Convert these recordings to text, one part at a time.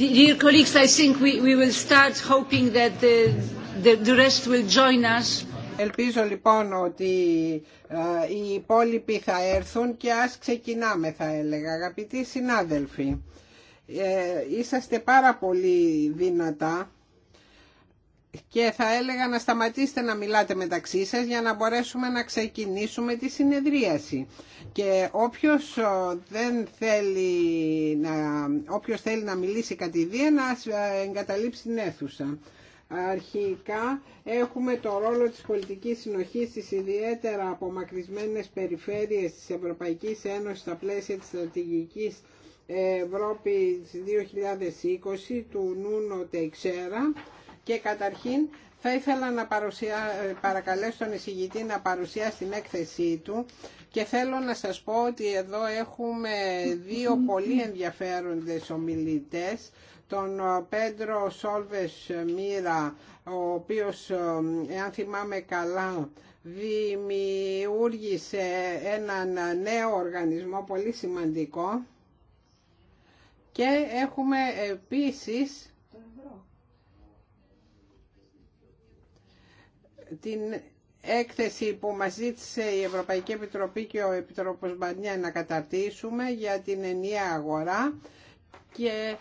Dear colleagues, I think we, we will start hoping that the, the, the rest will join us. Ελπίζω λοιπόν ότι uh, οι υπόλοιποι θα έρθουν και ας ξεκινάμε θα έλεγα αγαπητοί συνάδελφοι. Ε, είσαστε πάρα πολύ δυνατά και θα έλεγα να σταματήσετε να μιλάτε μεταξύ σας για να μπορέσουμε να ξεκινήσουμε τη συνεδρίαση. Και όποιος, ε, δεν θέλει, να, όποιος θέλει να μιλήσει κατηδία να ε, εγκαταλείψει την αίθουσα. Αρχικά έχουμε το ρόλο της πολιτικής συνοχής στις ιδιαίτερα απομακρυσμένες περιφέρειες της Ευρωπαϊκής Ένωσης στα πλαίσια της στρατηγικής Ευρώπη 2020 του Νούνο Τεξέρα και καταρχήν θα ήθελα να παρουσια... παρακαλέσω τον εισηγητή να παρουσιάσει την έκθεσή του και θέλω να σας πω ότι εδώ έχουμε δύο πολύ ενδιαφέροντες ομιλητές τον ε, Πέντρο Σόλβες Μύρα, ο οποίος, ε, εάν θυμάμαι καλά, δημιούργησε έναν νέο οργανισμό πολύ σημαντικό και έχουμε επίσης την έκθεση που μας ζήτησε η Ευρωπαϊκή Επιτροπή και ο Επιτροπός Μπανιά να καταρτήσουμε για την ενιαία αγορά και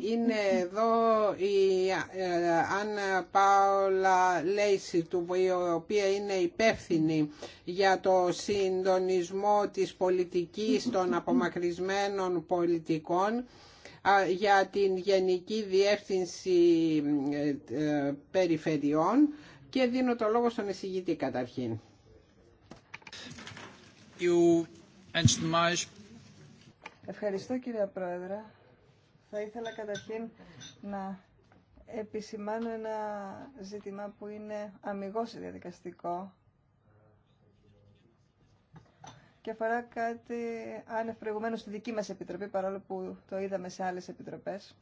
είναι εδώ η ε, Άννα Πάολα Λέισι του, η οποία είναι υπεύθυνη για το συντονισμό της πολιτικής των απομακρυσμένων πολιτικών για την Γενική Διεύθυνση ε, ε, Περιφερειών και δίνω το λόγο στον εισηγητή καταρχήν. Ευχαριστώ κύριε Πρόεδρε. Θα ήθελα καταρχήν να επισημάνω ένα ζήτημα που είναι αμυγός διαδικαστικό και αφορά κάτι άνευ στη δική μας επιτροπή, παρόλο που το είδαμε σε άλλες επιτροπές.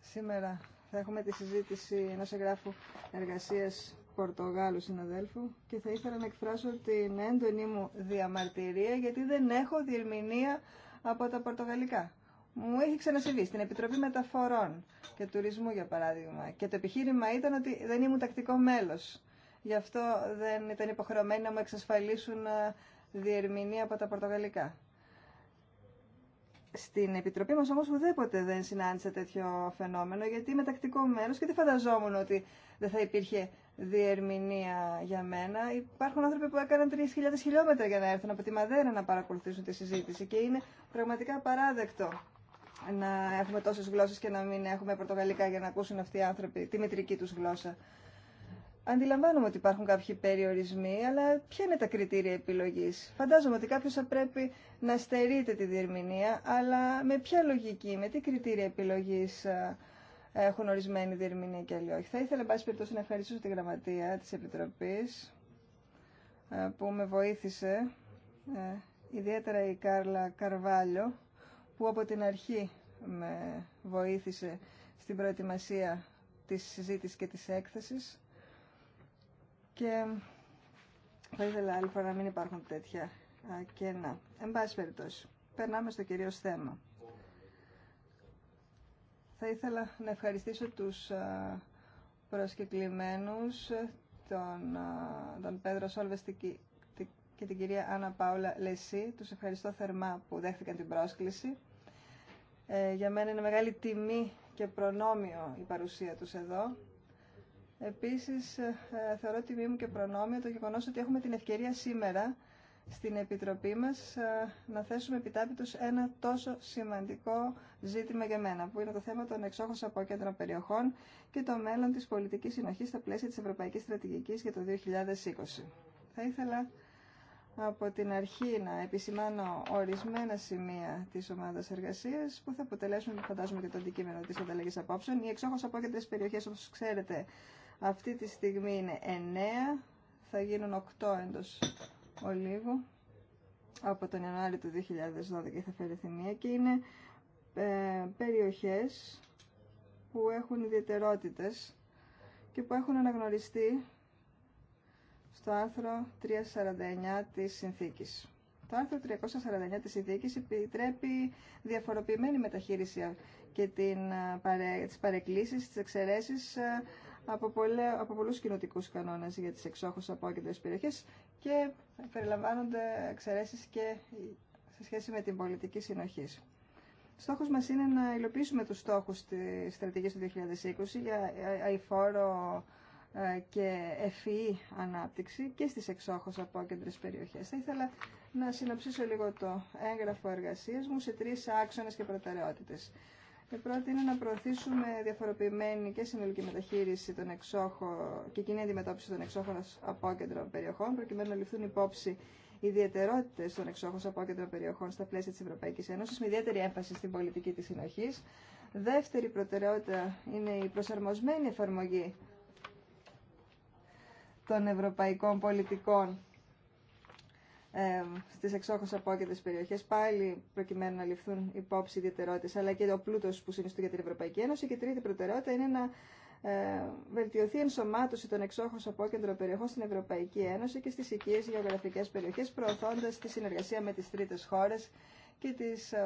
Σήμερα θα έχουμε τη συζήτηση ενό εγγράφου εργασία Πορτογάλου συναδέλφου και θα ήθελα να εκφράσω την έντονή μου διαμαρτυρία γιατί δεν έχω διερμηνία από τα πορτογαλικά. Μου έχει ξανασυμβεί στην Επιτροπή Μεταφορών και Τουρισμού, για παράδειγμα. Και το επιχείρημα ήταν ότι δεν ήμουν τακτικό μέλο. Γι' αυτό δεν ήταν υποχρεωμένοι να μου εξασφαλίσουν ε, διερμηνία από τα πορτογαλικά. Στην Επιτροπή μας όμως ουδέποτε δεν συνάντησα τέτοιο φαινόμενο γιατί είμαι τακτικό μέλος και δεν φανταζόμουν ότι δεν θα υπήρχε διερμηνία για μένα. Υπάρχουν άνθρωποι που έκαναν 3.000 χιλιόμετρα για να έρθουν από τη Μαδέρα να παρακολουθήσουν τη συζήτηση και είναι πραγματικά παράδεκτο να έχουμε τόσες γλώσσες και να μην έχουμε πορτογαλικά για να ακούσουν αυτοί οι άνθρωποι τη μητρική του γλώσσα. Αντιλαμβάνομαι ότι υπάρχουν κάποιοι περιορισμοί, αλλά ποια είναι τα κριτήρια επιλογής. Φαντάζομαι ότι κάποιος θα πρέπει να στερείται τη διερμηνία, αλλά με ποια λογική, με τι κριτήρια επιλογής ε, έχουν ορισμένη διερμηνία και άλλοι όχι. Θα ήθελα, εν πάση περιπτώσει, να ευχαριστήσω τη γραμματεία της Επιτροπής ε, που με βοήθησε, ε, ιδιαίτερα η Κάρλα Καρβάλιο, που από την αρχή με βοήθησε στην προετοιμασία της συζήτησης και της έκθεσης. Και θα ήθελα άλλη φορά να μην υπάρχουν τέτοια κενά. Εν πάση περιπτώσει, περνάμε στο κυρίω θέμα. Θα ήθελα να ευχαριστήσω τους προσκεκλημένους, ε, τον, τον Πέδρο Σόλβεστη και την κυρία Άννα Πάουλα Λεσί. Τους ευχαριστώ θερμά που δέχτηκαν την πρόσκληση. Ε, για μένα είναι μεγάλη τιμή και προνόμιο η παρουσία τους εδώ Επίση, ε, θεωρώ τιμή μου και προνόμιο το γεγονό ότι έχουμε την ευκαιρία σήμερα στην Επιτροπή μας ε, να θέσουμε επιτάπητος ένα τόσο σημαντικό ζήτημα για μένα, που είναι το θέμα των εξόχως απόκεντρων περιοχών και το μέλλον της πολιτικής συνοχής στα πλαίσια της Ευρωπαϊκής Στρατηγικής για το 2020. Θα ήθελα από την αρχή να επισημάνω ορισμένα σημεία τη ομάδα εργασία που θα αποτελέσουν, φαντάζομαι, και το αντικείμενο τη ανταλλαγή απόψεων. Οι εξόχω απόκεντρε περιοχέ, όπω ξέρετε, αυτή τη στιγμή είναι 9, θα γίνουν 8 εντός ολίγου από τον Ιανουάριο του 2012 και θα φέρει μία και είναι ε, περιοχές που έχουν ιδιαιτερότητες και που έχουν αναγνωριστεί στο άρθρο 349 της Συνθήκης. Το άρθρο 349 της Συνθήκης επιτρέπει διαφοροποιημένη μεταχείριση και την, ε, παρε... τις παρεκκλήσεις, τις εξαιρέσεις ε, από, πολλέ, πολλούς κοινοτικού κανόνες για τις εξόχως απόκεντρες περιοχές και περιλαμβάνονται εξαιρέσεις και σε σχέση με την πολιτική συνοχή. Στόχος μας είναι να υλοποιήσουμε τους στόχους της στρατηγικής του 2020 για αηφόρο ε, και ευφυή ανάπτυξη και στις εξόχως απόκεντρες περιοχέ. Θα ήθελα να συνοψίσω λίγο το έγγραφο εργασία μου σε τρει άξονε και προτεραιότητε. Η πρώτη είναι να προωθήσουμε διαφοροποιημένη και συνολική μεταχείριση των εξόχων και κοινή αντιμετώπιση των εξόχων απόκεντρων περιοχών, προκειμένου να ληφθούν υπόψη οι ιδιαιτερότητε των εξόχων απόκεντρων περιοχών στα πλαίσια τη Ευρωπαϊκή Ένωση, με ιδιαίτερη έμφαση στην πολιτική τη συνοχή. Δεύτερη προτεραιότητα είναι η προσαρμοσμένη εφαρμογή των ευρωπαϊκών πολιτικών ε, στις εξόχως απόκεντες περιοχές, πάλι προκειμένου να ληφθούν υπόψη ιδιαιτερότητες, αλλά και ο πλούτος που συνιστούν για την Ευρωπαϊκή Ένωση. Και τρίτη προτεραιότητα είναι να ε, βελτιωθεί η ενσωμάτωση των εξόχως απόκεντρων περιοχών στην Ευρωπαϊκή Ένωση και στις οικίες γεωγραφικές περιοχές, προωθώντας τη συνεργασία με τις τρίτες χώρες και τις ε,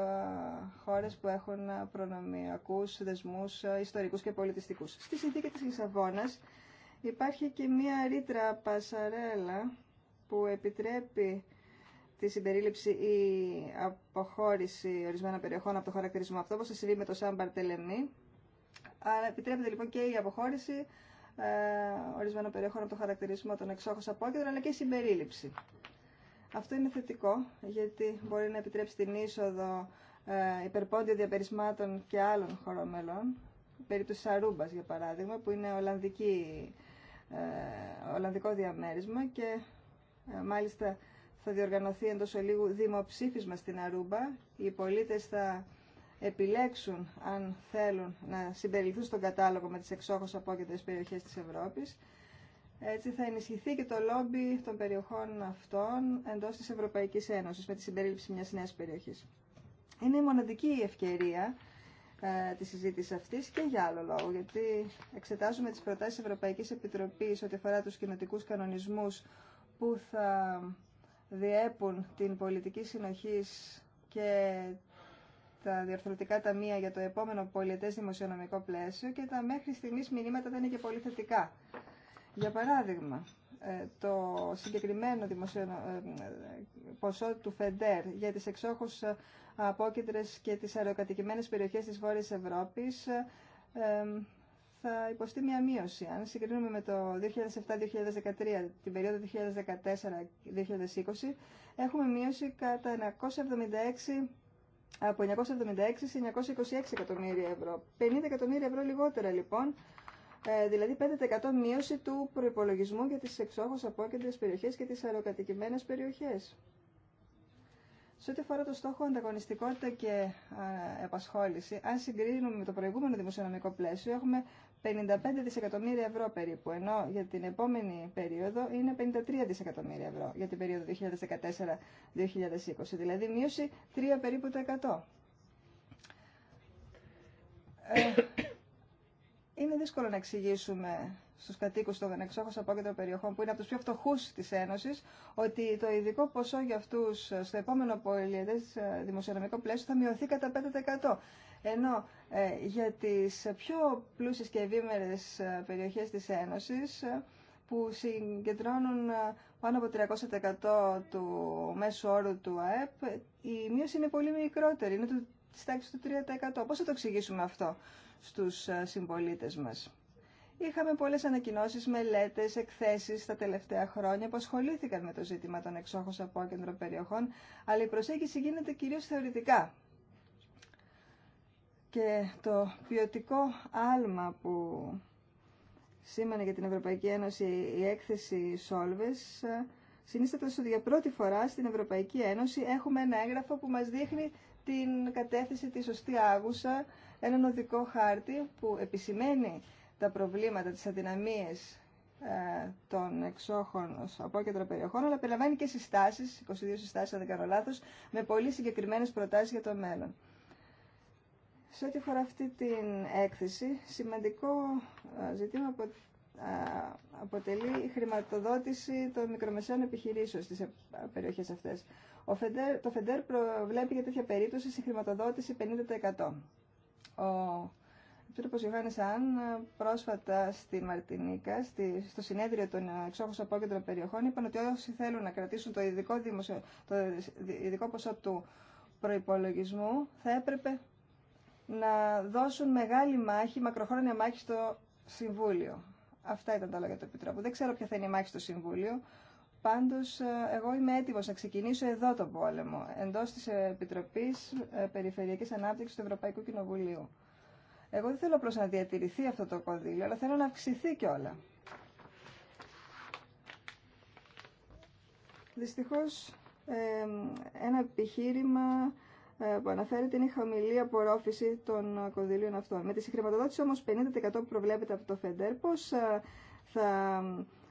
χώρες που έχουν προνομιακούς δεσμούς ε, ιστορικούς και πολιτιστικούς. Στη συνθήκη της Λισαβόνας υπάρχει και μία ρήτρα πασαρέλα που επιτρέπει τη συμπερίληψη ή αποχώρηση ορισμένων περιοχών από το χαρακτηρισμό αυτό, όπως θα συμβεί με το Σάμπαρ Μπαρτελεμή. Άρα επιτρέπεται λοιπόν και η αποχώρηση ε, ορισμένων περιοχών από το χαρακτηρισμό των εξώχος απόκεντρων, αλλά και η συμπερίληψη. Αυτό είναι θετικό, γιατί μπορεί να επιτρέψει την είσοδο ε, υπερπόντιο διαπερισμάτων και άλλων χωρών μελών, του Σαρούμπας, για παράδειγμα, που είναι ολλανδική, ε, ολλανδικό διαμέρισμα και ε, μάλιστα θα διοργανωθεί εντό ολίγου δημοψήφισμα στην Αρούμπα. Οι πολίτε θα επιλέξουν αν θέλουν να συμπεριληφθούν στον κατάλογο με τι εξόχω απόκεντρε περιοχέ τη Ευρώπη. Έτσι θα ενισχυθεί και το λόμπι των περιοχών αυτών εντό τη Ευρωπαϊκή Ένωση, με τη συμπερίληψη μια νέα περιοχή. Είναι η μοναδική ευκαιρία ε, τη συζήτηση αυτή και για άλλο λόγο, γιατί εξετάζουμε τι προτάσει Ευρωπαϊκή Επιτροπή ό,τι αφορά του κοινοτικού κανονισμού που θα διέπουν την πολιτική συνοχής και τα διορθωτικά ταμεία για το επόμενο πολιτές δημοσιονομικό πλαίσιο και τα μέχρι στιγμής μηνύματα δεν είναι και πολύ θετικά. Για παράδειγμα, ε, το συγκεκριμένο δημοσιονο... Ε, ποσό του ΦΕΝΤΕΡ για τις εξόχους ε, απόκεντρες και τις αεροκατοικημένες περιοχές της Βόρειας Ευρώπης θα υποστεί μια μείωση. Αν συγκρίνουμε με το 2007-2013, την περίοδο 2014-2020, έχουμε μείωση κατά 976 από 976 σε 926 εκατομμύρια ευρώ. 50 εκατομμύρια ευρώ λιγότερα λοιπόν, ε, δηλαδή 5% μείωση του προϋπολογισμού για τις εξόχως απόκεντρες περιοχές και τις αεροκατοικημένες περιοχές. Σε ό,τι αφορά το στόχο ανταγωνιστικότητα και α, ε, επασχόληση, αν συγκρίνουμε με το προηγούμενο δημοσιονομικό πλαίσιο, έχουμε 55 δισεκατομμύρια ευρώ περίπου, ενώ για την επόμενη περίοδο είναι 53 δισεκατομμύρια ευρώ για την περίοδο 2014-2020, δηλαδή μείωση 3 περίπου το 100. Ε, είναι δύσκολο να εξηγήσουμε στους κατοίκους των εξόχως απόκεντρων περιοχών, που είναι από τους πιο φτωχούς της Ένωσης, ότι το ειδικό ποσό για αυτούς στο επόμενο πολιετές ε, δημοσιονομικό πλαίσιο θα μειωθεί κατά 5%. Ενώ ε, για τις πιο πλούσιες και ευήμερες ε, περιοχές της Ένωσης, ε, που συγκεντρώνουν πάνω από 300% του μέσου όρου του ΑΕΠ, η μείωση είναι πολύ μικρότερη, είναι της τάξης του 3%. Πώς θα το εξηγήσουμε αυτό στους συμπολίτες μας. Είχαμε πολλές ανακοινώσεις, μελέτες, εκθέσεις τα τελευταία χρόνια που ασχολήθηκαν με το ζήτημα των από κέντρο περιοχών, αλλά η προσέγγιση γίνεται κυρίως θεωρητικά και το ποιοτικό άλμα που σήμανε για την Ευρωπαϊκή Ένωση η έκθεση Solves ε, συνίσταται ότι για πρώτη φορά στην Ευρωπαϊκή Ένωση έχουμε ένα έγγραφο που μας δείχνει την κατεύθυνση τη σωστή άγουσα, έναν οδικό χάρτη που επισημαίνει τα προβλήματα, τις αδυναμίες ε, των εξόχων απόκεντρο περιοχών, αλλά περιλαμβάνει και συστάσεις, 22 συστάσεις αν δεν κάνω λάθος, με πολύ συγκεκριμένες προτάσεις για το μέλλον. Σε ό,τι αφορά αυτή την έκθεση, σημαντικό ε, ζητήμα ε, αποτελεί η χρηματοδότηση των μικρομεσαίων επιχειρήσεων στις ε, περιοχές αυτές. Ο Φεντέρ, το ΦΕΝΤΕΡ προβλέπει για τέτοια περίπτωση στη χρηματοδότηση 50%. Ο Επίτροπο Ιωάννης Αν πρόσφατα στη Μαρτινίκα, στη, στο συνέδριο των εξόχων απόκεντρων περιοχών, είπαν ότι όσοι θέλουν να κρατήσουν το ειδικό, το ειδικό ποσό του προπολογισμού θα έπρεπε να δώσουν μεγάλη μάχη, μακροχρόνια μάχη στο Συμβούλιο. Αυτά ήταν τα λόγια του Επιτρόπου. Δεν ξέρω ποια θα είναι η μάχη στο Συμβούλιο. Πάντως, ε, εγώ είμαι έτοιμος να ξεκινήσω εδώ τον πόλεμο, εντός της Επιτροπής ε, Περιφερειακής Ανάπτυξης του Ευρωπαϊκού Κοινοβουλίου. Εγώ δεν θέλω απλώ να διατηρηθεί αυτό το κονδύλιο, αλλά θέλω να αυξηθεί κιόλα. ε, ένα επιχείρημα ε, που αναφέρεται είναι η χαμηλή απορρόφηση των ε, κονδυλίων αυτών. Με τη συγχρηματοδότηση όμως 50% που προβλέπεται από το ΦΕΝΤΕΡ, πώ ε, θα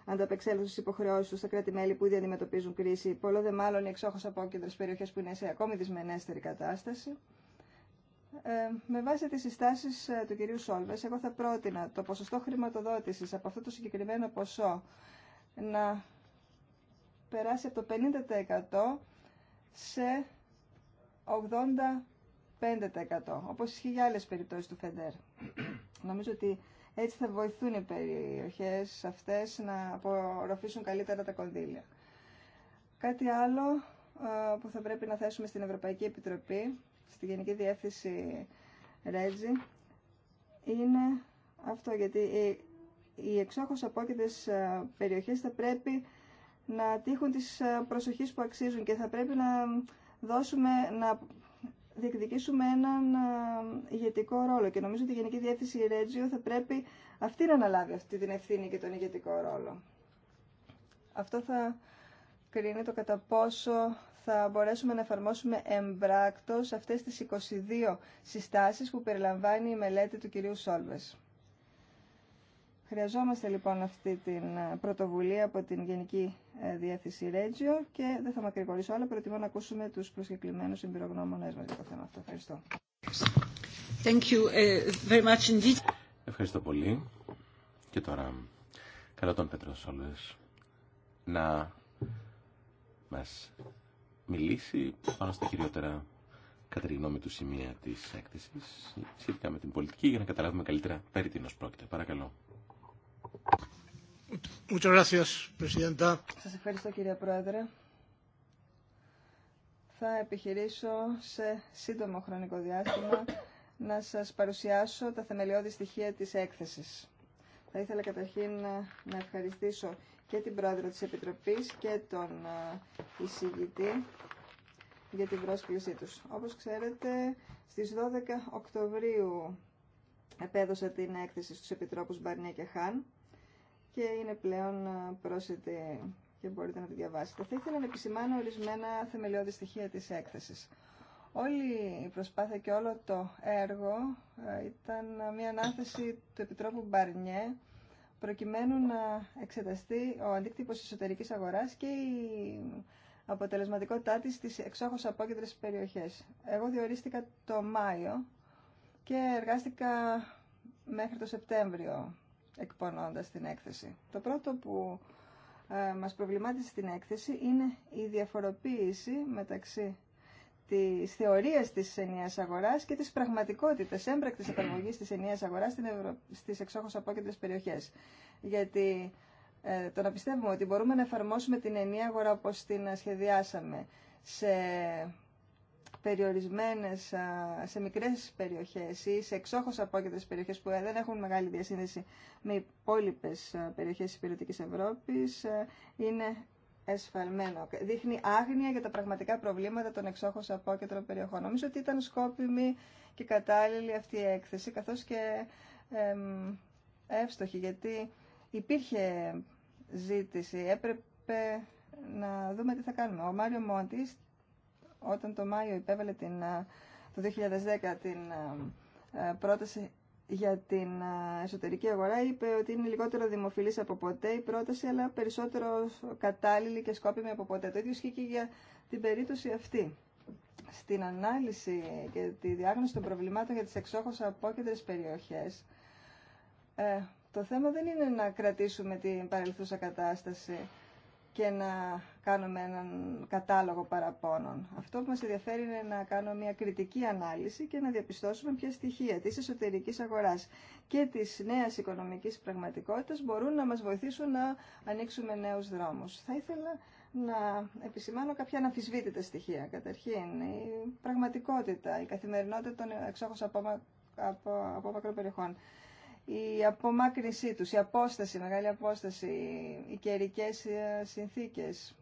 ανταπεξέλθουν στι υποχρεώσει του στα κράτη-μέλη που ήδη αντιμετωπίζουν κρίση, πολλό δε μάλλον οι εξόχω απόκεντρε περιοχέ που είναι σε ακόμη δυσμενέστερη κατάσταση. Ε, με βάση τις συστάσεις του κυρίου Σόλβες, εγώ θα πρότεινα το ποσοστό χρηματοδότησης από αυτό το συγκεκριμένο ποσό να περάσει από το 50% σε 85%, όπως ισχύει για άλλες περιπτώσεις του ΦΕΝΤΕΡ. Νομίζω ότι έτσι θα βοηθούν οι περιοχές αυτές να απορροφήσουν καλύτερα τα κονδύλια. Κάτι άλλο ε, που θα πρέπει να θέσουμε στην Ευρωπαϊκή Επιτροπή, στη Γενική Διεύθυνση Ρέτζι, είναι αυτό, γιατί οι εξόχως απόκειτες ε, περιοχές θα πρέπει να τύχουν τις ε, προσοχή που αξίζουν και θα πρέπει να δώσουμε, να διεκδικήσουμε έναν ε, ηγετικό ρόλο. Και νομίζω ότι η Γενική Διεύθυνση Ρέτζιο θα πρέπει αυτή να αναλάβει αυτή την ευθύνη και τον ηγετικό ρόλο. Αυτό θα κρίνει το κατά πόσο θα μπορέσουμε να εφαρμόσουμε εμπράκτος αυτές τις 22 συστάσεις που περιλαμβάνει η μελέτη του κυρίου Σόλβες. Χρειαζόμαστε λοιπόν αυτή την ε, πρωτοβουλία από την Γενική ε, διεύθυνση Ρέτζιο και δεν θα μακρηγορήσω άλλο, προτιμώ να ακούσουμε τους προσκεκλημένους εμπειρογνώμονε μας για το θέμα αυτό. Ευχαριστώ. Thank you ε, very much indeed. Ευχαριστώ πολύ. Και τώρα, καλό τον Πέτρο όλες να μας μιλήσει πάνω στα κυριότερα κατά τη γνώμη του σημεία της έκθεσης σχετικά με την πολιτική για να καταλάβουμε καλύτερα περί τίνος πρόκειται. Παρακαλώ. Σας ευχαριστώ κύριε Πρόεδρε. Θα επιχειρήσω σε σύντομο χρονικό διάστημα να σας παρουσιάσω τα θεμελιώδη στοιχεία της έκθεσης. Θα ήθελα καταρχήν να ευχαριστήσω και την Πρόεδρο της Επιτροπής και τον ε, εισηγητή για την πρόσκλησή τους. Όπως ξέρετε, στις 12 Οκτωβρίου επέδωσα την έκθεση στους επιτρόπου Μπαρνία και Χάν και είναι πλέον ε, πρόσθετη και μπορείτε να τη διαβάσετε. Θα ήθελα να επισημάνω ορισμένα θεμελιώδη στοιχεία της έκθεσης. Όλη η προσπάθεια και όλο το έργο ε, ήταν μια ανάθεση του Επιτρόπου Μπαρνιέ προκειμένου να εξεταστεί ο αντίκτυπος εσωτερικής αγοράς και η αποτελεσματικότητά της στις εξόχως απόκεντρες περιοχές. Εγώ διορίστηκα το Μάιο και εργάστηκα μέχρι το Σεπτέμβριο εκπονώντας την έκθεση. Το πρώτο που ε, μας προβλημάτισε στην έκθεση είναι η διαφοροποίηση μεταξύ της θεωρίας της ενιαίας αγοράς και της πραγματικότητας έμπρακτης εφαρμογής της ενιαίας αγοράς στις εξόχως απόκεντρες περιοχές. Γιατί ε, το να πιστεύουμε ότι μπορούμε να εφαρμόσουμε την ενιαία αγορά όπως την σχεδιάσαμε σε περιορισμένες σε μικρές περιοχές ή σε εξόχως απόκεντρες περιοχές που δεν έχουν μεγάλη διασύνδεση με υπόλοιπε περιοχές της υπηρετικής Ευρώπης είναι εσφαλμένο. Δείχνει άγνοια για τα πραγματικά προβλήματα των εξόχως απόκεντρων περιοχών. Νομίζω ότι ήταν σκόπιμη και κατάλληλη αυτή η έκθεση καθώς και εύστοχη γιατί υπήρχε ζήτηση, έπρεπε να δούμε τι θα κάνουμε. Ο Μάριο Μόντις όταν το Μάιο υπέβαλε την, το 2010 την πρόταση για την εσωτερική αγορά είπε ότι είναι λιγότερο δημοφιλής από ποτέ η πρόταση αλλά περισσότερο κατάλληλη και σκόπιμη από ποτέ. Το ίδιο ισχύει και για την περίπτωση αυτή. Στην ανάλυση και τη διάγνωση των προβλημάτων για τις εξόχως απόκεντρες περιοχές ε, το θέμα δεν είναι να κρατήσουμε την παρελθούσα κατάσταση και να κάνουμε έναν κατάλογο παραπώνων. Αυτό που μας ενδιαφέρει είναι να κάνουμε μια κριτική ανάλυση και να διαπιστώσουμε ποια στοιχεία της εσωτερικής αγοράς και της νέας οικονομικής πραγματικότητας μπορούν να μας βοηθήσουν να ανοίξουμε νέους δρόμους. Θα ήθελα να επισημάνω κάποια αναφυσβήτητα στοιχεία. Καταρχήν, η πραγματικότητα, η καθημερινότητα των εξόχων από, από, από μακροπεριχών η απομάκρυνσή τους, η απόσταση, η μεγάλη απόσταση, οι καιρικέ ε, συνθήκες,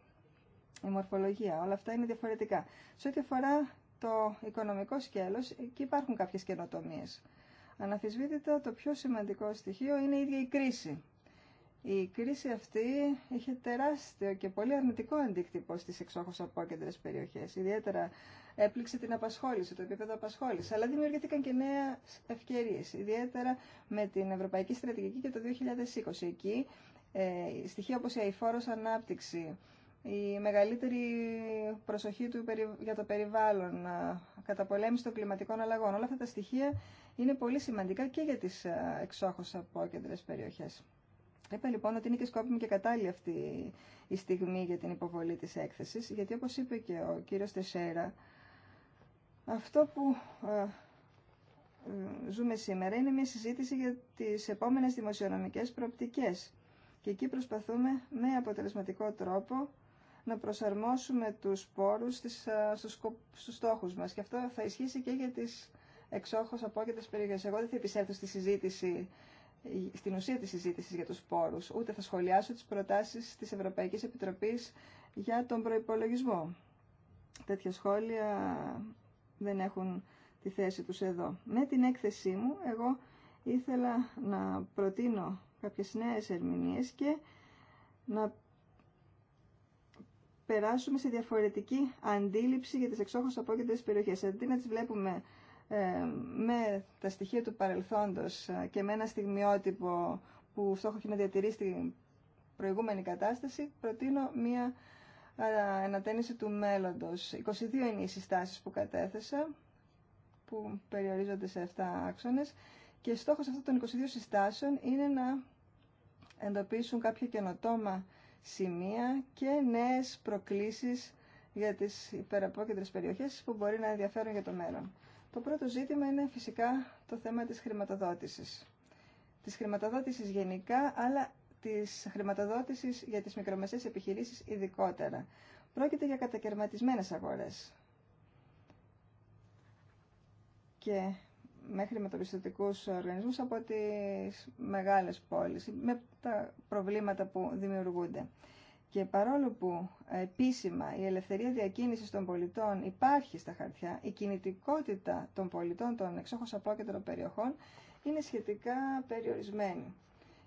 η μορφολογία. Όλα αυτά είναι διαφορετικά. Σε ό,τι αφορά το οικονομικό σκέλος, εκεί υπάρχουν κάποιες καινοτομίες. Αναφυσβήτητα το πιο σημαντικό στοιχείο είναι η ίδια η κρίση. Η κρίση αυτή είχε τεράστιο και πολύ αρνητικό αντίκτυπο στις εξόχως απόκεντρες περιοχές. Ιδιαίτερα έπληξε την απασχόληση, το επίπεδο απασχόληση. Αλλά δημιουργήθηκαν και νέα ευκαιρίε, ιδιαίτερα με την Ευρωπαϊκή Στρατηγική και το 2020. Εκεί ε, στοιχεία όπω η αηφόρος ανάπτυξη, η μεγαλύτερη προσοχή του για το περιβάλλον, ε, καταπολέμηση των κλιματικών αλλαγών. Όλα αυτά τα στοιχεία είναι πολύ σημαντικά και για τις ε, εξόχως απόκεντρες περιοχές. Είπα λοιπόν ότι είναι και σκόπιμη και κατάλληλη αυτή η στιγμή για την υποβολή της έκθεσης, γιατί όπως είπε και ο κύριος Τεσέρα, αυτό που ε, ζούμε σήμερα είναι μια συζήτηση για τις επόμενες δημοσιονομικές προοπτικές. Και εκεί προσπαθούμε με αποτελεσματικό τρόπο να προσαρμόσουμε τους πόρους στις, ε, στους, στους στόχους μας. Και αυτό θα ισχύσει και για τις εξόχως απόκειτες περιοχές. Εγώ δεν θα επισέλθω στη συζήτηση, στην ουσία της συζήτησης για τους πόρους, ούτε θα σχολιάσω τις προτάσεις της Ευρωπαϊκής Επιτροπής για τον προϋπολογισμό. Τέτοια σχόλια δεν έχουν τη θέση τους εδώ. Με την έκθεσή μου, εγώ ήθελα να προτείνω κάποιες νέες ερμηνείες και να περάσουμε σε διαφορετική αντίληψη για τις εξόχως απόκεντρες περιοχές. Αντί να τις βλέπουμε ε, με τα στοιχεία του παρελθόντος ε, και με ένα στιγμιότυπο που στόχο έχει να διατηρήσει την προηγούμενη κατάσταση, προτείνω μία ε, ανατένιση του μέλλοντος. 22 είναι οι συστάσεις που κατέθεσα, που περιορίζονται σε 7 άξονες και στόχος αυτών των 22 συστάσεων είναι να εντοπίσουν κάποιο καινοτόμα σημεία και νέες προκλήσεις για τις υπεραπόκεντρες περιοχές που μπορεί να ενδιαφέρουν για το μέλλον. Το πρώτο ζήτημα είναι φυσικά το θέμα της χρηματοδότησης. Της χρηματοδότησης γενικά, αλλά της χρηματοδότησης για τις μικρομεσαίες επιχειρήσεις ειδικότερα. Πρόκειται για κατακαιρματισμένες αγορές. Και μέχρι με χρηματοπιστωτικούς οργανισμούς από τις μεγάλες πόλεις, με τα προβλήματα που δημιουργούνται. Και παρόλο που επίσημα η ελευθερία διακίνησης των πολιτών υπάρχει στα χαρτιά, η κινητικότητα των πολιτών των εξόχως απόκεντρων περιοχών είναι σχετικά περιορισμένη.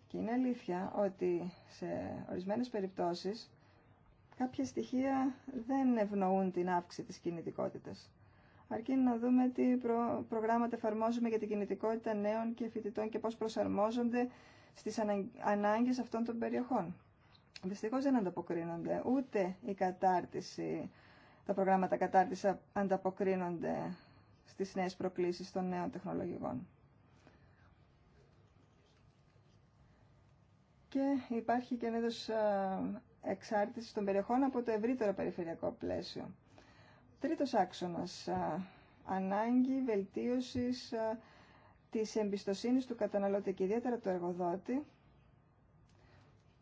Και είναι αλήθεια ότι σε ορισμένες περιπτώσεις κάποια στοιχεία δεν ευνοούν την αύξηση της κινητικότητας αρκεί να δούμε τι προγράμματα εφαρμόζουμε για την κινητικότητα νέων και φοιτητών και πώς προσαρμόζονται στις ανα... ανάγκες αυτών των περιοχών. Δυστυχώ δεν ανταποκρίνονται ούτε η κατάρτιση, τα προγράμματα κατάρτιση ανταποκρίνονται στις νέες προκλήσεις των νέων τεχνολογικών. Και υπάρχει και ένα εξάρτηση των περιοχών από το ευρύτερο περιφερειακό πλαίσιο. Τρίτος άξονας, ανάγκη βελτίωσης της εμπιστοσύνης του καταναλώτη και ιδιαίτερα του εργοδότη,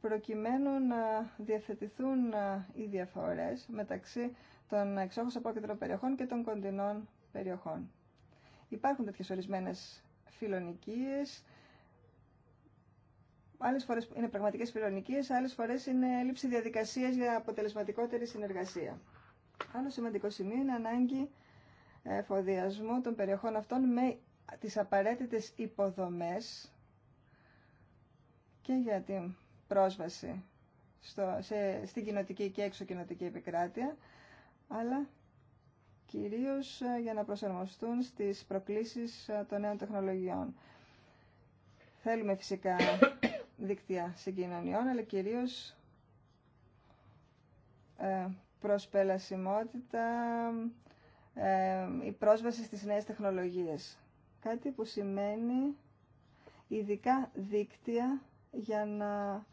προκειμένου να διαθετηθούν οι διαφορές μεταξύ των εξόχως απόκεντρων περιοχών και των κοντινών περιοχών. Υπάρχουν τέτοιε ορισμένες φιλονικίες, άλλες φορές είναι πραγματικές φιλονικίες, άλλες φορές είναι έλλειψη διαδικασίας για αποτελεσματικότερη συνεργασία. Άλλο σημαντικό σημείο είναι ανάγκη ε, εφοδιασμού των περιοχών αυτών με τις απαραίτητες υποδομές και για την πρόσβαση στο, σε, στην κοινοτική και εξωκοινοτική επικράτεια, αλλά κυρίως ε, για να προσαρμοστούν στις προκλήσεις ε, των νέων τεχνολογιών. Θέλουμε φυσικά δίκτυα συγκοινωνιών, αλλά κυρίως προσπελασιμότητα, ε, η πρόσβαση στις νέες τεχνολογίες. Κάτι που σημαίνει ειδικά δίκτυα για να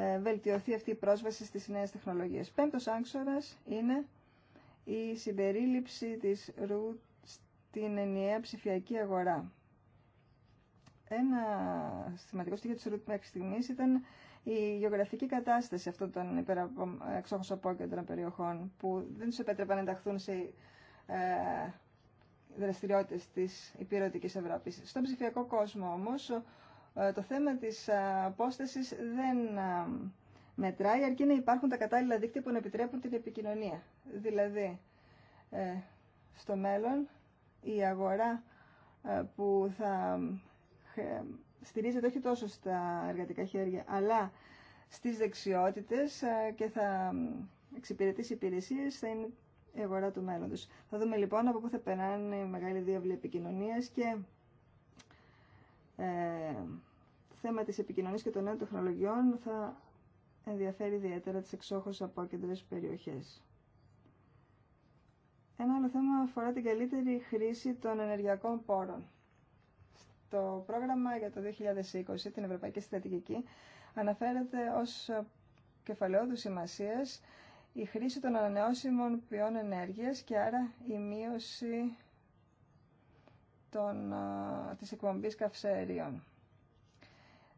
ε, βελτιωθεί αυτή η πρόσβαση στις νέες τεχνολογίες. Πέμπτος άξορας είναι η συμπερίληψη της Ρού στην ενιαία ψηφιακή αγορά. Ένα σημαντικό στοιχείο της RUT μέχρι στιγμής ήταν η γεωγραφική κατάσταση αυτών των εξόχως απόκεντρων περιοχών που δεν τους επέτρεπαν να ενταχθούν σε ε, δραστηριότητες της υπηρετικής Ευρώπης. Στον ψηφιακό κόσμο όμως ε, το θέμα της ε, απόστασης δεν ε, μετράει αρκεί να υπάρχουν τα κατάλληλα δίκτυα που να επιτρέπουν την επικοινωνία. Δηλαδή, στο μέλλον η αγορά που θα στηρίζεται όχι τόσο στα εργατικά χέρια, αλλά στις δεξιότητες ε, και θα εξυπηρετήσει υπηρεσίες, θα είναι η αγορά του μέλλοντος. Θα δούμε λοιπόν από πού θα περνάνε οι μεγάλοι διάβλοι επικοινωνία και το ε, θέμα της επικοινωνίας και των νέων τεχνολογιών θα ενδιαφέρει ιδιαίτερα τις εξόχως κεντρές περιοχές. Ένα άλλο θέμα αφορά την καλύτερη χρήση των ενεργειακών πόρων. Το πρόγραμμα για το 2020, την Ευρωπαϊκή Στρατηγική, αναφέρεται ως κεφαλαιόδου σημασία η χρήση των ανανεώσιμων ποιών ενέργειας και άρα η μείωση των, της εκπομπής καυσαερίων.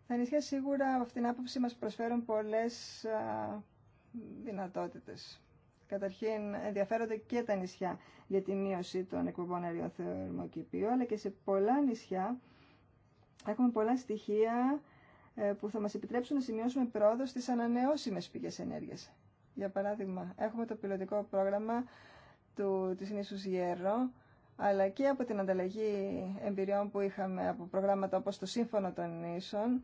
Τα νησιά σίγουρα από αυτήν την άποψη μας προσφέρουν πολλές α, δυνατότητες. Καταρχήν ενδιαφέρονται και τα νησιά για τη μείωση των εκπομπών αεριοθερμοκηπίου, αλλά και σε πολλά νησιά έχουμε πολλά στοιχεία ε, που θα μας επιτρέψουν να σημειώσουμε πρόοδο στις ανανεώσιμες πηγές ενέργειας. Για παράδειγμα, έχουμε το πιλωτικό πρόγραμμα του, της νήσους Γέρο, αλλά και από την ανταλλαγή εμπειριών που είχαμε από προγράμματα όπως το Σύμφωνο των Νήσων,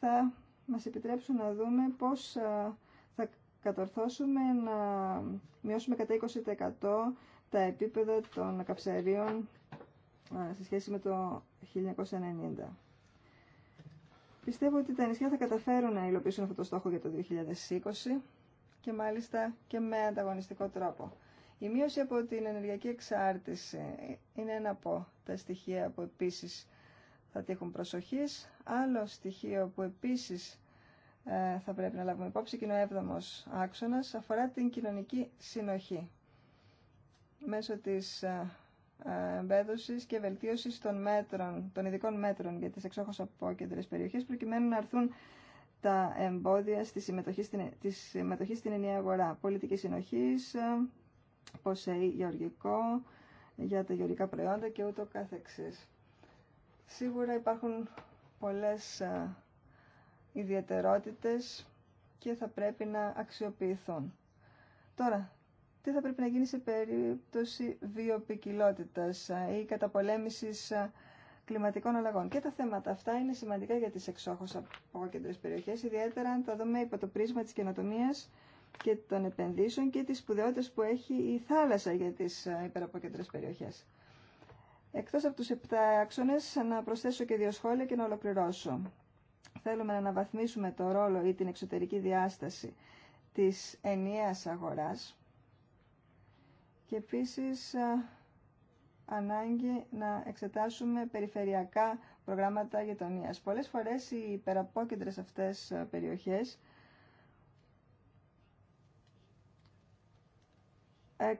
θα μας επιτρέψουν να δούμε πώς ε, θα κατορθώσουμε να μειώσουμε κατά 20% τα επίπεδα των καψαρίων ε, σε σχέση με το 1990. Πιστεύω ότι τα νησιά θα καταφέρουν να υλοποιήσουν αυτό το στόχο για το 2020 και μάλιστα και με ανταγωνιστικό τρόπο. Η μείωση από την ενεργειακή εξάρτηση είναι ένα από τα στοιχεία που επίσης θα τύχουν προσοχής. Άλλο στοιχείο που επίσης ε, θα πρέπει να λάβουμε υπόψη και είναι ο έβδομος άξονας αφορά την κοινωνική συνοχή. Μέσω της ε, ε, εμπέδωσης και βελτίωση των, μέτρων, των ειδικών μέτρων για τις εξόχως απόκεντρες περιοχές προκειμένου να έρθουν τα εμπόδια στη συμμετοχή στην, τη συμμετοχή στην ενιαία αγορά. Πολιτική συνοχής, ε, ΠΟΣΕΗ γεωργικό, για τα γεωργικά προϊόντα και ούτω καθεξής. Σίγουρα υπάρχουν πολλές ε, ιδιαιτερότητες και θα πρέπει να αξιοποιηθούν. Τώρα, τι θα πρέπει να γίνει σε περίπτωση βιοπικιλότητας ε, ή καταπολέμησης ε, κλιματικών αλλαγών. Και τα θέματα αυτά είναι σημαντικά για τις εξόχως απόκεντρε περιοχές, ιδιαίτερα αν τα δούμε υπό το πρίσμα της καινοτομία και των επενδύσεων και τις σπουδαιότητες που έχει η θάλασσα για τις ε, υπεραπόκεντρες περιοχές. Εκτός από τους επτά άξονες, να προσθέσω και δύο σχόλια και να ολοκληρώσω. Θέλουμε να αναβαθμίσουμε το ρόλο ή την εξωτερική διάσταση της ενιαίας αγοράς, και επίσης ε, ανάγκη να εξετάσουμε περιφερειακά προγράμματα γειτονίας. Πολλές φορές οι υπεραπόκεντρες αυτές ε, περιοχές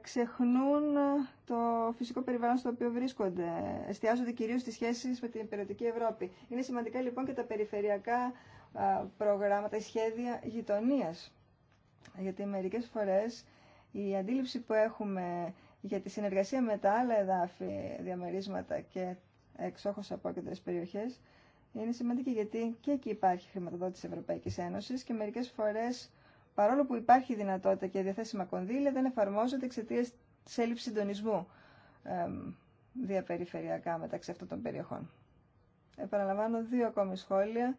ξεχνούν ε, το φυσικό περιβάλλον στο οποίο βρίσκονται. Εστιάζονται κυρίως στις σχέσεις με την περιοτική Ευρώπη. Είναι σημαντικά λοιπόν και τα περιφερειακά προγράμματα, σχέδια γειτονίας. Γιατί μερικές φορές η αντίληψη που έχουμε για τη συνεργασία με τα άλλα εδάφη, διαμερίσματα και εξόχως απόκεντρε περιοχές είναι σημαντική γιατί και εκεί υπάρχει χρηματοδότηση Ευρωπαϊκής Ένωσης και μερικές φορές παρόλο που υπάρχει δυνατότητα και διαθέσιμα κονδύλια δεν εφαρμόζονται εξαιτία της έλλειψης συντονισμού ε, διαπεριφερειακά μεταξύ αυτών των περιοχών. Επαναλαμβάνω δύο ακόμη σχόλια.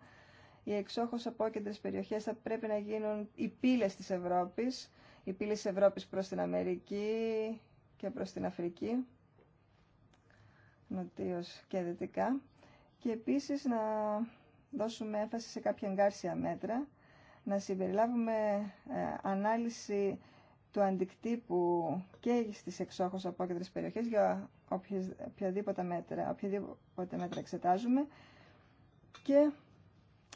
Οι εξόχως απόκεντρε περιοχές θα πρέπει να γίνουν οι πύλε τη Ευρώπη η πύλη της Ευρώπης προς την Αμερική και προς την Αφρική, νοτίως και δυτικά, και επίσης να δώσουμε έμφαση σε κάποια εγκάρσια μέτρα, να συμπεριλάβουμε ε, ανάλυση του αντικτύπου και στις εξόχως απόκεντρες περιοχές για οποιαδήποτε μέτρα, οποιαδήποτε μέτρα εξετάζουμε και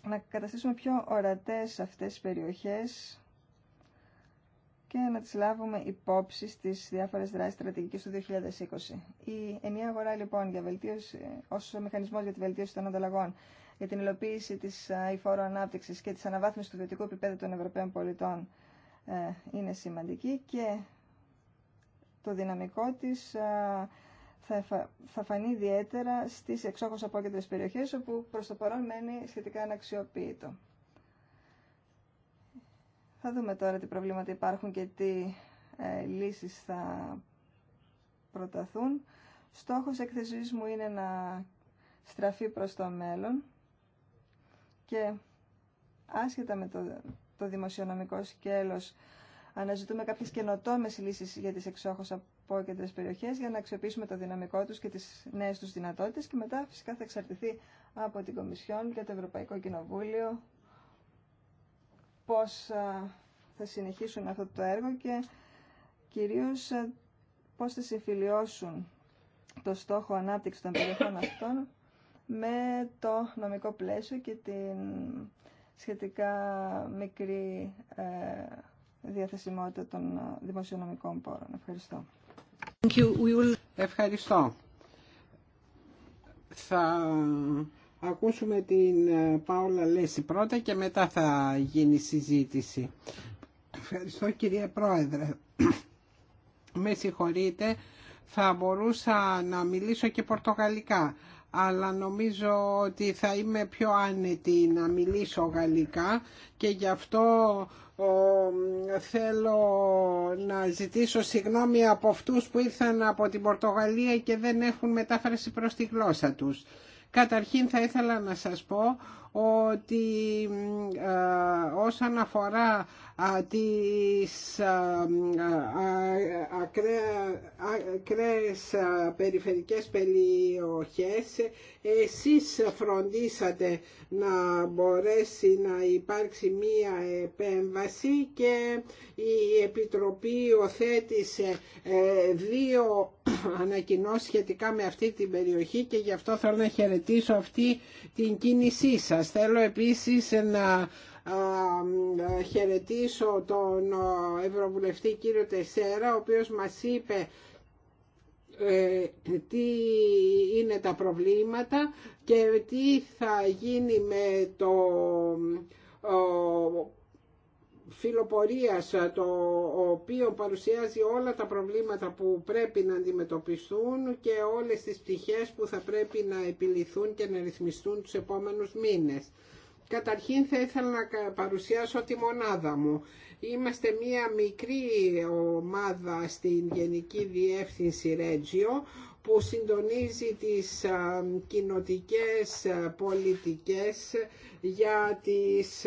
να καταστήσουμε πιο ορατές αυτές τις περιοχές και να τις λάβουμε υπόψη στις διάφορες δράσεις στρατηγικής του 2020. Η ενιαία αγορά λοιπόν για βελτίωση, ως μηχανισμός για τη βελτίωση των ανταλλαγών για την υλοποίηση της υφόρου ανάπτυξης και της αναβάθμισης του βιωτικού επίπεδου των Ευρωπαίων πολιτών ε, είναι σημαντική και το δυναμικό της θα φανεί ιδιαίτερα στις εξόχως απόκεντρες περιοχές όπου προς το παρόν μένει σχετικά αναξιοποιητό. Θα δούμε τώρα τι προβλήματα υπάρχουν και τι ε, λύσεις θα προταθούν. Στόχος εκθεσής μου είναι να στραφεί προς το μέλλον και άσχετα με το, δημοσιονομικό σκέλος αναζητούμε κάποιες καινοτόμες λύσεις για τις εξόχως απόκεντρες περιοχές για να αξιοποιήσουμε το δυναμικό τους και τις νέες τους δυνατότητες και μετά φυσικά θα εξαρτηθεί από την Κομισιόν και το Ευρωπαϊκό Κοινοβούλιο πώς θα συνεχίσουν αυτό το έργο και κυρίως πώς θα συμφιλιώσουν το στόχο ανάπτυξης των περιοχών αυτών με το νομικό πλαίσιο και την σχετικά μικρή ε, διαθεσιμότητα των δημοσιονομικών πόρων. Ευχαριστώ. Thank you. We Ευχαριστώ. Θα ακούσουμε την ε, Πάολα Λέση πρώτα και μετά θα γίνει συζήτηση. Ευχαριστώ κύριε Πρόεδρε. Με συγχωρείτε, θα μπορούσα να μιλήσω και πορτογαλικά, αλλά νομίζω ότι θα είμαι πιο άνετη να μιλήσω γαλλικά και γι' αυτό θέλω να ζητήσω συγγνώμη από αυτούς που ήρθαν από την Πορτογαλία και δεν έχουν μετάφραση προς τη γλώσσα τους. Καταρχήν θα ήθελα να σας πω ότι ε, όσον αφορά τις ακραίες περιφερικές περιοχές εσείς φροντίσατε να μπορέσει να υπάρξει μία επέμβαση και η Επιτροπή οθέτησε ε, δύο ανακοινώσεις σχετικά με αυτή την περιοχή και γι' αυτό θέλω να χαιρετήσω αυτή την κίνησή σας. Θέλω επίσης να χαιρετήσω τον Ευρωβουλευτή κύριο Τεσέρα, ο οποίος μας είπε ε, τι είναι τα προβλήματα και τι θα γίνει με το φιλοπορίας το οποίο παρουσιάζει όλα τα προβλήματα που πρέπει να αντιμετωπιστούν και όλες τις πτυχές που θα πρέπει να επιληθούν και να ρυθμιστούν τους επόμενους μήνες. Καταρχήν θα ήθελα να παρουσιάσω τη μονάδα μου. Είμαστε μία μικρή ομάδα στην Γενική Διεύθυνση Ρέτζιο που συντονίζει τις κοινοτικές πολιτικές για τις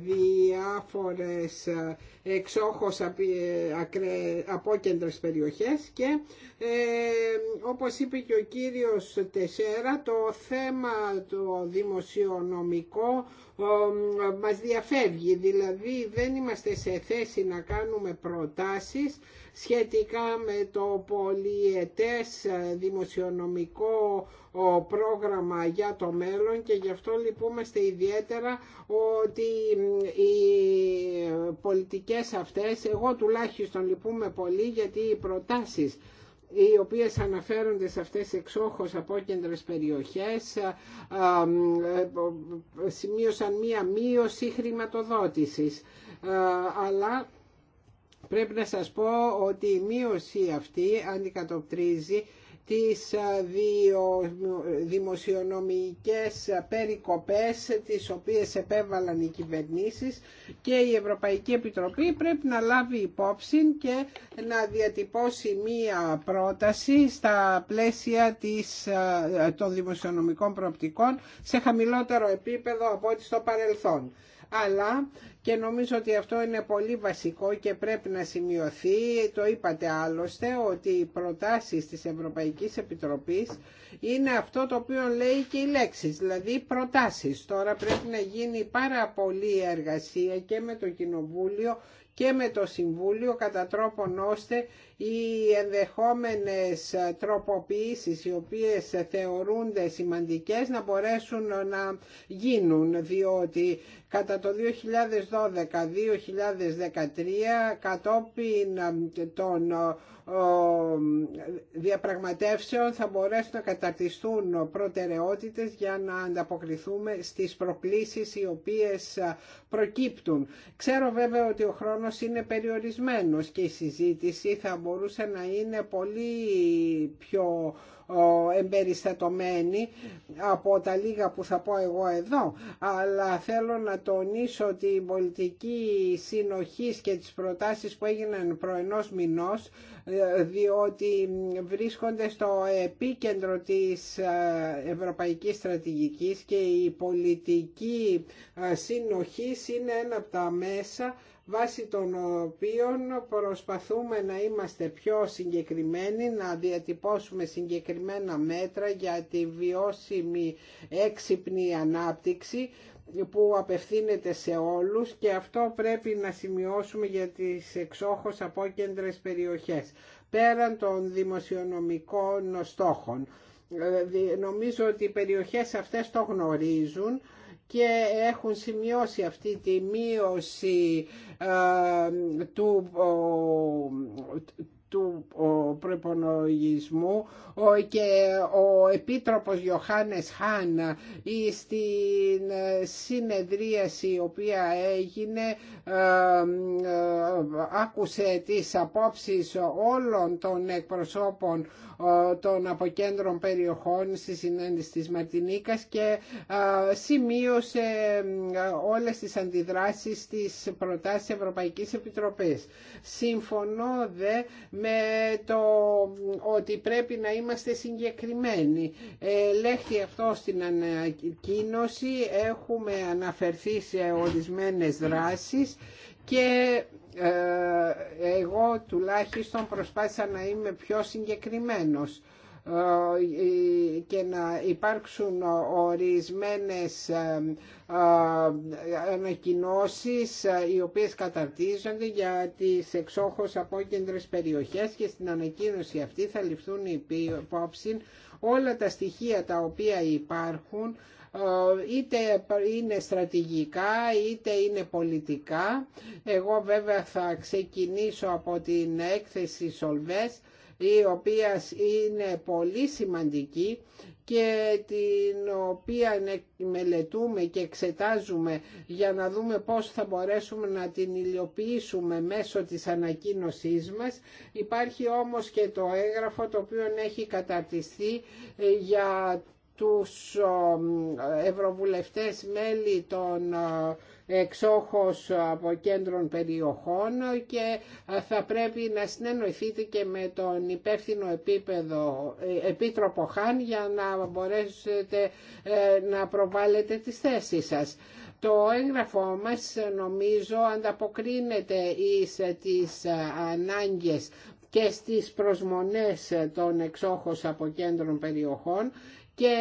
διάφορες εξόχως απόκεντρες περιοχές και ε, όπως είπε και ο κύριος Τεσέρα το θέμα το δημοσιονομικό μας διαφεύγει δηλαδή δεν είμαστε σε θέση να κάνουμε προτάσεις σχετικά με το πολιετές δημοσιονομικό πρόγραμμα για το μέλλον και γι' αυτό λυπούμαστε ιδιαίτερα ότι οι πολιτικές αυτές, εγώ τουλάχιστον λυπούμε πολύ γιατί οι προτάσεις οι οποίες αναφέρονται σε αυτές τις εξόχως απόκεντρες περιοχές ε, σημείωσαν μία μείωση χρηματοδότησης. Αλλά Πρέπει να σας πω ότι η μείωση αυτή αντικατοπτρίζει τις δημοσιονομικές περικοπές τις οποίες επέβαλαν οι κυβερνήσεις και η Ευρωπαϊκή Επιτροπή πρέπει να λάβει υπόψη και να διατυπώσει μία πρόταση στα πλαίσια της, των δημοσιονομικών προοπτικών σε χαμηλότερο επίπεδο από ό,τι στο παρελθόν αλλά και νομίζω ότι αυτό είναι πολύ βασικό και πρέπει να σημειωθεί. Το είπατε άλλωστε ότι οι προτάσεις της Ευρωπαϊκής Επιτροπής είναι αυτό το οποίο λέει και οι λέξεις, δηλαδή προτάσεις. Τώρα πρέπει να γίνει πάρα πολύ εργασία και με το Κοινοβούλιο και με το Συμβούλιο κατά τρόπον ώστε οι ενδεχόμενες τροποποιήσεις οι οποίες θεωρούνται σημαντικές να μπορέσουν να γίνουν διότι κατά το 2012-2013 κατόπιν ε, των διαπραγματεύσεων θα μπορέσουν να καταρτιστούν προτεραιότητες για να ανταποκριθούμε στις προκλήσεις οι οποίες προκύπτουν. Ξέρω βέβαια ότι ο χρόνος είναι περιορισμένος και η συζήτηση θα μπορούσε να είναι πολύ πιο εμπεριστατωμένη από τα λίγα που θα πω εγώ εδώ αλλά θέλω να τονίσω ότι η πολιτική συνοχής και τις προτάσεις που έγιναν προενός μηνός ε, διότι βρίσκονται στο επίκεντρο της ε, ευρωπαϊκής στρατηγικής και η πολιτική ε, συνοχή είναι ένα από τα μέσα βάσει των οποίων προσπαθούμε να είμαστε πιο συγκεκριμένοι, να διατυπώσουμε συγκεκριμένα μέτρα για τη βιώσιμη έξυπνη ανάπτυξη που απευθύνεται σε όλους και αυτό πρέπει να σημειώσουμε για τις εξόχως απόκεντρες περιοχές, πέραν των δημοσιονομικών στόχων. Ε, νομίζω ότι οι περιοχές αυτές το γνωρίζουν και έχουν σημειώσει αυτή τη μείωση ε, του του προπολογισμού και ο Επίτροπος Γιωχάνες Χάν στην ε, συνεδρίαση η οποία έγινε ε, ε, άκουσε τις απόψεις όλων των εκπροσώπων των αποκέντρων περιοχών στη συνέντευξη της Μαρτινίκας και σημείωσε όλες τις αντιδράσεις της προτάσεις Ευρωπαϊκής Επιτροπής. Συμφωνώ δε με το ότι πρέπει να είμαστε συγκεκριμένοι. Ε, Λέχει αυτό στην ανακοίνωση, έχουμε αναφερθεί σε ορισμένες δράσεις και ε, εγώ τουλάχιστον προσπάθησα να είμαι πιο συγκεκριμένος και να υπάρξουν ορισμένες ε, ανακοινώσεις ε, οι οποίες καταρτίζονται για τις εξόχως απόκεντρες περιοχές και στην ανακοίνωση αυτή θα ληφθούν υπόψη όλα τα στοιχεία τα οποία υπάρχουν ε, είτε είναι στρατηγικά είτε είναι πολιτικά. Εγώ βέβαια θα ξεκινήσω από την έκθεση Σολβές η οποία είναι πολύ σημαντική και την οποία μελετούμε και εξετάζουμε για να δούμε πώς θα μπορέσουμε να την υλοποιήσουμε μέσω της ανακοίνωσής μας. Υπάρχει όμως και το έγγραφο το οποίο έχει καταρτιστεί ε, για τους ευρωβουλευτές μέλη των ε, εξόχως από κέντρων περιοχών και ε, θα πρέπει να συνεννοηθείτε και με τον υπεύθυνο επίπεδο, ε, επίτροπο Χάν για να μπορέσετε ε, να προβάλλετε τις θέσεις σας. Το έγγραφό μας νομίζω ανταποκρίνεται εις τις ανάγκες και στις προσμονές των εξόχως από κέντρων περιοχών και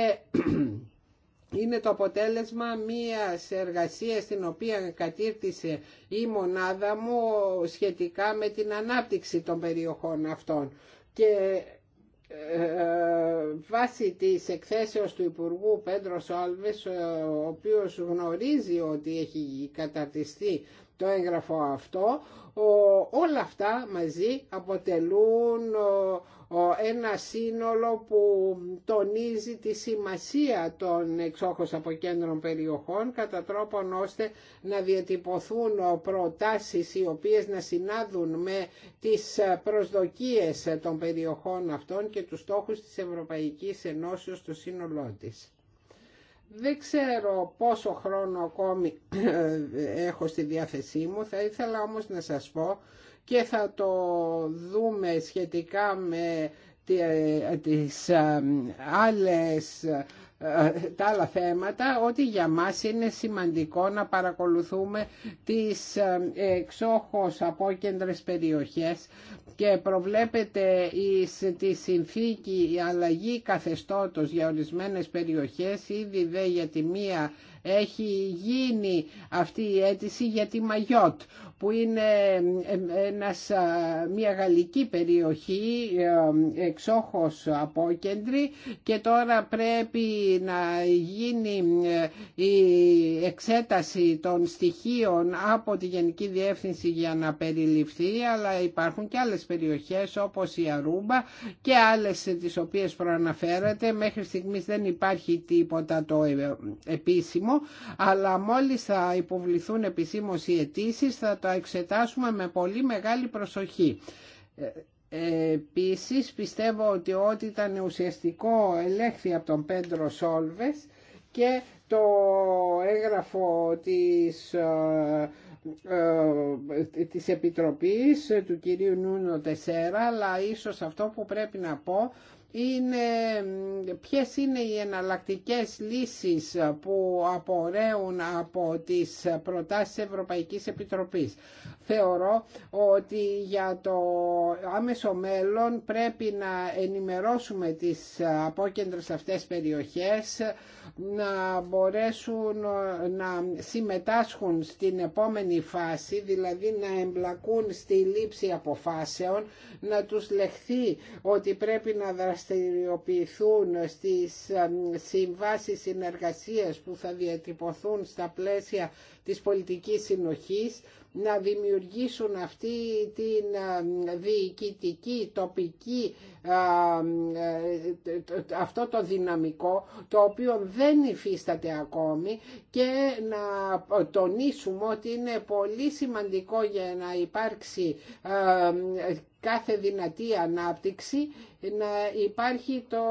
είναι το αποτέλεσμα μιας εργασίας στην οποία κατήρτισε η μονάδα μου σχετικά με την ανάπτυξη των περιοχών αυτών. Και ε, βάσει της εκθέσεως του Υπουργού Πέντρο Αλβες ο οποίος γνωρίζει ότι έχει καταρτιστεί το έγγραφο αυτό, όλα αυτά μαζί αποτελούν ένα σύνολο που τονίζει τη σημασία των εξόχως αποκέντρων περιοχών κατά τρόπον ώστε να διατυπωθούν προτάσεις οι οποίες να συνάδουν με τις προσδοκίες των περιοχών αυτών και τους στόχους της Ευρωπαϊκής Ενώσεως στο σύνολό της. Δεν ξέρω πόσο χρόνο ακόμη έχω στη διάθεσή μου, θα ήθελα όμως να σας πω και θα το δούμε σχετικά με ε, τις ε, άλλες ε, τα άλλα θέματα ότι για μας είναι σημαντικό να παρακολουθούμε τις ε, εξόχως απόκεντρες περιοχές και προβλέπεται τη συνθήκη η αλλαγή καθεστώτος για ορισμένες περιοχές ήδη δε για τη μία έχει γίνει αυτή η αίτηση για τη Μαγιότ που είναι ε, ε, μια γαλλική περιοχή ε, εξόχως απόκεντρη και τώρα πρέπει να γίνει η εξέταση των στοιχείων από τη Γενική Διεύθυνση για να περιληφθεί αλλά υπάρχουν και άλλες περιοχές όπως η Αρούμπα και άλλες τις οποίες προαναφέρατε μέχρι στιγμής δεν υπάρχει τίποτα το επίσημο αλλά μόλις θα υποβληθούν επισήμως οι αιτήσει θα τα εξετάσουμε με πολύ μεγάλη προσοχή. Ε, επίσης πιστεύω ότι ό,τι ήταν ουσιαστικό ελέγχθη από τον Πέντρο Σόλβες και το έγγραφο της, ε, ε της Επιτροπής του κυρίου Νούνο 4 αλλά ίσως αυτό που πρέπει να πω είναι ποιες είναι οι εναλλακτικές λύσεις που απορρέουν από τις προτάσεις Ευρωπαϊκής Επιτροπής θεωρώ ότι για το άμεσο μέλλον πρέπει να ενημερώσουμε τις απόκεντρες αυτές περιοχές να μπορέσουν να συμμετάσχουν στην επόμενη φάση, δηλαδή να εμπλακούν στη λήψη αποφάσεων, να τους λεχθεί ότι πρέπει να δραστηριοποιηθούν στις ε, συμβάσεις συνεργασίες που θα διατυπωθούν στα πλαίσια της πολιτικής συνοχής να δημιουργήσουν αυτή την διοικητική, τοπική, αυτό το δυναμικό το οποίο δεν υφίσταται ακόμη και να τονίσουμε ότι είναι πολύ σημαντικό για να υπάρξει κάθε δυνατή ανάπτυξη να υπάρχει το,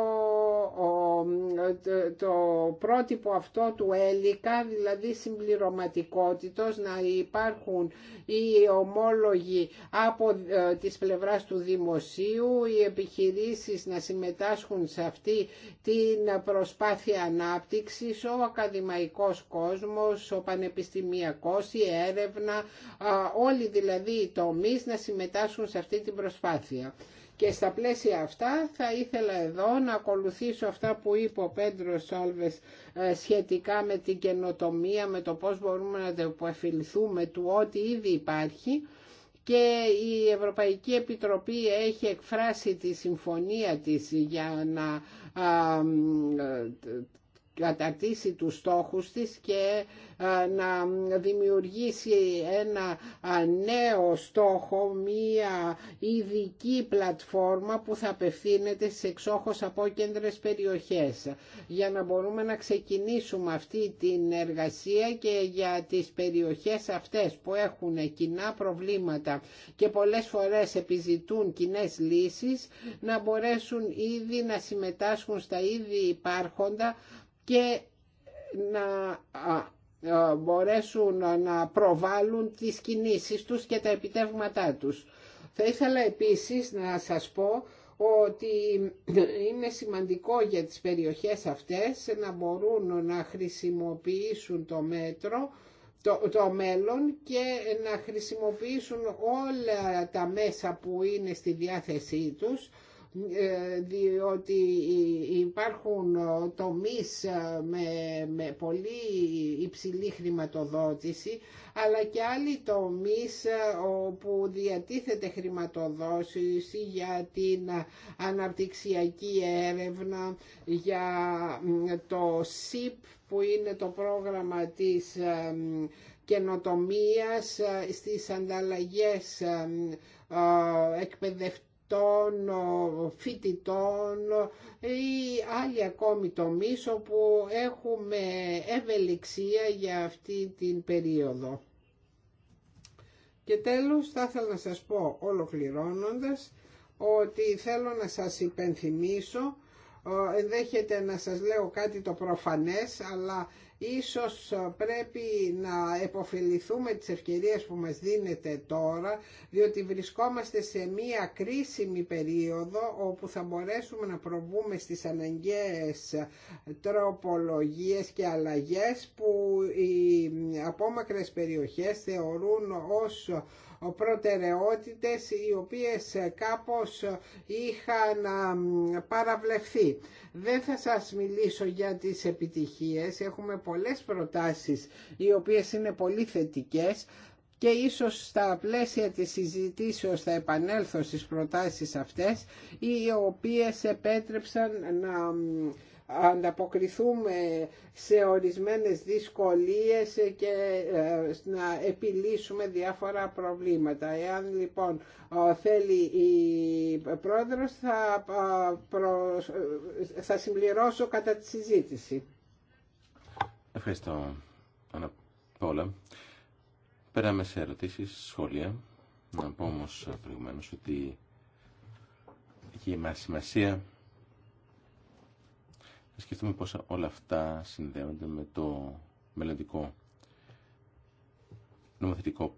το πρότυπο αυτό του έλικα, δηλαδή συμπληρωματικότητος, να υπάρχουν οι ομόλογοι από ε, τις πλευράς του δημοσίου, οι επιχειρήσεις να συμμετάσχουν σε αυτή την προσπάθεια ανάπτυξης, ο ακαδημαϊκός κόσμος, ο πανεπιστημιακός, η έρευνα, όλοι δηλαδή οι τομείς να συμμετάσχουν σε αυτή την προσπάθεια. Και στα πλαίσια αυτά θα ήθελα εδώ να ακολουθήσω αυτά που είπε ο Πέντρο Σόλβες ε, σχετικά με την καινοτομία, με το πώς μπορούμε να το του ό,τι ήδη υπάρχει και η Ευρωπαϊκή Επιτροπή έχει εκφράσει τη συμφωνία της για να ε, καταρτήσει τους στόχους της και να δημιουργήσει ένα νέο στόχο, μία ειδική πλατφόρμα που θα απευθύνεται σε εξόχως απόκεντρες περιοχές για να μπορούμε να ξεκινήσουμε αυτή την εργασία και για τις περιοχές αυτές που έχουν κοινά προβλήματα και πολλές φορές επιζητούν κοινέ λύσεις να μπορέσουν ήδη να συμμετάσχουν στα ήδη υπάρχοντα και να μπορέσουν να προβάλλουν τις κινήσεις τους και τα επιτεύγματά τους. Θα ήθελα επίσης να σας πω ότι είναι σημαντικό για τις περιοχές αυτές να μπορούν να χρησιμοποιήσουν το μέτρο, το, το μέλλον και να χρησιμοποιήσουν όλα τα μέσα που είναι στη διάθεσή τους ε, διότι υπάρχουν τομείς ε, με, με πολύ υψηλή χρηματοδότηση αλλά και άλλοι τομείς ε, όπου διατίθεται χρηματοδότηση για την αναπτυξιακή έρευνα, για το ΣΥΠ που είναι το πρόγραμμα της καινοτομίας στις ανταλλαγές εκπαιδευτικών των φοιτητών ή άλλοι ακόμη τομείς όπου έχουμε ευελιξία για αυτή την περίοδο. Και τέλος θα ήθελα να σας πω ολοκληρώνοντας ότι θέλω να σας υπενθυμίσω ε, ενδέχεται να σας λέω κάτι το προφανές αλλά Ίσως ε, πρέπει να επωφεληθούμε τις ευκαιρίες που μας δίνεται τώρα, διότι βρισκόμαστε σε μία κρίσιμη περίοδο όπου θα μπορέσουμε να προβούμε στις αναγκαίες τροπολογίες και αλλαγές που οι απόμακρες περιοχές θεωρούν ως προτεραιότητες οι οποίες κάπως είχαν παραβλεφθεί. Δεν θα σας μιλήσω για τις επιτυχίες, έχουμε πολλές προτάσεις οι οποίες είναι πολύ θετικές και ίσως στα πλαίσια της συζητήσεως θα επανέλθω στις προτάσεις αυτές οι οποίες επέτρεψαν να ανταποκριθούμε σε ορισμένες δυσκολίες και ε, να επιλύσουμε διάφορα προβλήματα. Εάν λοιπόν θέλει η πρόεδρος ε, ε, θα, συμπληρώσω κατά τη συζήτηση. Ευχαριστώ Ανά Πόλα. Πέραμε σε ερωτήσεις, σχόλια. Να πω όμως προηγουμένως ότι έχει η σημασία να σκεφτούμε πώς όλα αυτά συνδέονται με το μελλοντικό νομοθετικό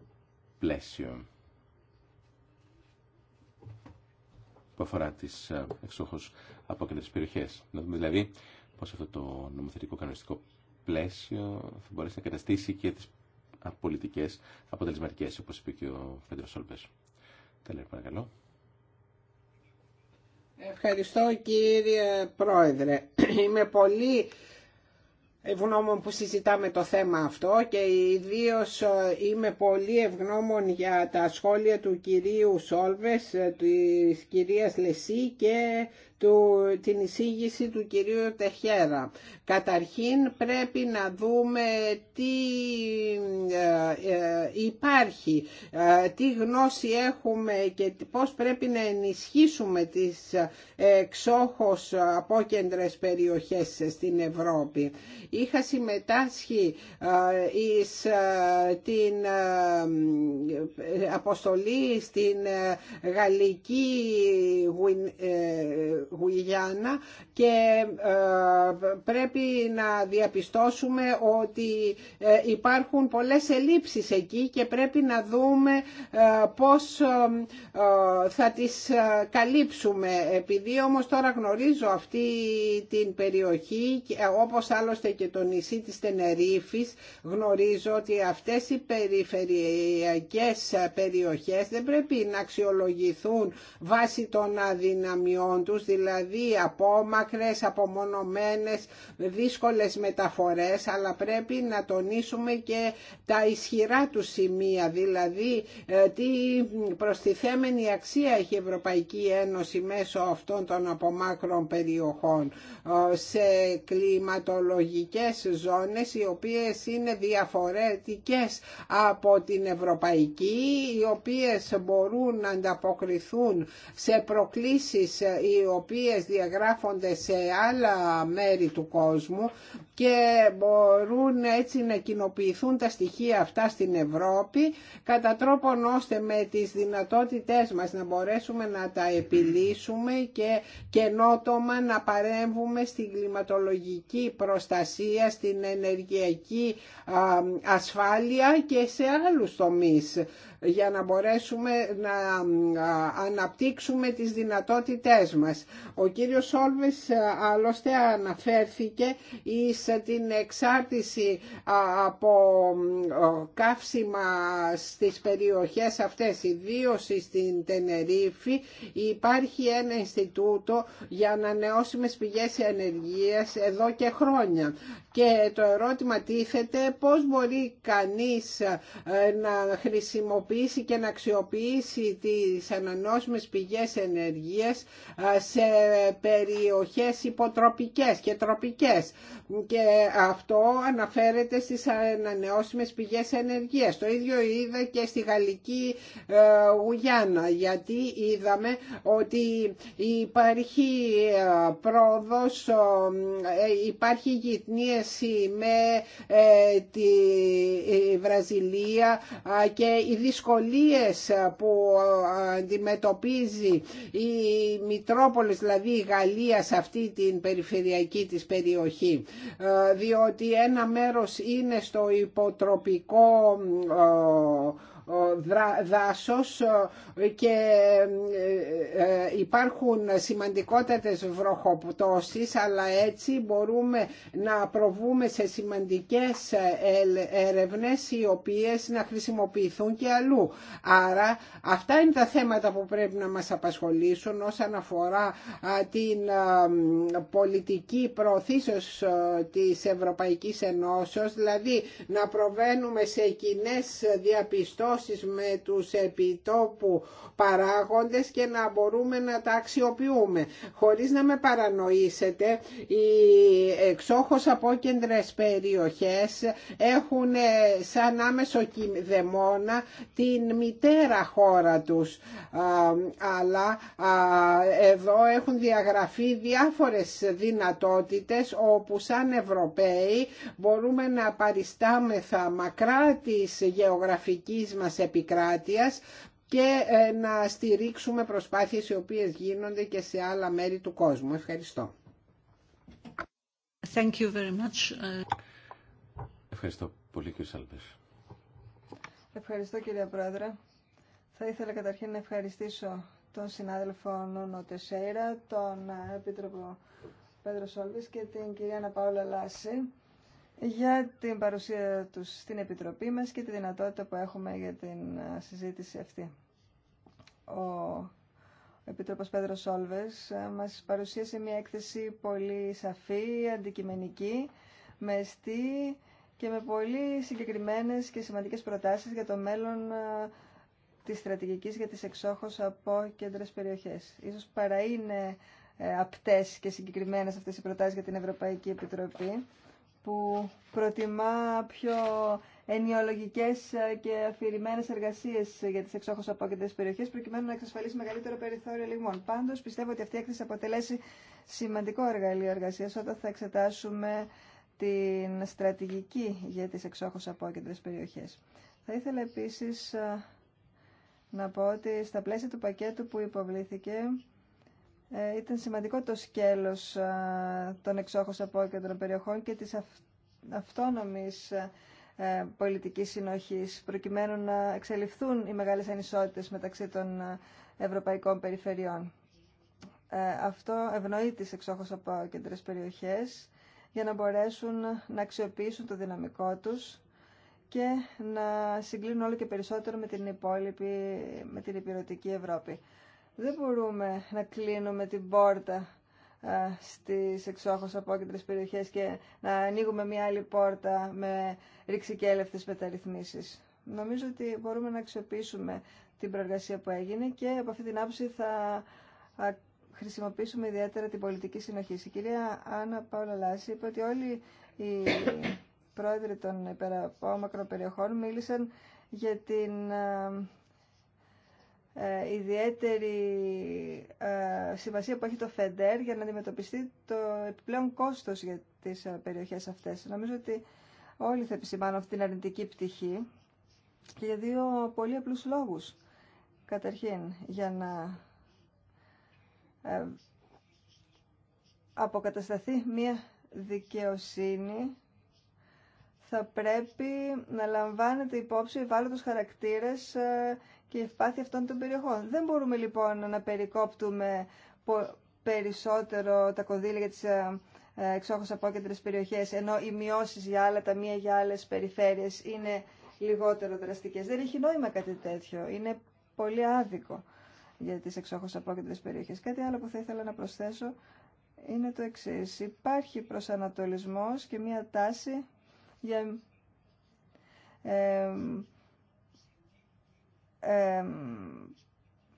πλαίσιο που αφορά τις ε, εξόχως απόκεντρες περιοχές. Να δούμε δηλαδή πώς αυτό το νομοθετικό κανονιστικό πλαίσιο θα μπορέσει να καταστήσει και τις πολιτικές αποτελεσματικές, όπως είπε και ο Φέντρο Σόλπες. Τέλος, παρακαλώ. Ευχαριστώ κύριε Πρόεδρε. Είμαι πολύ ευγνώμων που συζητάμε το θέμα αυτό και ιδίω ε, είμαι πολύ ευγνώμων για τα σχόλια του κυρίου Σόλβες, ε, της κυρίας Λεσί και του, την εισήγηση του κυρίου Τεχέρα. Καταρχήν πρέπει να δούμε τι ε, ε, υπάρχει, ε, τι γνώση έχουμε και πώς πρέπει να ενισχύσουμε τις εξόχως απόκεντρες περιοχές στην Ευρώπη. Είχα συμμετάσχει εις την αποστολή στην Γαλλική και ε, πρέπει να διαπιστώσουμε ότι ε, υπάρχουν πολλές ελλείψεις εκεί και πρέπει να δούμε ε, πώς θα τις καλύψουμε. Επειδή όμως τώρα γνωρίζω αυτή την περιοχή, όπως άλλωστε και το νησί της Τενερίφης, γνωρίζω ότι αυτές οι περιφερειακές περιοχές δεν πρέπει να αξιολογηθούν βάσει των αδυναμιών τους, δηλαδή απόμακρες, απομονωμένες, δύσκολες μεταφορές, αλλά πρέπει να τονίσουμε και τα ισχυρά του σημεία, δηλαδή ε, τι προστιθέμενη αξία έχει η Ευρωπαϊκή Ένωση μέσω αυτών των απομάκρων περιοχών ε, σε κλιματολογικές ζώνες οι οποίες είναι διαφορετικές από την Ευρωπαϊκή, οι οποίες μπορούν να ανταποκριθούν σε προκλήσεις ε, οι οποίες διαγράφονται σε άλλα μέρη του κόσμου και μπορούν έτσι να κοινοποιηθούν τα στοιχεία αυτά στην Ευρώπη κατά τρόπον ώστε με τις δυνατότητές μας να μπορέσουμε να τα επιλύσουμε και καινότομα να παρέμβουμε στην κλιματολογική προστασία, στην ενεργειακή ασφάλεια και σε άλλους τομείς για να μπορέσουμε να αναπτύξουμε τις δυνατότητές μας. Ο κύριος Σόλβες άλλωστε αναφέρθηκε εις την εξάρτηση από καύσιμα στις περιοχές αυτές, ιδίω στην Τενερίφη, υπάρχει ένα Ινστιτούτο για ανανεώσιμες πηγές ενεργείας εδώ και χρόνια και το ερώτημα τίθεται πώς μπορεί κανείς ε, να χρησιμοποιήσει και να αξιοποιήσει τις ανανόσιμες πηγές ενεργείας ε, σε περιοχές υποτροπικές και τροπικές. Και αυτό αναφέρεται στις ανανεώσιμες πηγές ενεργείας. Το ίδιο είδα και στη Γαλλική ε, Ουγιάννα, γιατί είδαμε ότι υπάρχει πρόοδος, υπάρχει γυτνία με ε, τη ε, Βραζιλία και οι δυσκολίες που αντιμετωπίζει η Μητρόπολη, δηλαδή η Γαλλία σε αυτή την περιφερειακή της περιοχή. Ε, διότι ένα μέρος είναι στο υποτροπικό δάσος και ε, ε, υπάρχουν σημαντικότατες βροχοπτώσεις αλλά έτσι μπορούμε να προβούμε σε σημαντικές ε, έρευνες οι οποίες να χρησιμοποιηθούν και αλλού. Άρα αυτά είναι τα θέματα που πρέπει να μας απασχολήσουν όσον αφορά την πολιτική προωθήσεως της Ευρωπαϊκής Ενώσεως δηλαδή να προβαίνουμε σε κοινέ διαπιστώσεις με τους επιτόπου παράγοντες και να μπορούμε να τα αξιοποιούμε. Χωρίς να με παρανοήσετε, οι εξόχως απόκεντρες περιοχές έχουν σαν άμεσο δαιμόνα την μητέρα χώρα τους. Αλλά εδώ έχουν διαγραφεί διάφορες δυνατότητες όπου σαν Ευρωπαίοι μπορούμε να παριστάμεθα μακρά της γεωγραφικής μας μας επικράτειας και ε, να στηρίξουμε προσπάθειες οι οποίες γίνονται και σε άλλα μέρη του κόσμου. Ευχαριστώ. Thank you very much. Ευχαριστώ πολύ κύριε Σάλβες. Ευχαριστώ κύριε Πρόεδρε. Θα ήθελα καταρχήν να ευχαριστήσω τον συνάδελφο Νούνο Τεσέιρα, τον Επίτροπο Πέτρο Σόλβης και την κυρία Ναπαόλα Λάση για την παρουσία τους στην Επιτροπή μας και τη δυνατότητα που έχουμε για την ε, συζήτηση αυτή. Ο Επίτροπος Πέδρος Σόλβες ε, μας παρουσίασε μια έκθεση πολύ σαφή, αντικειμενική, με εστί και με πολύ συγκεκριμένες και σημαντικές προτάσεις για το μέλλον ε, της στρατηγικής για τις εξόχως από κέντρες περιοχές. Ίσως παρά είναι απτές και συγκεκριμένες αυτές οι προτάσεις για την Ευρωπαϊκή Επιτροπή, που προτιμά πιο ενιολογικές και αφηρημένες εργασίες για τις εξόχως απόκεντες περιοχές προκειμένου να εξασφαλίσει μεγαλύτερο περιθώριο λιγμών. Πάντως πιστεύω ότι αυτή η έκθεση αποτελέσει σημαντικό εργαλείο εργασίας όταν θα εξετάσουμε την στρατηγική για τις εξόχως απόκεντες περιοχές. Θα ήθελα επίσης ε, να πω ότι στα πλαίσια του πακέτου που υποβλήθηκε ε, ήταν σημαντικό το σκέλος ε, των από απόκεντρων περιοχών και της αυτόνομης ε, πολιτικής συνοχής προκειμένου να εξελιχθούν οι μεγάλες ανισότητες μεταξύ των ευρωπαϊκών περιφερειών. Αυτό ευνοεί τις εξόχως απόκεντρες περιοχές για να μπορέσουν να αξιοποιήσουν το δυναμικό τους και να συγκλίνουν όλο και περισσότερο με την υπόλοιπη, με την υπηρετική Ευρώπη. Δεν μπορούμε να κλείνουμε την πόρτα ε, στις εξόχως απόκεντρες περιοχές και να ανοίγουμε μια άλλη πόρτα με ρηξικέλευτες μεταρρυθμίσεις. Νομίζω ότι μπορούμε να αξιοποιήσουμε την προεργασία που έγινε και από αυτή την άποψη θα χρησιμοποιήσουμε ιδιαίτερα την πολιτική συνοχή. Η κυρία Άννα Παύλα Λάση είπε ότι όλοι οι πρόεδροι των υπεραπόμακρων περιοχών μίλησαν για την ε, η ε, ιδιαίτερη ε, σημασία που έχει το ΦΕΝΤΕΡ για να αντιμετωπιστεί το επιπλέον κόστος για τις ε, περιοχές αυτές. Νομίζω ότι όλοι θα επισημάνω αυτή την αρνητική πτυχή και για δύο πολύ απλούς λόγους. Καταρχήν, για να ε, αποκατασταθεί μία δικαιοσύνη θα πρέπει να λαμβάνεται υπόψη τους χαρακτήρες ε, και η ευπάθεια αυτών των περιοχών. Δεν μπορούμε λοιπόν να περικόπτουμε περισσότερο τα κονδύλια για τις ε, ε, εξόχως απόκεντρες περιοχές, ενώ οι μειώσεις για άλλα ταμεία, για άλλες περιφέρειες είναι λιγότερο δραστικές. Δεν έχει νόημα κάτι τέτοιο. Είναι πολύ άδικο για τις εξόχως απόκεντρες περιοχές. Κάτι άλλο που θα ήθελα να προσθέσω είναι το εξή. Υπάρχει προσανατολισμός και μία τάση για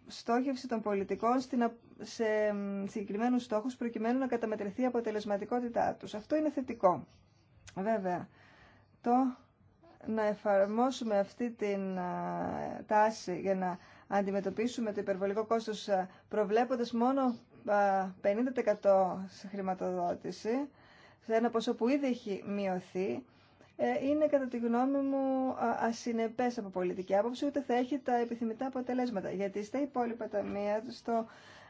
στόχευση των πολιτικών σε συγκεκριμένους στόχους προκειμένου να καταμετρηθεί η αποτελεσματικότητά τους. Αυτό είναι θετικό. Βέβαια, το να εφαρμόσουμε αυτή την τάση για να αντιμετωπίσουμε το υπερβολικό κόστος προβλέποντας μόνο 50% σε χρηματοδότηση, σε ένα ποσό που ήδη έχει μειωθεί, ε, είναι κατά τη γνώμη μου ασυνεπές από πολιτική άποψη, ούτε θα έχει τα επιθυμητά αποτελέσματα. Γιατί στα υπόλοιπα ταμεία, στο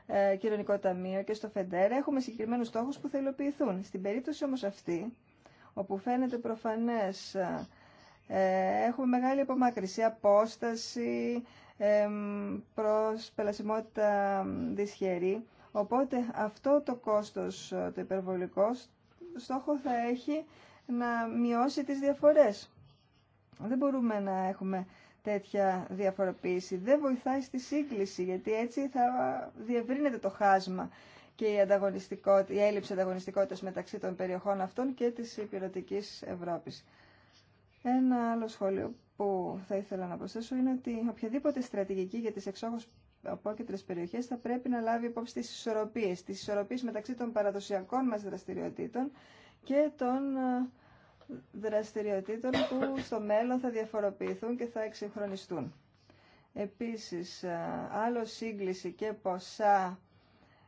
ε, Κοινωνικό Ταμείο και στο ΦΕΝΤΕΡ έχουμε συγκεκριμένους στόχους που θα υλοποιηθούν. Στην περίπτωση όμως αυτή, όπου φαίνεται προφανές ε, έχουμε μεγάλη απομάκρυση, απόσταση, πελασιμότητα δυσχερή. Οπότε αυτό το κόστος το υπερβολικό στόχο θα έχει να μειώσει τις διαφορές. Δεν μπορούμε να έχουμε τέτοια διαφοροποίηση. Δεν βοηθάει στη σύγκληση, γιατί έτσι θα διευρύνεται το χάσμα και η, ανταγωνιστικότητα, η έλλειψη ανταγωνιστικότητας μεταξύ των περιοχών αυτών και της υπηρετικής Ευρώπης. Ένα άλλο σχόλιο που θα ήθελα να προσθέσω είναι ότι οποιαδήποτε στρατηγική για τις εξόχως απόκεντρε περιοχές θα πρέπει να λάβει υπόψη τις ισορροπίες, τις ισορροπίες μεταξύ των παραδοσιακών μας δραστηριοτήτων και των ε, δραστηριοτήτων που στο μέλλον θα διαφοροποιηθούν και θα εξυγχρονιστούν. Επίσης, ε, άλλο σύγκληση και ποσά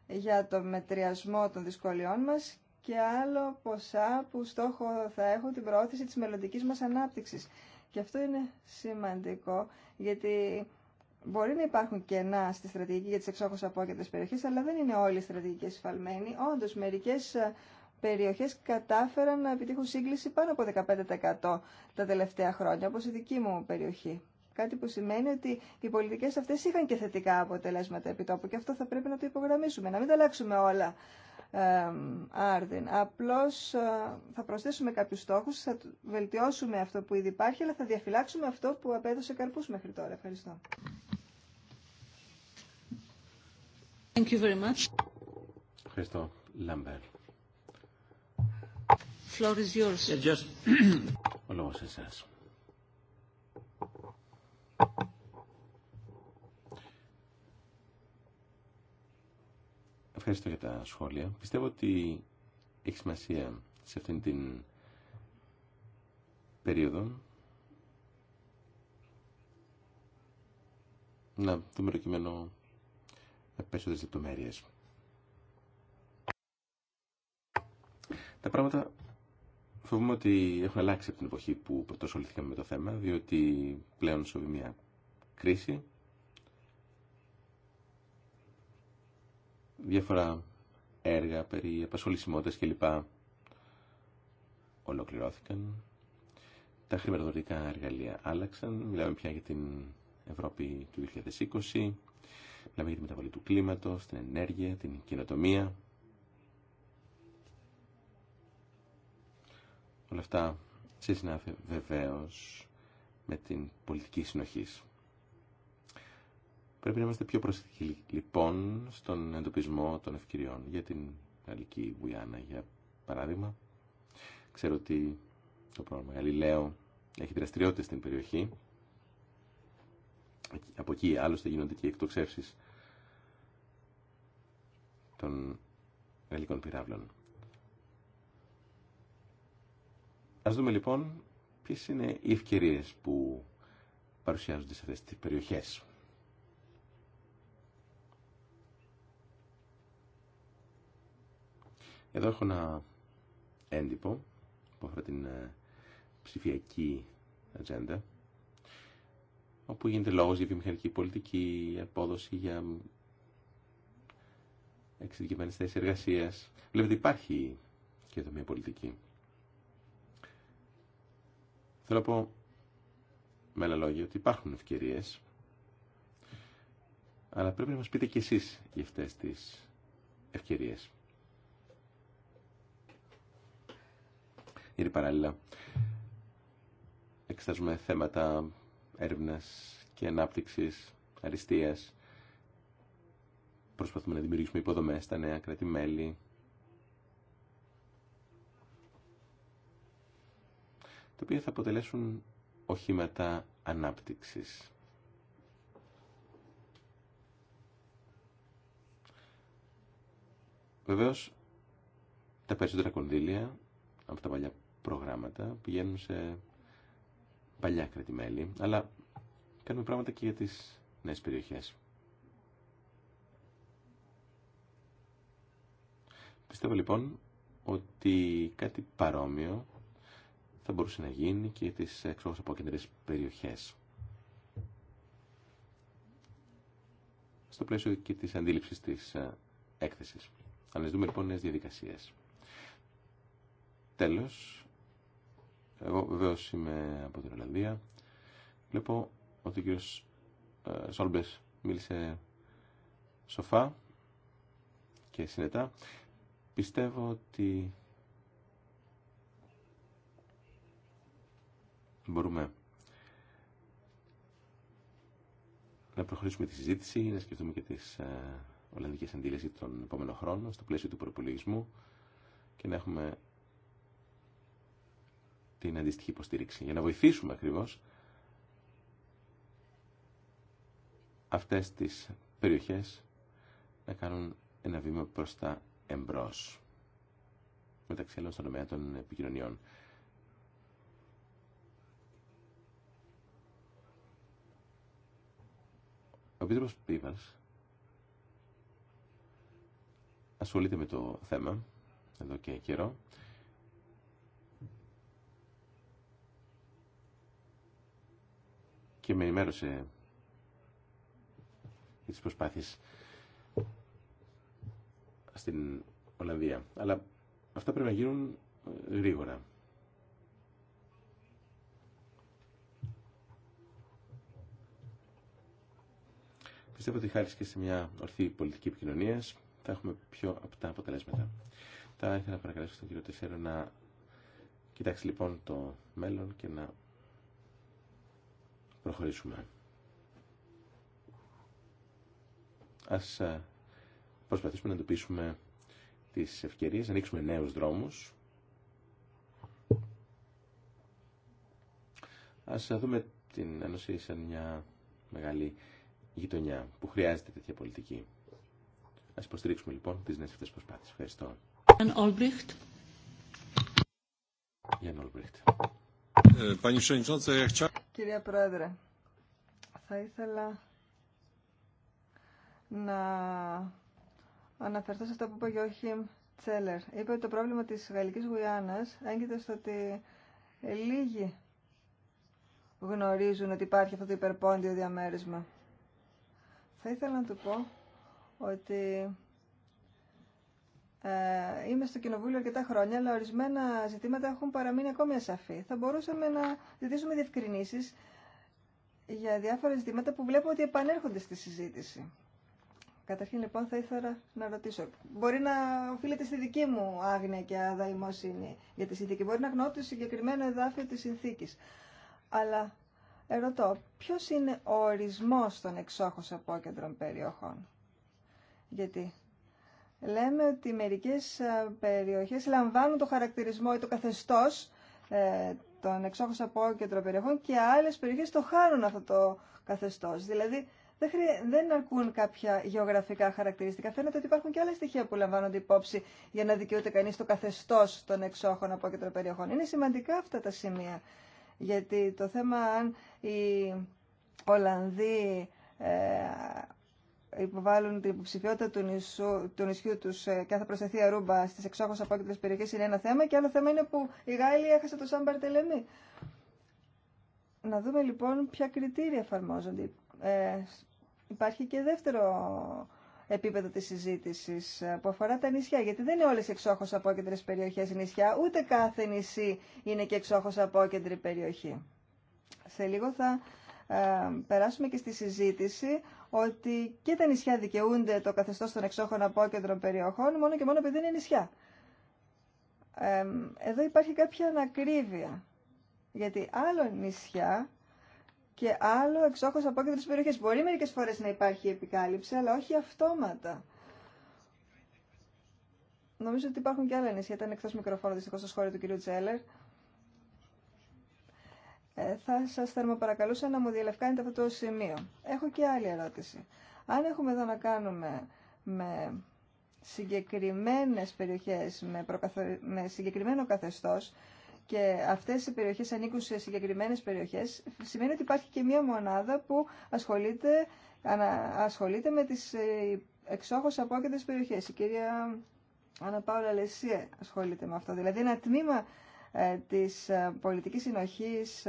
για το μετριασμό των δυσκολιών μας και άλλο ποσά που στόχο θα έχουν την προώθηση της μελλοντική μας ανάπτυξης. Και αυτό είναι σημαντικό, γιατί μπορεί να υπάρχουν κενά στη στρατηγική για τις εξόχως απόκαιτες περιοχές, αλλά δεν είναι όλοι οι στρατηγικές υφαλμένοι. Όντως, μερικές ε, περιοχές κατάφεραν να επιτύχουν σύγκληση πάνω από 15% τα τελευταία χρόνια, όπως η δική μου περιοχή. Κάτι που σημαίνει ότι οι πολιτικές αυτές είχαν και θετικά αποτελέσματα επιτόπου και αυτό θα πρέπει να το υπογραμμίσουμε, να μην τα αλλάξουμε όλα άρδιν. Απλώς ε, θα προσθέσουμε κάποιους στόχους, θα βελτιώσουμε αυτό που ήδη υπάρχει, αλλά θα διαφυλάξουμε αυτό που απέδωσε καρπούς μέχρι τώρα. Ευχαριστώ. Thank you very much. Ευχαριστώ, Λαμπέρ floor is yours. Yeah, ε, just... Ο λόγος εσάς. Ευχαριστώ για τα σχόλια. Πιστεύω ότι έχει σημασία σε αυτήν την περίοδο να δούμε το κείμενο με περισσότερες λεπτομέρειες. Τα πράγματα Φοβούμαι ότι έχουν αλλάξει από την εποχή που πρωτοσολήθηκαμε με το θέμα, διότι πλέον σωβεί μια κρίση. Διάφορα έργα περί απασχολησιμότητας κλπ. ολοκληρώθηκαν. Τα χρηματοδοτικά εργαλεία άλλαξαν. Μιλάμε πια για την Ευρώπη του 2020. Μιλάμε για τη μεταβολή του κλίματος, την ενέργεια, την καινοτομία. Όλα αυτά συνάφε βεβαίω με την πολιτική συνοχή. Πρέπει να είμαστε πιο προσεκτικοί λοιπόν στον εντοπισμό των ευκαιριών για την Γαλλική Βουιάννα για παράδειγμα. Ξέρω ότι το πρόγραμμα Γαλιλαίο έχει δραστηριότητε στην περιοχή. Από εκεί άλλωστε γίνονται και εκτοξεύσεις των γαλλικών πυράβλων. Ας δούμε λοιπόν ποιες είναι οι ευκαιρίες που παρουσιάζονται σε αυτές τις περιοχές. Εδώ έχω ένα έντυπο που αφορά την ε, ψηφιακή ατζέντα όπου γίνεται λόγος για βιομηχανική πολιτική, απόδοση για εξειδικευμένες θέσεις εργασίας. Βλέπετε υπάρχει και εδώ μια πολιτική. Θέλω να πω με άλλα λόγια ότι υπάρχουν ευκαιρίε, αλλά πρέπει να μας πείτε κι εσείς για αυτές τις ευκαιρίες. Γιατί παράλληλα. Εξετάζουμε θέματα έρευνας και ανάπτυξης, αριστείας. Προσπαθούμε να δημιουργήσουμε υποδομές στα νέα κράτη-μέλη, τα οποία θα αποτελέσουν οχήματα ανάπτυξης. Βεβαίως, τα περισσότερα κονδύλια από τα παλιά προγράμματα πηγαίνουν σε παλιά κρατημέλη, αλλά κάνουμε πράγματα και για τις νέες περιοχές. Πιστεύω λοιπόν ότι κάτι παρόμοιο θα μπορούσε να γίνει και τις από κεντρές περιοχές. Στο πλαίσιο και της αντίληψης της ε, έκθεσης. Αναζητούμε λοιπόν νέες διαδικασίες. Τέλος, εγώ βεβαίω είμαι από την Ολλανδία. Βλέπω ότι ο κ. Ε, Σόλμπες μίλησε σοφά και συνετά. Πιστεύω ότι μπορούμε να προχωρήσουμε τη συζήτηση, να σκεφτούμε και τις ε, Ολλανδικές αντίληση των επόμενων χρόνων στο πλαίσιο του προπολογισμού και να έχουμε την αντίστοιχη υποστήριξη. Για να βοηθήσουμε ακριβώς αυτές τις περιοχές να κάνουν ένα βήμα προς τα εμπρός μεταξύ άλλων στον τομέα των επικοινωνιών. Ο Επίτροπος Πίβας ασχολείται με το θέμα εδώ και καιρό. Και με ενημέρωσε για τις προσπάθειες στην Ολλανδία. Αλλά αυτά πρέπει να γίνουν γρήγορα. Πιστεύω ότι χάρη και σε μια ορθή πολιτική επικοινωνία θα έχουμε πιο απτά αποτελέσματα. Θα ήθελα να παρακαλέσω τον κύριο Τεσέρο να κοιτάξει λοιπόν το μέλλον και να προχωρήσουμε. Ας ε, προσπαθήσουμε να εντοπίσουμε τις ευκαιρίες, να ανοίξουμε νέους δρόμους. Ας ε, δούμε την Ένωση σαν μια μεγάλη γειτονιά που χρειάζεται τέτοια πολιτική. Α υποστηρίξουμε λοιπόν τι νέε αυτέ προσπάθειε. Ευχαριστώ. Ε, Κυρία Πρόεδρε, θα ήθελα να αναφερθώ σε αυτό που είπε ο Γιώχιμ Τσέλερ. Είπε ότι το πρόβλημα της Γαλλικής Γουιάννας έγκυται στο ότι λίγοι γνωρίζουν ότι υπάρχει αυτό το υπερπόντιο διαμέρισμα. Θα ήθελα να του πω ότι ε, είμαι στο Κοινοβούλιο αρκετά χρόνια, αλλά ορισμένα ζητήματα έχουν παραμείνει ακόμη ασαφή. Θα μπορούσαμε να ζητήσουμε διευκρινήσει για διάφορα ζητήματα που βλέπω ότι επανέρχονται στη συζήτηση. Καταρχήν λοιπόν θα ήθελα να ρωτήσω. Μπορεί να οφείλεται στη δική μου άγνοια και αδαημοσύνη για τη συνθήκη. Μπορεί να γνωρίζω το συγκεκριμένο εδάφιο τη συνθήκη. Αλλά Ερωτώ, ποιος είναι ο ορισμός των εξόχως απόκεντρων περιοχών. Γιατί λέμε ότι μερικές ε, περιοχές λαμβάνουν το χαρακτηρισμό ή το καθεστώς ε, των εξόχως απόκεντρων περιοχών και άλλες περιοχές το χάνουν αυτό το καθεστώς. Δηλαδή δεν, δεν αρκούν κάποια γεωγραφικά χαρακτηριστικά. Φαίνεται ότι υπάρχουν και άλλα στοιχεία που λαμβάνονται υπόψη για να δικαιούται κανείς το καθεστώς των εξόχων από περιοχών. Είναι σημαντικά αυτά τα σημεία γιατί το θέμα αν οι Ολλανδοί ε, υποβάλλουν την υποψηφιότητα του, νησού, του νησιού του ε, και θα προσθεθεί αρούμπα στι εξόχω απόκεντρε περιοχέ είναι ένα θέμα. Και άλλο θέμα είναι που η Γάλλη έχασε το Σαν Τελεμή. Να δούμε λοιπόν ποια κριτήρια εφαρμόζονται. Ε, υπάρχει και δεύτερο επίπεδο της συζήτησης ε, που αφορά τα νησιά, γιατί δεν είναι όλες εξόχως απόκεντρες περιοχές νησιά, ούτε κάθε νησί είναι και εξόχως απόκεντρη περιοχή. Σε λίγο θα ε, περάσουμε και στη συζήτηση ότι και τα νησιά δικαιούνται το καθεστώς των εξόχων απόκεντρων περιοχών μόνο και μόνο επειδή είναι νησιά. Ε, εδώ υπάρχει κάποια ανακρίβεια, γιατί άλλο νησιά και άλλο εξόχως απόκεντρες περιοχέ. Μπορεί μερικέ φορέ να υπάρχει επικάλυψη, αλλά όχι αυτόματα. Νομίζω ότι υπάρχουν και άλλα νησιά. Ήταν εκτό μικροφώνου δυστυχώ στο σχόλιο του κυρίου Τσέλερ. Ε, θα σα θερμοπαρακαλούσα να μου διαλευκάνετε αυτό το σημείο. Έχω και άλλη ερώτηση. Αν έχουμε εδώ να κάνουμε με συγκεκριμένες περιοχές, με, με συγκεκριμένο καθεστώς, και αυτές οι περιοχές ανήκουν σε συγκεκριμένες περιοχές, σημαίνει ότι υπάρχει και μία μονάδα που ασχολείται, ασχολείται με τις ε, εξόχως απόκεντες περιοχές. Η κυρία Άννα Πάουλα ασχολείται με αυτό. Δηλαδή ένα τμήμα ε, της ε, πολιτικής συνοχής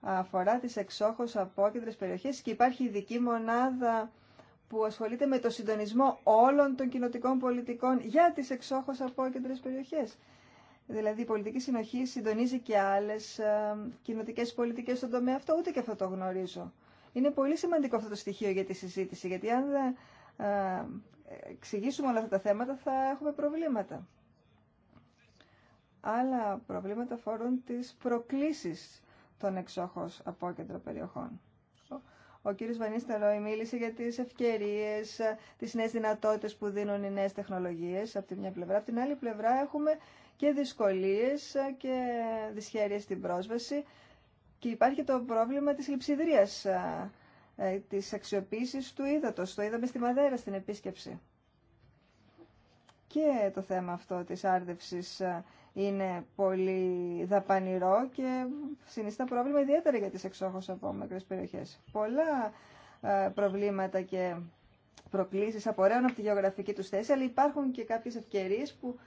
αφορά τις εξόχως απόκεντρες περιοχές και υπάρχει ειδική μονάδα που ασχολείται με το συντονισμό όλων των κοινοτικών πολιτικών για τις εξόχως απόκεντρες περιοχές. Δηλαδή η πολιτική συνοχή συντονίζει και άλλες ε, κοινοτικές πολιτικές στον τομέα αυτό, ούτε και αυτό το γνωρίζω. Είναι πολύ σημαντικό αυτό το στοιχείο για τη συζήτηση, γιατί αν δεν ε, εξηγήσουμε όλα αυτά τα θέματα θα έχουμε προβλήματα. Άλλα προβλήματα αφορούν τις προκλήσεις των εξόχως απόκεντρο περιοχών. Ο κύριος Βανίστερόι μίλησε για τις ευκαιρίες, ε, τις νέες δυνατότητες που δίνουν οι νέες τεχνολογίες από τη μια πλευρά. Από την άλλη πλευρά έχουμε και δυσκολίες και δυσχέρειες στην πρόσβαση και υπάρχει το πρόβλημα της λειψιδρίας, ε, ε, της αξιοποίησης του ύδατος. Το είδαμε στη Μαδέρα στην επίσκεψη. Και το θέμα αυτό της άρδευσης ε, είναι πολύ δαπανηρό και συνιστά πρόβλημα ιδιαίτερα για τις εξόχως απόμακρες περιοχές. Πολλά προβλήματα και προκλήσεις απορρέουν από τη γεωγραφική τους θέση, αλλά υπάρχουν και κάποιες ευκαιρίες που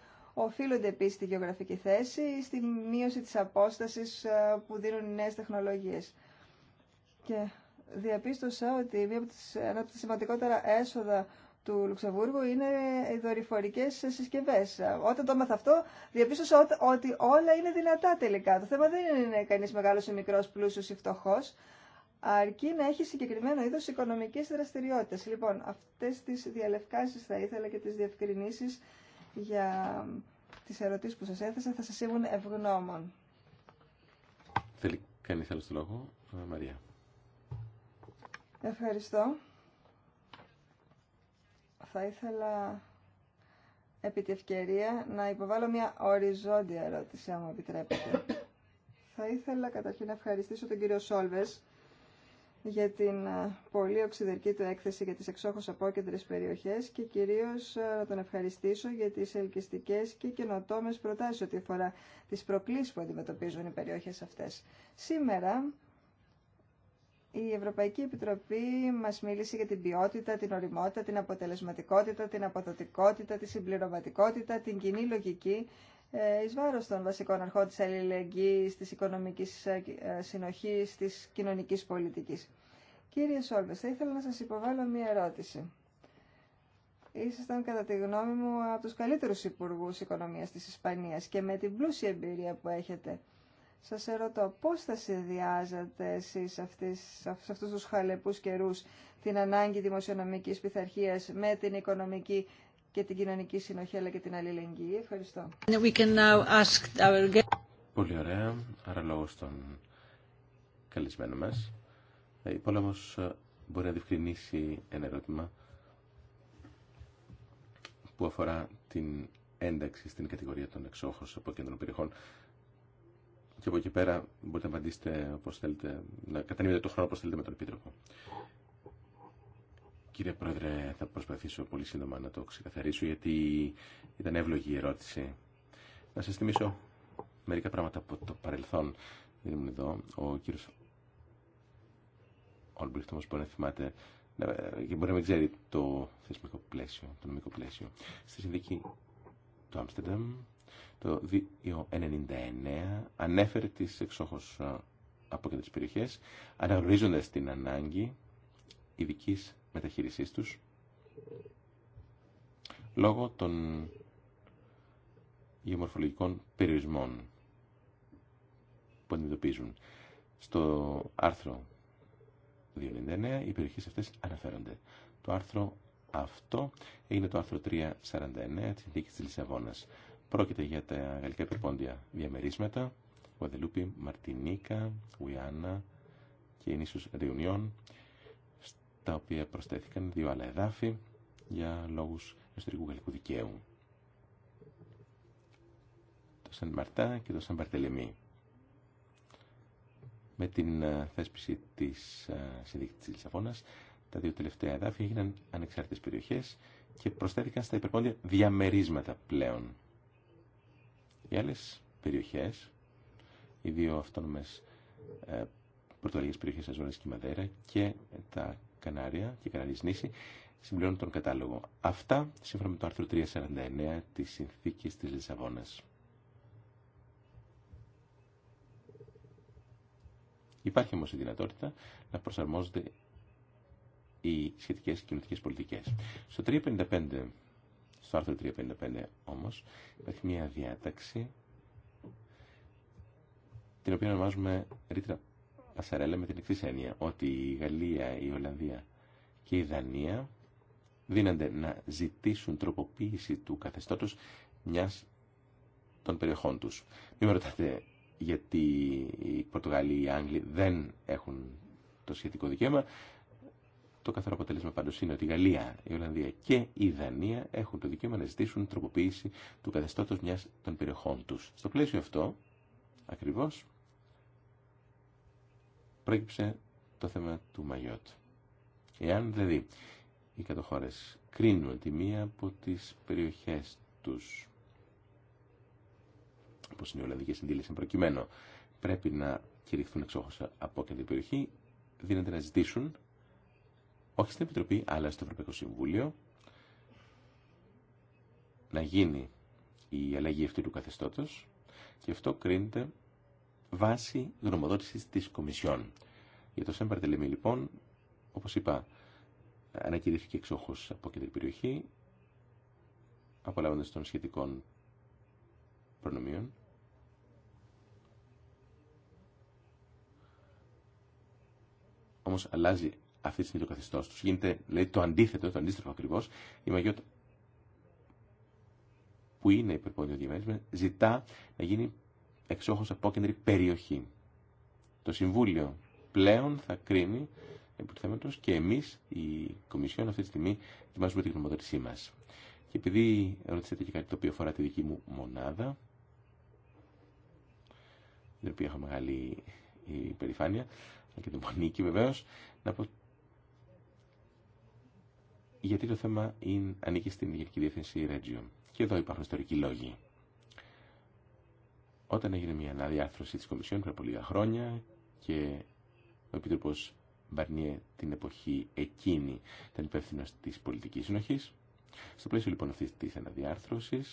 οφείλονται επίση στη γεωγραφική θέση ή στη μείωση τη απόσταση ε, που δίνουν οι νέε τεχνολογίε. Και διαπίστωσα ότι μία από ένα από τα σημαντικότερα έσοδα του Λουξεμβούργου είναι οι δορυφορικέ συσκευέ. Όταν το έμαθα αυτό, διαπίστωσα ότι όλα είναι δυνατά τελικά. Το θέμα δεν είναι κανεί μεγάλο ή μικρό, πλούσιο ή φτωχό, αρκεί να έχει συγκεκριμένο είδο οικονομικέ δραστηριότητε. Λοιπόν, αυτέ τι διαλευκάσει θα ήθελα και τι διευκρινήσει για τις ερωτήσεις που σας έθεσα. Θα σας ήμουν ευγνώμων. Θέλει κανείς άλλο το λόγο. Μαρία. Ευχαριστώ. Θα ήθελα επί τη ευκαιρία να υποβάλω μια οριζόντια ερώτηση, αν μου επιτρέπετε. Θα ήθελα καταρχήν να ευχαριστήσω τον κύριο Σόλβες για την ε, πολύ οξυδερκή του έκθεση για τις εξόχως απόκεντρες περιοχές και κυρίως ε, να τον ευχαριστήσω για τις ελκυστικές και καινοτόμες προτάσεις ό,τι αφορά τις προκλήσεις που αντιμετωπίζουν οι περιοχές αυτές. Σήμερα η Ευρωπαϊκή Επιτροπή μας μίλησε για την ποιότητα, την οριμότητα, την αποτελεσματικότητα, την αποδοτικότητα, τη συμπληρωματικότητα, την κοινή λογική ε, εις βάρος των βασικών αρχών της αλληλεγγύης, της οικονομικής συνοχής, της κοινωνικής πολιτικής. Κύριε Σόλβε, θα ήθελα να σα υποβάλω μία ερώτηση. Ήσασταν κατά τη γνώμη μου από τους καλύτερους υπουργούς οικονομίας της Ισπανίας και με την πλούσια εμπειρία που έχετε. Σας ερωτώ πώς θα συνδυάζατε εσείς σε αυτούς τους χαλεπούς καιρούς την ανάγκη δημοσιονομικής πειθαρχία με την οικονομική και την κοινωνική συνοχή αλλά και την αλληλεγγύη. Ευχαριστώ. Πολύ ωραία. Άρα λόγω στον καλεσμένο μας. Ε, η πόλεμος ε, μπορεί να διευκρινίσει ένα ερώτημα που αφορά την ένταξη στην κατηγορία των εξόχων από κέντρων περιοχών. Και από εκεί πέρα μπορείτε να απαντήσετε όπως θέλετε, να κατανοείτε το χρόνο όπως θέλετε με τον Επίτροπο. Κύριε Πρόεδρε, θα προσπαθήσω πολύ σύντομα να το ξεκαθαρίσω γιατί ήταν εύλογη η ερώτηση. Να σας θυμίσω μερικά πράγματα από το παρελθόν. Δεν ήμουν εδώ. Ο κύριος Όλμπριχτ όμως μπορεί να θυμάται και ε, μπορεί να μην ξέρει το θεσμικό πλαίσιο, το νομικό πλαίσιο. Στη συνδίκη του Άμστερνταμ το 1999 ανέφερε τις εξόχως ε, από και τις περιοχές αναγνωρίζοντας την ανάγκη ειδική μεταχείρισής τους λόγω των γεωμορφολογικών περιορισμών που αντιμετωπίζουν. Στο άρθρο 299, οι περιοχές αυτές αναφέρονται. Το άρθρο αυτό είναι το άρθρο 349 της Συνθήκης της Λισαβόνας. Πρόκειται για τα γαλλικά υπερπόντια διαμερίσματα, Γουαδελούπη, Μαρτινίκα, Ουιάννα και οι νήσους Ριουνιών, στα οποία προσθέθηκαν δύο άλλα εδάφη για λόγους εσωτερικού γαλλικού δικαίου. Το Σαν Μαρτά και το Σαν Παρτελεμή με την ε, θέσπιση της ε, συνδίκη τη Λισαβόνα, τα δύο τελευταία εδάφια έγιναν ανεξάρτητες περιοχές και προσθέθηκαν στα υπερπόντια διαμερίσματα πλέον. Οι άλλε περιοχές, οι δύο αυτόνομε ε, περιοχέ περιοχές και Μαδέρα και τα Κανάρια και Καναρή νήσι συμπληρώνουν τον κατάλογο. Αυτά σύμφωνα με το άρθρο 349 τη συνθήκη τη Λισαβόνας. Υπάρχει όμω η δυνατότητα να προσαρμόζονται οι σχετικέ κοινωνικέ πολιτικές. Στο 355, στο άρθρο 355 όμως, υπάρχει μια διάταξη την οποία ονομάζουμε ρήτρα πασαρέλα με την εξή έννοια ότι η Γαλλία, η Ολλανδία και η Δανία δίνανται να ζητήσουν τροποποίηση του καθεστώτος μιας των περιοχών τους. Μην με ρωτάτε γιατί οι Πορτογαλοί, η οι Άγγλοι δεν έχουν το σχετικό δικαίωμα. Το καθαρό αποτέλεσμα πάντω είναι ότι η Γαλλία, η Ολλανδία και η Δανία έχουν το δικαίωμα να ζητήσουν τροποποίηση του καθεστώτο μια των περιοχών του. Στο πλαίσιο αυτό, ακριβώ, πρόκειψε το θέμα του Μαγιότ. Εάν δηλαδή οι κατοχώρε κρίνουν ότι μία από τι περιοχέ τους όπω είναι η Ολλανδική Συντήληση προκειμένου, πρέπει να κηρυχθούν εξόχως από την περιοχή, δίνεται να ζητήσουν, όχι στην Επιτροπή, αλλά στο Ευρωπαϊκό Συμβούλιο, να γίνει η αλλαγή αυτή του καθεστώτος και αυτό κρίνεται βάση γνωμοδότηση τη Κομισιόν. Για το ΣΕΜΠΑΡΤΕΛΕΜΗ, λοιπόν, όπω είπα, ανακηρύχθηκε εξόχως από κεντρική περιοχή, απολάβοντας των σχετικών προνομίων όμω αλλάζει αυτή τη στιγμή το καθεστώ του. Γίνεται λέει, το αντίθετο, το αντίστροφο ακριβώ, Η Μαγιότ που είναι υπερπόνιο διαμέρισμα ζητά να γίνει εξόχω απόκεντρη περιοχή. Το Συμβούλιο πλέον θα κρίνει επί του και εμεί, η Κομισιόν αυτή τη στιγμή ετοιμάζουμε την γνωμοδότησή μα. Και επειδή ρωτήσατε και κάτι το οποίο αφορά τη δική μου μονάδα, την οποία έχω μεγάλη ε, υπερηφάνεια, και του Μονίκη βεβαίω, να πω γιατί το θέμα είναι, ανήκει στην Γενική Διεύθυνση Ρέτζιο. Και εδώ υπάρχουν ιστορικοί λόγοι. Όταν έγινε μια αναδιάρθρωση τη Κομισιόν πριν από λίγα χρόνια και ο Επίτροπο Μπαρνιέ την εποχή εκείνη ήταν υπεύθυνο τη πολιτική συνοχή. στο πλαίσιο λοιπόν αυτή τη αναδιάρθρωση,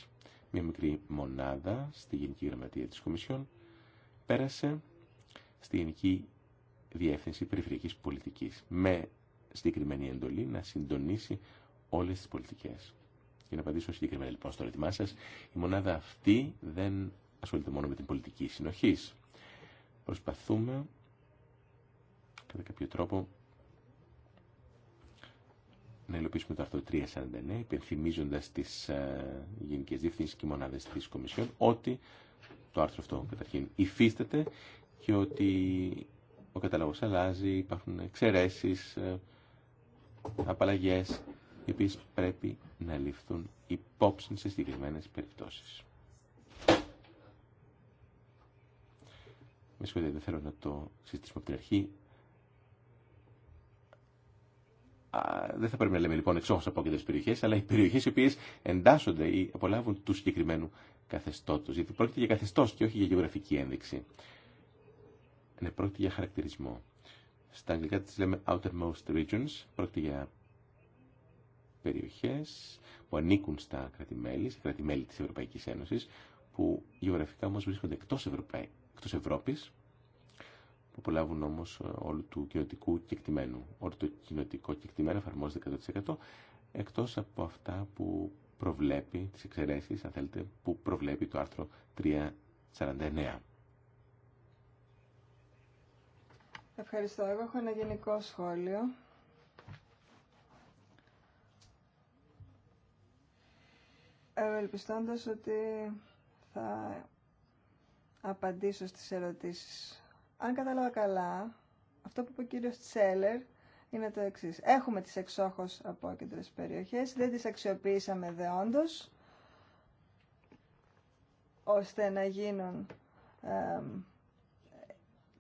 μια μικρή μονάδα στη Γενική Γραμματεία τη Κομισιόν πέρασε στη Γενική Διεύθυνση Περιφερειακής Πολιτικής με συγκεκριμένη εντολή να συντονίσει όλες τις πολιτικές. Για να απαντήσω συγκεκριμένα λοιπόν στο ερώτημά σα, η μονάδα αυτή δεν ασχολείται μόνο με την πολιτική συνοχή. Προσπαθούμε κατά κάποιο τρόπο να υλοποιήσουμε το άρθρο 349, υπενθυμίζοντα τι ε, γενικέ διευθύνσει και μονάδε τη Κομισιόν ότι το άρθρο αυτό καταρχήν υφίσταται και ότι ο καταλόγος αλλάζει, υπάρχουν εξαιρεσει, ε, απαλλαγέ οι οποίε πρέπει να ληφθούν υπόψη σε συγκεκριμένε περιπτώσει. Με συγχωρείτε, δεν θέλω να το συζητήσουμε από την αρχή. δεν θα πρέπει να λέμε λοιπόν εξόχως απόκεντρες περιοχέ, αλλά οι περιοχέ οι οποίε εντάσσονται ή απολάβουν του συγκεκριμένου καθεστώτο. Γιατί πρόκειται για καθεστώ και όχι για γεωγραφική ένδειξη. Είναι πρόκειται για χαρακτηρισμό. Στα αγγλικά τις λέμε outermost regions, πρόκειται για περιοχές που ανήκουν στα κράτη-μέλη, στα κράτη-μέλη της Ευρωπαϊκής Ένωσης, που γεωγραφικά όμως βρίσκονται εκτός, Ευρωπαϊ... εκτός Ευρώπης, που απολαύουν όμως ε, όλου του κοινοτικού κεκτημένου. Όλο το κοινοτικό κεκτημένο εφαρμόζεται 100% εκτός από αυτά που προβλέπει, τις εξαιρέσεις, αν θέλετε, που προβλέπει το άρθρο 349. Ευχαριστώ. Εγώ έχω ένα γενικό σχόλιο. Ευελπιστώντας ότι θα απαντήσω στις ερωτήσεις. Αν κατάλαβα καλά, αυτό που είπε ο κύριος Τσέλερ είναι το εξής. Έχουμε τις εξόχως απόκεντρες περιοχές, δεν τις αξιοποιήσαμε δεόντως, ώστε να γίνουν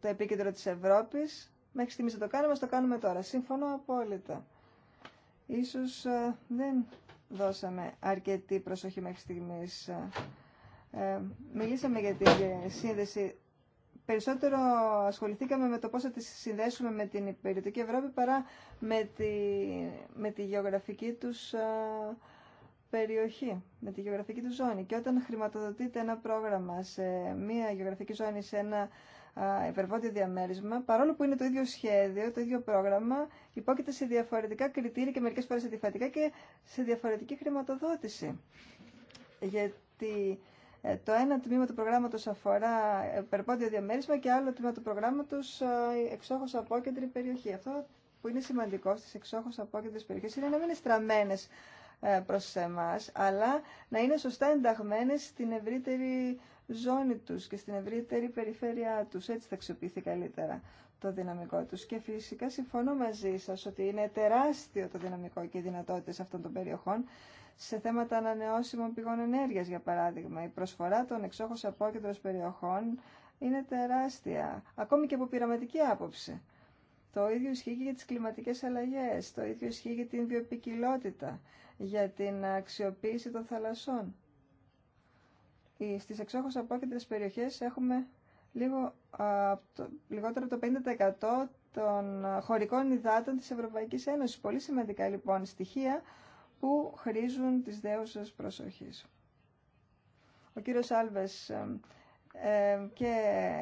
στο επίκεντρο της Ευρώπης. Μέχρι στιγμής θα το κάνουμε, ας το κάνουμε τώρα. Σύμφωνο απόλυτα. Ίσως ε, δεν δώσαμε αρκετή προσοχή μέχρι στιγμής. Ε, ε, μιλήσαμε για τη σύνδεση. Περισσότερο ασχοληθήκαμε με το πώς θα τη συνδέσουμε με την υπηρετική Ευρώπη παρά με τη, με τη γεωγραφική τους περιοχή, με τη γεωγραφική του ζώνη. Και όταν χρηματοδοτείται ένα πρόγραμμα σε μία γεωγραφική ζώνη, σε ένα υπερβόντιο διαμέρισμα, παρόλο που είναι το ίδιο σχέδιο, το ίδιο πρόγραμμα, υπόκειται σε διαφορετικά κριτήρια και μερικές φορές αντιφατικά και σε διαφορετική χρηματοδότηση. Γιατί ε, το ένα τμήμα του προγράμματος αφορά υπερβόντιο διαμέρισμα και άλλο τμήμα του προγράμματος ε, εξόχως απόκεντρη περιοχή. Αυτό που είναι σημαντικό στις εξόχως απόκεντρες περιοχές είναι να μην είναι στραμμένες ε, προς εμάς, αλλά να είναι σωστά ενταγμένε στην ευρύτερη ζώνη τους και στην ευρύτερη περιφέρειά τους. Έτσι θα αξιοποιηθεί καλύτερα το δυναμικό τους. Και φυσικά συμφωνώ μαζί σας ότι είναι τεράστιο το δυναμικό και οι δυνατότητες αυτών των περιοχών σε θέματα ανανεώσιμων πηγών ενέργειας, για παράδειγμα. Η προσφορά των εξόχως απόκεντρων περιοχών είναι τεράστια, ακόμη και από πειραματική άποψη. Το ίδιο ισχύει και για τις κλιματικές αλλαγές, το ίδιο ισχύει για την βιοπικιλότητα, για την αξιοποίηση των θαλασσών. Ε, στις εξόχως απόκεντρες περιοχές έχουμε λίγο, α, λιγότερο από το 50% των χωρικών υδάτων της Ευρωπαϊκής Ένωσης. Πολύ σημαντικά λοιπόν στοιχεία που χρήζουν τις δέουσες προσοχής. Ο κύριος Άλβες και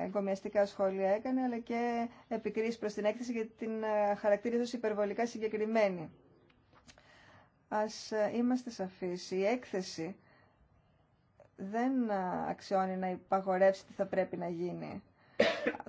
εγκομιαστικά σχόλια έκανε, αλλά και επικρίσεις προς την έκθεση για την χαρακτήριζε υπερβολικά συγκεκριμένη. Ας ε, είμαστε σαφείς. Η έκθεση δεν αξιώνει να υπαγορεύσει τι θα πρέπει να γίνει.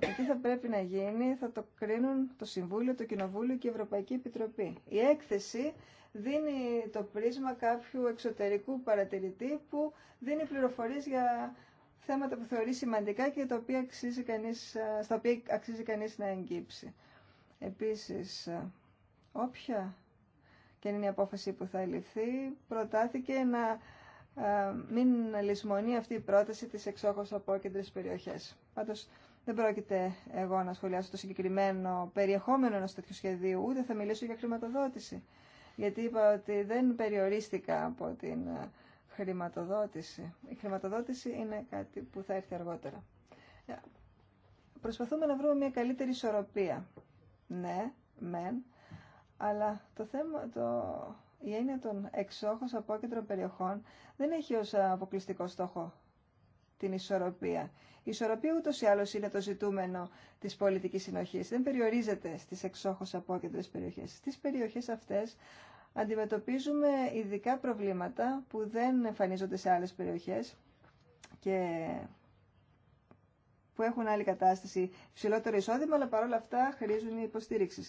Το τι θα πρέπει να γίνει θα το κρίνουν το Συμβούλιο, το Κοινοβούλιο και η Ευρωπαϊκή Επιτροπή. Η έκθεση δίνει το πρίσμα κάποιου εξωτερικού παρατηρητή που δίνει πληροφορίες για θέματα που θεωρεί σημαντικά και τα οποία αξίζει κανείς, στα οποία αξίζει κανείς να εγγύψει. Επίσης, όποια και είναι η απόφαση που θα ληφθεί, προτάθηκε να ε, μην λησμονεί αυτή η πρόταση της εξόχως κέντρες περιοχές. Πάντως δεν πρόκειται εγώ να σχολιάσω το συγκεκριμένο περιεχόμενο ενός τέτοιου σχεδίου, ούτε θα μιλήσω για χρηματοδότηση. Γιατί είπα ότι δεν περιορίστηκα από την ε, χρηματοδότηση. Η χρηματοδότηση είναι κάτι που θα έρθει αργότερα. Ε, προσπαθούμε να βρούμε μια καλύτερη ισορροπία. Ναι, μεν, αλλά το θέμα, το η έννοια των εξόχως απόκεντρων περιοχών δεν έχει ως αποκλειστικό στόχο την ισορροπία. Η ισορροπία ούτω ή άλλω είναι το ζητούμενο τη πολιτική συνοχή. Δεν περιορίζεται στι εξόχω απόκεντρε περιοχέ. Στι περιοχέ αυτέ αντιμετωπίζουμε ειδικά προβλήματα που δεν εμφανίζονται σε άλλε περιοχέ και που έχουν άλλη κατάσταση, ψηλότερο εισόδημα, αλλά παρόλα αυτά χρήζουν υποστήριξη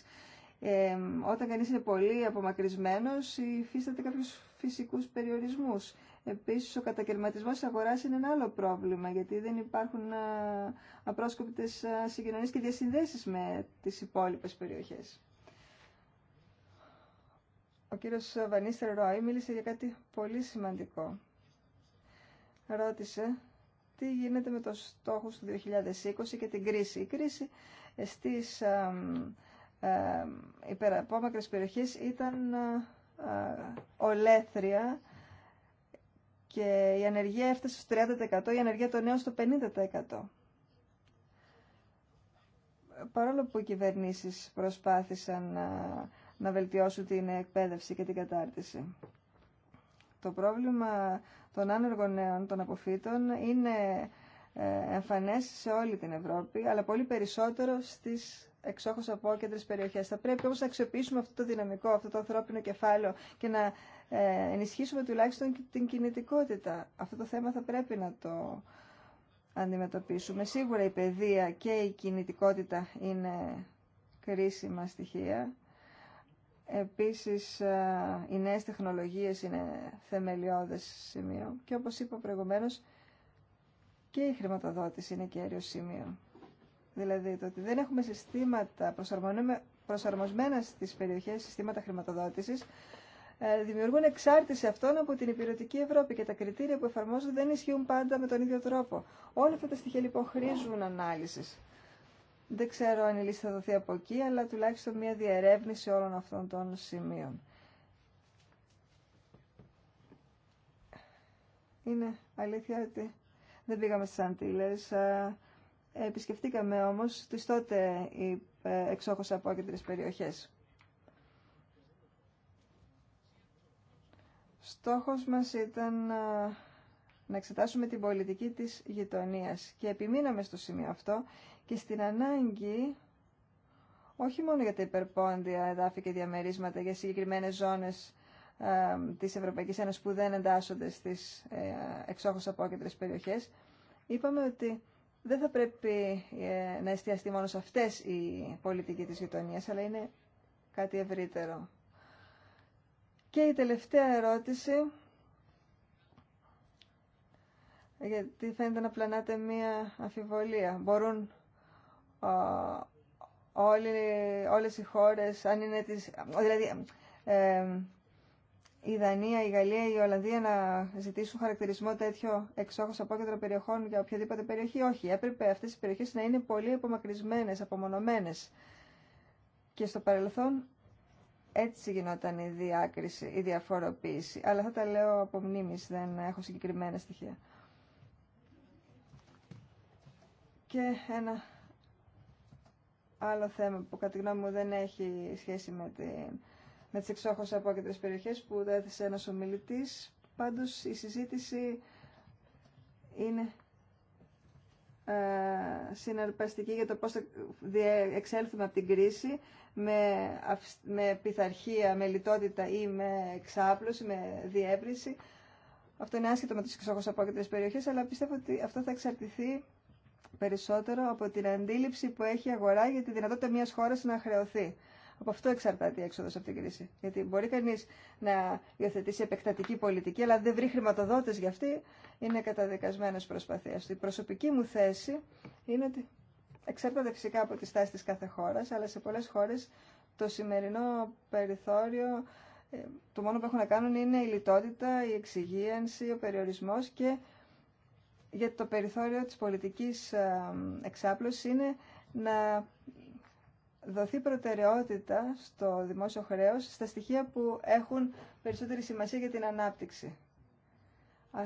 όταν κανείς είναι πολύ απομακρυσμένος υφίσταται κάποιους φυσικούς περιορισμούς. Επίσης ο κατακαιρματισμός της αγοράς είναι ένα άλλο πρόβλημα γιατί δεν υπάρχουν απρόσκοπτες συγκοινωνίες και διασυνδέσεις με τις υπόλοιπες περιοχές. Ο κύριος Βανίστερ Ρόι μίλησε για κάτι πολύ σημαντικό. Ρώτησε τι γίνεται με το στόχο του 2020 και την κρίση. Η κρίση στις ε, υπεραπόμακρες περιοχές ήταν ε, ε, ολέθρια και η ανεργία έφτασε στο 30%, η ανεργία των νέων στο 50%. Παρόλο που οι κυβερνήσεις προσπάθησαν να, να βελτιώσουν την εκπαίδευση και την κατάρτιση. Το πρόβλημα των άνεργων νέων, των αποφύτων, είναι εμφανές σε όλη την Ευρώπη, αλλά πολύ περισσότερο στις εξόχως κεντρε περιοχές. Θα πρέπει όμω να αξιοποιήσουμε αυτό το δυναμικό, αυτό το ανθρώπινο κεφάλαιο και να ε, ενισχύσουμε τουλάχιστον την κινητικότητα. Αυτό το θέμα θα πρέπει να το αντιμετωπίσουμε. Σίγουρα η παιδεία και η κινητικότητα είναι κρίσιμα στοιχεία. Επίσης, ε, οι νέες τεχνολογίες είναι θεμελιώδες σημείο και όπως είπα προηγουμένως, και η χρηματοδότηση είναι κέριο σημείο. Δηλαδή το ότι δεν έχουμε συστήματα προσαρμοσμένα στις περιοχές, συστήματα χρηματοδότησης, ε, δημιουργούν εξάρτηση αυτών από την υπηρετική Ευρώπη και τα κριτήρια που εφαρμόζονται δεν ισχύουν πάντα με τον ίδιο τρόπο. Όλα αυτά τα στοιχεία λοιπόν χρήζουν ανάλυση. Δεν ξέρω αν η λύση θα δοθεί από εκεί, αλλά τουλάχιστον μια διερεύνηση όλων αυτών των σημείων. Είναι αλήθεια ότι δεν πήγαμε στις Αντίλες, ε, Επισκεφτήκαμε όμως τις τότε οι ε, εξόχως απόκεντρες περιοχές. Στόχος μας ήταν ε, να εξετάσουμε την πολιτική της γειτονίας και επιμείναμε στο σημείο αυτό και στην ανάγκη όχι μόνο για τα υπερπόντια εδάφη και διαμερίσματα, για συγκεκριμένες ζώνες ε, της Ευρωπαϊκής Ένωσης που δεν εντάσσονται στις ε, εξόχως απόκεντρες περιοχές, είπαμε ότι δεν θα πρέπει ε, να εστιαστεί μόνο σε αυτές οι πολιτική της γειτονίας, αλλά είναι κάτι ευρύτερο. Και η τελευταία ερώτηση, γιατί φαίνεται να πλανάτε μία αφιβολία. Μπορούν όλε όλες οι χώρες, αν είναι τις, δηλαδή, ε, η Δανία, η Γαλλία, η Ολλανδία να ζητήσουν χαρακτηρισμό τέτοιο εξόχω απόκεντρο περιοχών για οποιαδήποτε περιοχή. Όχι, έπρεπε αυτέ οι περιοχέ να είναι πολύ απομακρυσμένε, απομονωμένε. Και στο παρελθόν έτσι γινόταν η διάκριση, η διαφοροποίηση. Αλλά θα τα λέω από μνήμης, δεν έχω συγκεκριμένα στοιχεία. Και ένα άλλο θέμα που κατά τη γνώμη μου δεν έχει σχέση με την με τις από απόκεντρες περιοχές που δέθησε ένας ομιλητής. Πάντως η συζήτηση είναι ε, συναρπαστική για το πώς θα εξέλθουμε από την κρίση με, με πειθαρχία, με λιτότητα ή με εξάπλωση, με διεύρυνση. Αυτό είναι άσχετο με τις από απόκεντρες περιοχές, αλλά πιστεύω ότι αυτό θα εξαρτηθεί περισσότερο από την αντίληψη που έχει η αγορά για τη δυνατότητα μιας χώρας να χρεωθεί. Από αυτό εξαρτάται η έξοδο από την κρίση. Γιατί μπορεί κανεί να υιοθετήσει επεκτατική πολιτική, αλλά αν δεν βρει χρηματοδότε για αυτή, είναι καταδικασμένο προσπαθία Η προσωπική μου θέση είναι ότι εξαρτάται φυσικά από τη στάση τη κάθε χώρα, αλλά σε πολλέ χώρε το σημερινό περιθώριο ε, το μόνο που έχουν να κάνουν είναι η λιτότητα, η εξυγίανση, ο περιορισμός και για το περιθώριο της πολιτικής ε, εξάπλωσης είναι να δοθεί προτεραιότητα στο δημόσιο χρέος στα στοιχεία που έχουν περισσότερη σημασία για την ανάπτυξη.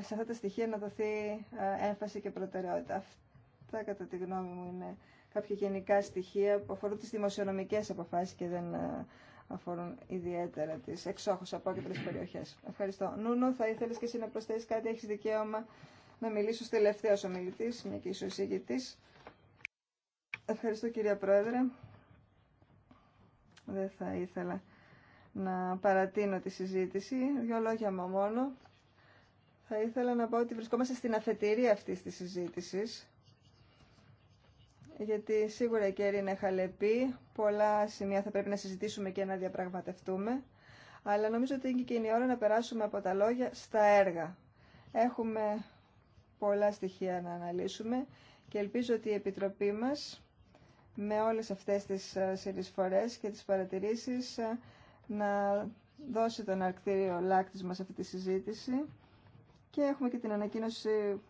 Σε αυτά τα στοιχεία να δοθεί έμφαση και προτεραιότητα. Αυτά κατά τη γνώμη μου είναι κάποια γενικά στοιχεία που αφορούν τις δημοσιονομικές αποφάσεις και δεν αφορούν ιδιαίτερα τις από απόκεντρες περιοχές. Ευχαριστώ. Νούνο, θα ήθελες και εσύ να προσθέσεις κάτι, έχεις δικαίωμα να μιλήσεις τελευταίο ομιλητής, μια και είσαι ο Ευχαριστώ κυρία Πρόεδρε. Δεν θα ήθελα να παρατείνω τη συζήτηση. Δύο λόγια μου μόνο. Θα ήθελα να πω ότι βρισκόμαστε στην αφετηρία αυτής της συζήτησης γιατί σίγουρα η κέρη είναι χαλεπή, πολλά σημεία θα πρέπει να συζητήσουμε και να διαπραγματευτούμε, αλλά νομίζω ότι είναι και η ώρα να περάσουμε από τα λόγια στα έργα. Έχουμε πολλά στοιχεία να αναλύσουμε και ελπίζω ότι η Επιτροπή μας με όλες αυτές τις ε, συνεισφορές και τις παρατηρήσεις ε, να δώσει τον αρκτήριο Λάκτης μας αυτή τη συζήτηση και έχουμε και την ανακοίνωση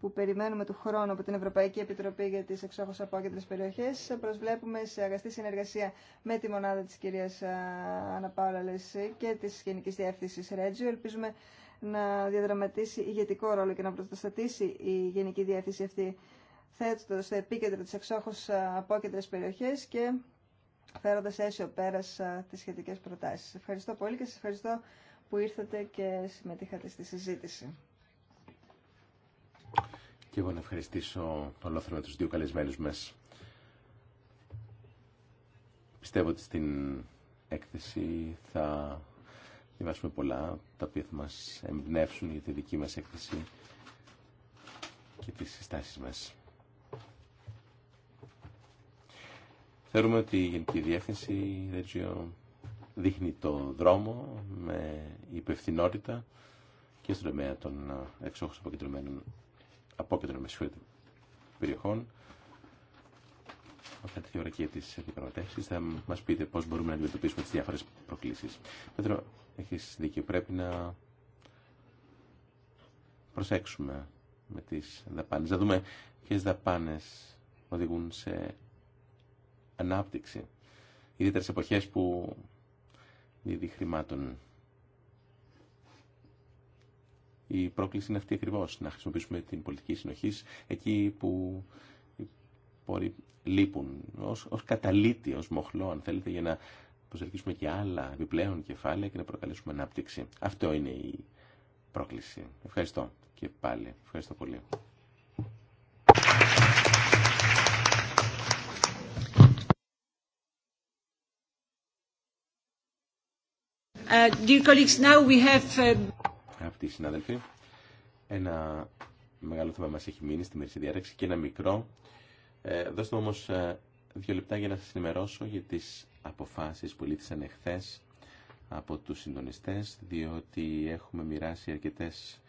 που περιμένουμε του χρόνου από την Ευρωπαϊκή Επιτροπή για τις εξόχως απόκεντρες περιοχές. Προσβλέπουμε σε αγαστή συνεργασία με τη μονάδα της κυρίας Αναπάουλα ε, και της Γενικής Διεύθυνσης Ρέτζιου. Ελπίζουμε να διαδραματίσει ηγετικό ρόλο και να προστατήσει η Γενική Διεύθυνση αυτή θέτοντα στο επίκεντρο τη εξόχω απόκεντρε περιοχές και φέροντα αίσιο πέρα τις σχετικέ προτάσεις. Ευχαριστώ πολύ και σας ευχαριστώ που ήρθατε και συμμετείχατε στη συζήτηση. Και εγώ να ευχαριστήσω με του δύο καλεσμένου μας. Πιστεύω ότι στην έκθεση θα διαβάσουμε πολλά, τα οποία θα μας εμπνεύσουν για τη δική μας έκθεση και τις συστάσεις μας. Θεωρούμε ότι η Γενική Διεύθυνση δείχνει το δρόμο με υπευθυνότητα και στον τομέα των εξόχως αποκεντρωμένων απόκεντρων με περιοχών. έρθει τη ώρα και για τις διαπραγματεύσεις θα μας πείτε πώς μπορούμε να αντιμετωπίσουμε τις διάφορες προκλήσεις. Πέτρο, έχεις δίκιο. Πρέπει να προσέξουμε με τις δαπάνε. Να δούμε ποιες δαπάνες οδηγούν σε ανάπτυξη, ιδιαίτερα σε εποχές που δίδει χρημάτων. Η πρόκληση είναι αυτή ακριβώ να χρησιμοποιήσουμε την πολιτική συνοχή εκεί που οι πόροι λείπουν, ως, ως καταλήτη, ως μοχλό, αν θέλετε, για να προσελκύσουμε και άλλα επιπλέον κεφάλαια και να προκαλέσουμε ανάπτυξη. Αυτό είναι η πρόκληση. Ευχαριστώ και πάλι. Ευχαριστώ πολύ. Uh, dear colleagues, uh, Αγαπητοί συνάδελφοι, ένα μεγάλο θέμα μας έχει μείνει στη μερική διάταξη και ένα μικρό. Ε, δώστε μου όμως ε, δύο λεπτά για να σας ενημερώσω για τις αποφάσεις που λήθησαν εχθές από τους συντονιστές, διότι έχουμε μοιράσει αρκετές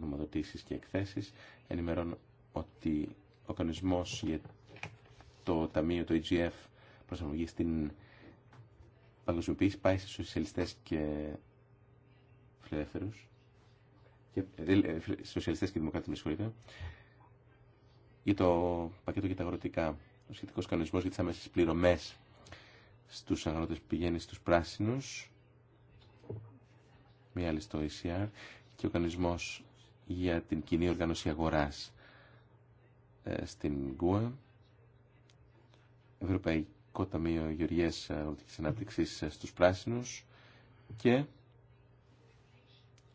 νομοδοτήσεις και εκθέσεις. Ενημερώνω ότι ο κανονισμός για το Ταμείο, το EGF, προσαρμογή στην παγκοσμιοποίηση πάει σε σοσιαλιστέ και φιλελεύθερου. και, ε, ε, ε, και δημοκράτε, με συγχωρείτε ή το πακέτο για τα αγροτικά ο σχετικό κανονισμό για τι άμεσε πληρωμές στους αγρότε που πηγαίνει στους πράσινου, μία άλλη στο ECR και ο κανονισμό για την κοινή οργάνωση αγοράς στην ΚΟΕ Ευρωπαϊκή Ευρωπαϊκό Ταμείο Γεωργίας Αγροτική ε, Ανάπτυξης ε, στους πράσινους και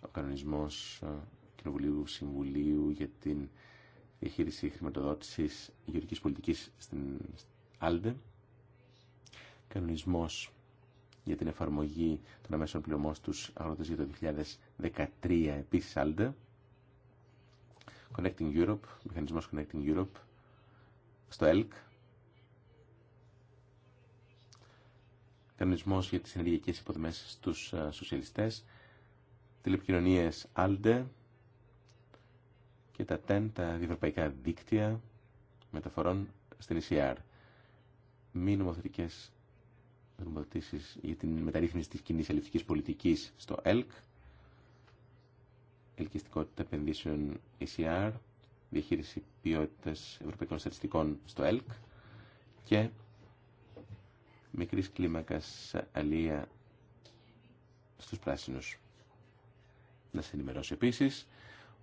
ο κανονισμός ε, Κοινοβουλίου Συμβουλίου για την διαχείριση χρηματοδότησης γεωργικής πολιτικής στην ΑΛΔΕ, κανονισμός για την εφαρμογή των αμέσων πληρωμών στους αγρότες για το 2013 επίσης ΑΛΔΕ, Connecting Europe, μηχανισμός Connecting Europe, στο ΕΛΚ, κανονισμό για τις ενεργειακέ υποδομέ στου ε, σοσιαλιστές, τηλεπικοινωνίε ALDE και τα TEN, τα διευρωπαϊκά δίκτυα μεταφορών στην ECR. Μη νομοθετικέ νομοθετήσει για την μεταρρύθμιση της κοινή ελευθερικής πολιτική στο ΕΛΚ, ελκυστικότητα επενδύσεων ECR, διαχείριση ποιότητα ευρωπαϊκών στατιστικών στο ΕΛΚ και μικρής κλίμακας αλία στους πράσινους. Να σε ενημερώσω επίσης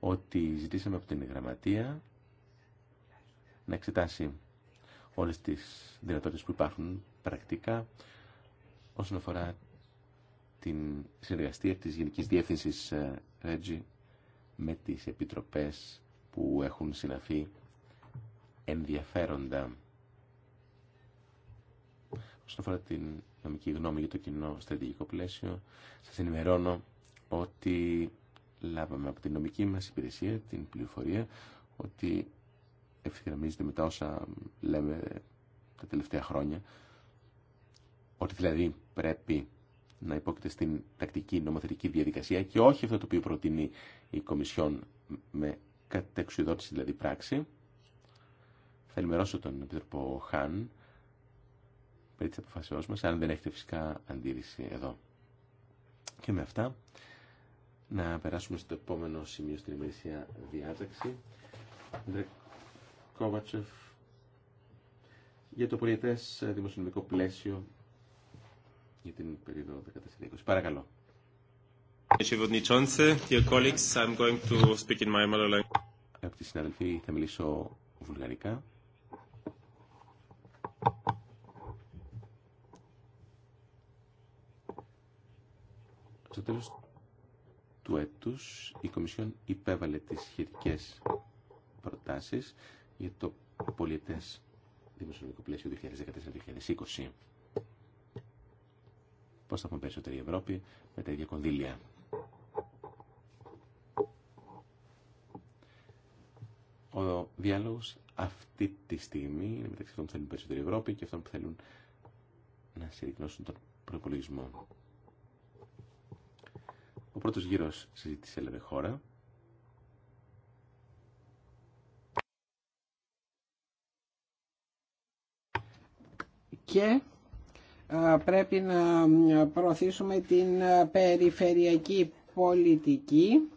ότι ζητήσαμε από την γραμματεία να εξετάσει όλες τις δυνατότητες που υπάρχουν πρακτικά όσον αφορά την συνεργαστία της Γενικής Διεύθυνσης ε, Ρέτζι με τις επιτροπές που έχουν συναφεί ενδιαφέροντα. Όσον αφορά την νομική γνώμη για το κοινό στρατηγικό πλαίσιο, σα ενημερώνω ότι λάβαμε από την νομική μας υπηρεσία την πληροφορία ότι ευθυγραμμίζεται με τα όσα λέμε τα τελευταία χρόνια, ότι δηλαδή πρέπει να υπόκειται στην τακτική νομοθετική διαδικασία και όχι αυτό το οποίο προτείνει η Κομισιόν με κατεξουδότηση δηλαδή πράξη. Θα ενημερώσω τον Επιτροπό Χάν με της αποφασιός μας, αν δεν έχετε φυσικά αντίρρηση εδώ. Και με αυτά, να περάσουμε στο επόμενο σημείο στην ημερησία διάταξη. Κόβατσεφ, για το πολιετές δημοσιονομικό πλαίσιο για την περίοδο 14-20. Παρακαλώ. τη συνάδελφη θα μιλήσω βουλγαρικά. τέλος του έτους η Κομισιόν υπέβαλε τις σχετικές προτάσεις για το πολιετές δημοσιονομικό πλαίσιο 2014-2020. Πώς θα έχουμε περισσότερη Ευρώπη με τα ίδια κονδύλια. Ο διάλογος αυτή τη στιγμή είναι μεταξύ αυτών που θέλουν περισσότερη Ευρώπη και αυτών που θέλουν να συρρυκνώσουν τον προπολογισμό. Ο πρώτος γύρος συζήτηση έλαβε χώρα. Και πρέπει να προωθήσουμε την περιφερειακή πολιτική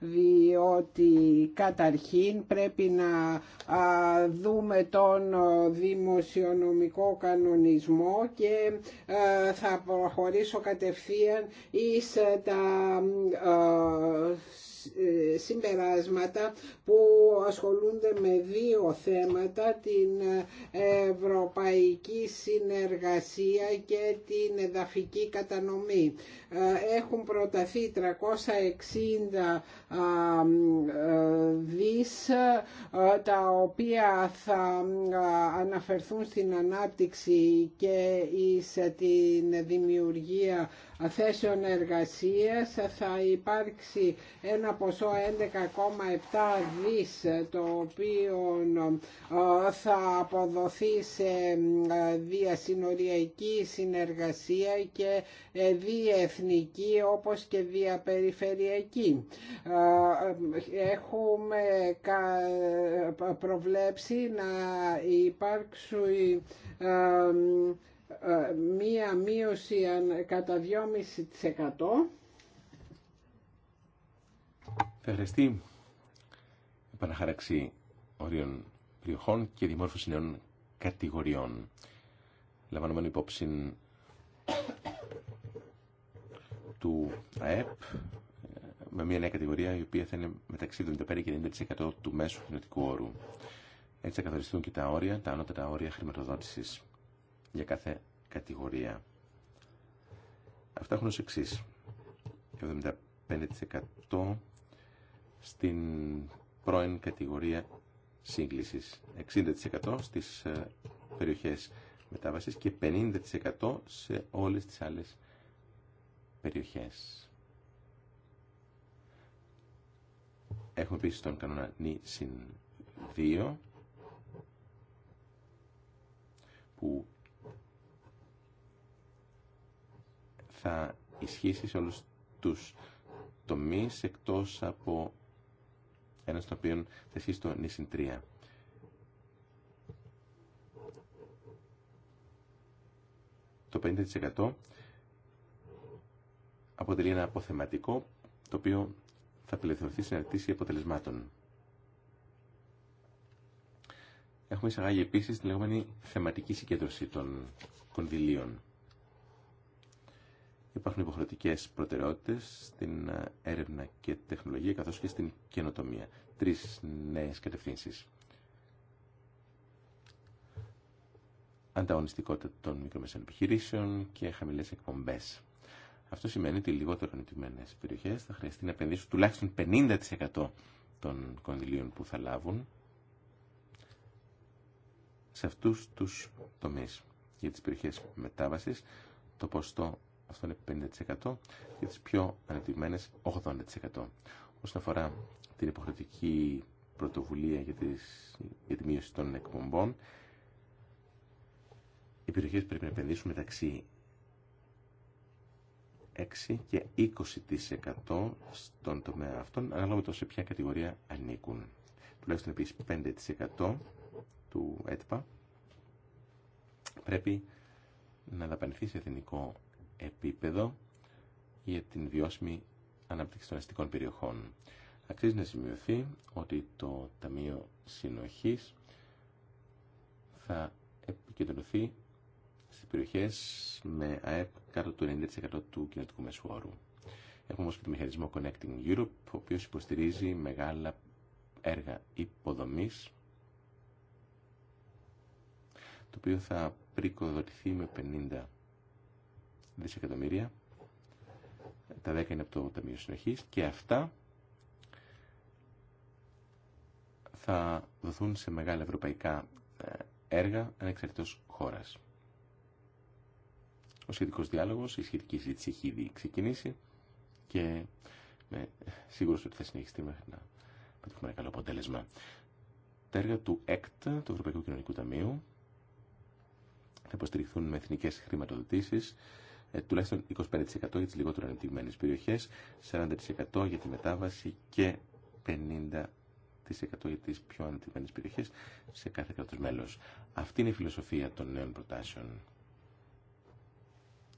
διότι καταρχήν πρέπει να δούμε τον δημοσιονομικό κανονισμό και θα προχωρήσω κατευθείαν εις τα ε, συμπεράσματα που ασχολούνται με δύο θέματα, την ευρωπαϊκή συνεργασία και την εδαφική κατανομή. Ε, έχουν προταθεί 360 ε, δις τα οποία θα αναφερθούν στην ανάπτυξη και σε την δημιουργία θέσεων εργασίας θα υπάρξει ένα ποσό 11,7 δις το οποίο ε, θα αποδοθεί σε ε, διασυνοριακή συνεργασία και ε, διεθνική όπως και διαπεριφερειακή. Έχουμε προβλέψει να υπάρξουν ε, μία μείωση κατά 2,5%. Θα χρειαστεί επαναχάραξη ορίων περιοχών και δημόρφωση νέων κατηγοριών. Λαμβάνομαι υπόψη του ΑΕΠ ε, με μια νέα κατηγορία η οποία θα είναι μεταξύ 75% και 90% του μέσου κοινωτικού όρου. Έτσι θα καθοριστούν και τα όρια, τα ανώτερα όρια χρηματοδότησης για κάθε κατηγορία. Αυτά έχουν ως εξής. 75% στην πρώην κατηγορία σύγκλησης, 60% στις ε, περιοχές μετάβασης και 50% σε όλες τις άλλες περιοχές. Έχουμε επίσης τον κανόνα νη συν 2 που θα ισχύσει σε όλους τους τομείς εκτός από ένα των οποίο θα ισχύσει το νησιν 3. Το 50% αποτελεί ένα αποθεματικό το οποίο θα απελευθερωθεί στην αρτήση αποτελεσμάτων. Έχουμε εισαγάγει επίσης τη λεγόμενη θεματική συγκέντρωση των κονδυλίων. Υπάρχουν υποχρεωτικέ προτεραιότητε στην έρευνα και τεχνολογία καθώ και στην καινοτομία. τρει νέε κατευθύνσει. Ανταγωνιστικότητα των μικρομεσαίων επιχειρήσεων και χαμηλέ εκπομπέ. Αυτό σημαίνει ότι οι λιγότερο ανεπτυγμένε περιοχέ θα χρειαστεί να επενδύσουν τουλάχιστον 50% των κονδυλίων που θα λάβουν σε αυτού του τομεί. Για τι περιοχέ μετάβαση, το ποστό αυτό είναι 50%, και τις πιο ανεπτυγμένες 80%. Όσον αφορά την υποχρεωτική πρωτοβουλία για, τις, τη μείωση των εκπομπών, οι περιοχές πρέπει να επενδύσουν μεταξύ 6 και 20% στον τομέα αυτών, ανάλογα το σε ποια κατηγορία ανήκουν. Τουλάχιστον επίσης 5% του ΕΤΠΑ πρέπει να δαπανηθεί σε εθνικό επίπεδο για την βιώσιμη ανάπτυξη των αστικών περιοχών. Αξίζει να σημειωθεί ότι το Ταμείο Συνοχής θα επικεντρωθεί στις περιοχές με ΑΕΠ κάτω του 90% του κοινωτικού μεσουόρου. Έχουμε όμως και το μηχανισμό Connecting Europe, ο οποίος υποστηρίζει μεγάλα έργα υποδομής, το οποίο θα πρικοδοτηθεί με 50 δισεκατομμύρια, τα 10 είναι από το Ταμείο Συνοχή και αυτά θα δοθούν σε μεγάλα ευρωπαϊκά ε, έργα ανεξαρτήτως χώρα. Ο σχετικό διάλογος, η σχετική συζήτηση έχει ήδη ξεκινήσει και είμαι σίγουρο ότι θα συνεχιστεί μέχρι να πετύχουμε ένα καλό αποτέλεσμα. Τα έργα του ΕΚΤ, του Ευρωπαϊκού Κοινωνικού Ταμείου, θα υποστηριχθούν με εθνικέ χρηματοδοτήσει. Ε, τουλάχιστον 25% για τις λιγότερο ανεπτυγμένες περιοχές, 40% για τη μετάβαση και 50% για τις πιο ανεπτυγμένες περιοχές σε κάθε κράτος μέλος. Αυτή είναι η φιλοσοφία των νέων προτάσεων.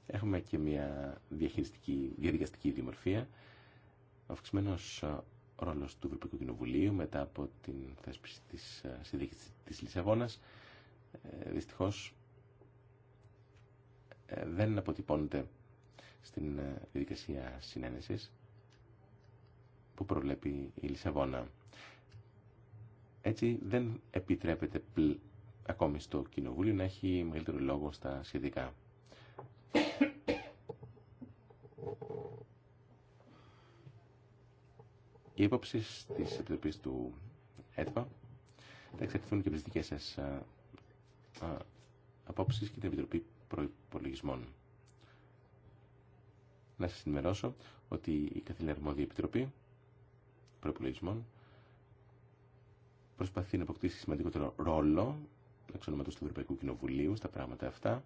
Έχουμε και μια διαχειριστική, διαδικαστική δημορφία. Ο αυξημένο ε, ρόλο του Ευρωπαϊκού Κοινοβουλίου μετά από την θέσπιση τη ε, συνδίκη τη Λισαβόνα δυστυχώ ε, δεν αποτυπώνεται στην ε, διαδικασία συνένεσης που προβλέπει η Λισαβόνα. Έτσι δεν επιτρέπεται ακόμη στο Κοινοβούλιο να έχει μεγαλύτερο λόγο στα σχετικά. Οι υπόψεις τη Επιτροπή του ΕΤΠΑ θα εξαρτηθούν και από τι δικέ σα ε, απόψει και την Επιτροπή Προπολογισμών. Να σας ενημερώσω ότι η Καθήλυνα Αρμόδια Επιτροπή Προϋπολογισμών προσπαθεί να αποκτήσει σημαντικότερο ρόλο εξ ονόματο του Ευρωπαϊκού Κοινοβουλίου στα πράγματα αυτά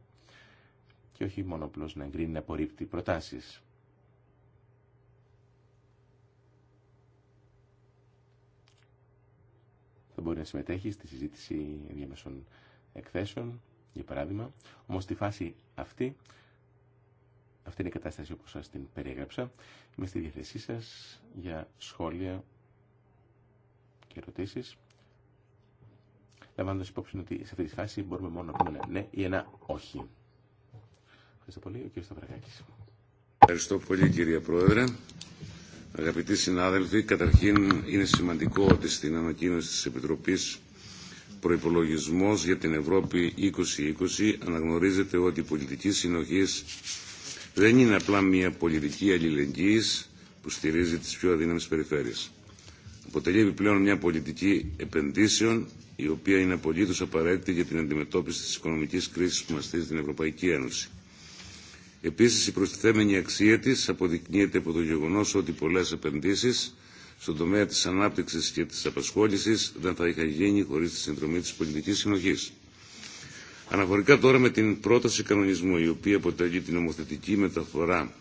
και όχι μόνο απλώς να εγκρίνει να απορρίπτει προτάσεις. Θα μπορεί να συμμετέχει στη συζήτηση διαμεσών εκθέσεων για παράδειγμα. Όμως στη φάση αυτή, αυτή είναι η κατάσταση όπως σας την περιέγραψα, είμαι στη διαθεσή σας για σχόλια και ερωτήσει. Λαμβάνοντας υπόψη ότι σε αυτή τη φάση μπορούμε μόνο να πούμε ένα ναι ή ένα όχι. Ευχαριστώ πολύ. Ο κ. Σταυρακάκη. Ευχαριστώ πολύ κύριε Πρόεδρε. Αγαπητοί συνάδελφοι, καταρχήν είναι σημαντικό ότι στην ανακοίνωση της Επιτροπής προϋπολογισμός για την Ευρώπη 2020 αναγνωρίζεται ότι η πολιτική συνοχής δεν είναι απλά μια πολιτική αλληλεγγύης που στηρίζει τις πιο αδύναμες περιφέρειες. Αποτελεί επιπλέον μια πολιτική επενδύσεων η οποία είναι απολύτως απαραίτητη για την αντιμετώπιση της οικονομικής κρίσης που μαστίζει την Ευρωπαϊκή Ένωση. Επίσης, η προστιθέμενη αξία της αποδεικνύεται από το γεγονός ότι πολλές επενδύσεις στον τομέα της ανάπτυξης και της απασχόλησης δεν θα είχαν γίνει χωρίς τη συνδρομή της πολιτικής συνοχής. Αναφορικά τώρα με την πρόταση κανονισμού, η οποία αποτελεί την ομοθετική μεταφορά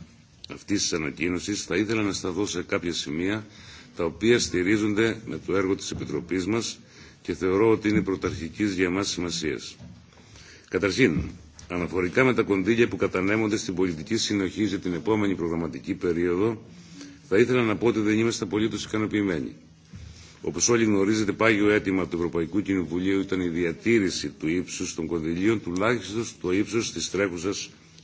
αυτής της ανακοίνωσης, θα ήθελα να σταθώ σε κάποια σημεία τα οποία στηρίζονται με το έργο της Επιτροπής μας και θεωρώ ότι είναι πρωταρχικής για εμάς σημασίας. Καταρχήν, αναφορικά με τα κονδύλια που κατανέμονται στην πολιτική συνοχή για την επόμενη προγραμματική περίοδο, θα ήθελα να πω ότι δεν είμαστε απολύτω ικανοποιημένοι. Όπω όλοι γνωρίζετε, πάγιο αίτημα του Ευρωπαϊκού Κοινοβουλίου ήταν η διατήρηση του ύψου των κονδυλίων, τουλάχιστον στο ύψο τη τρέχουσα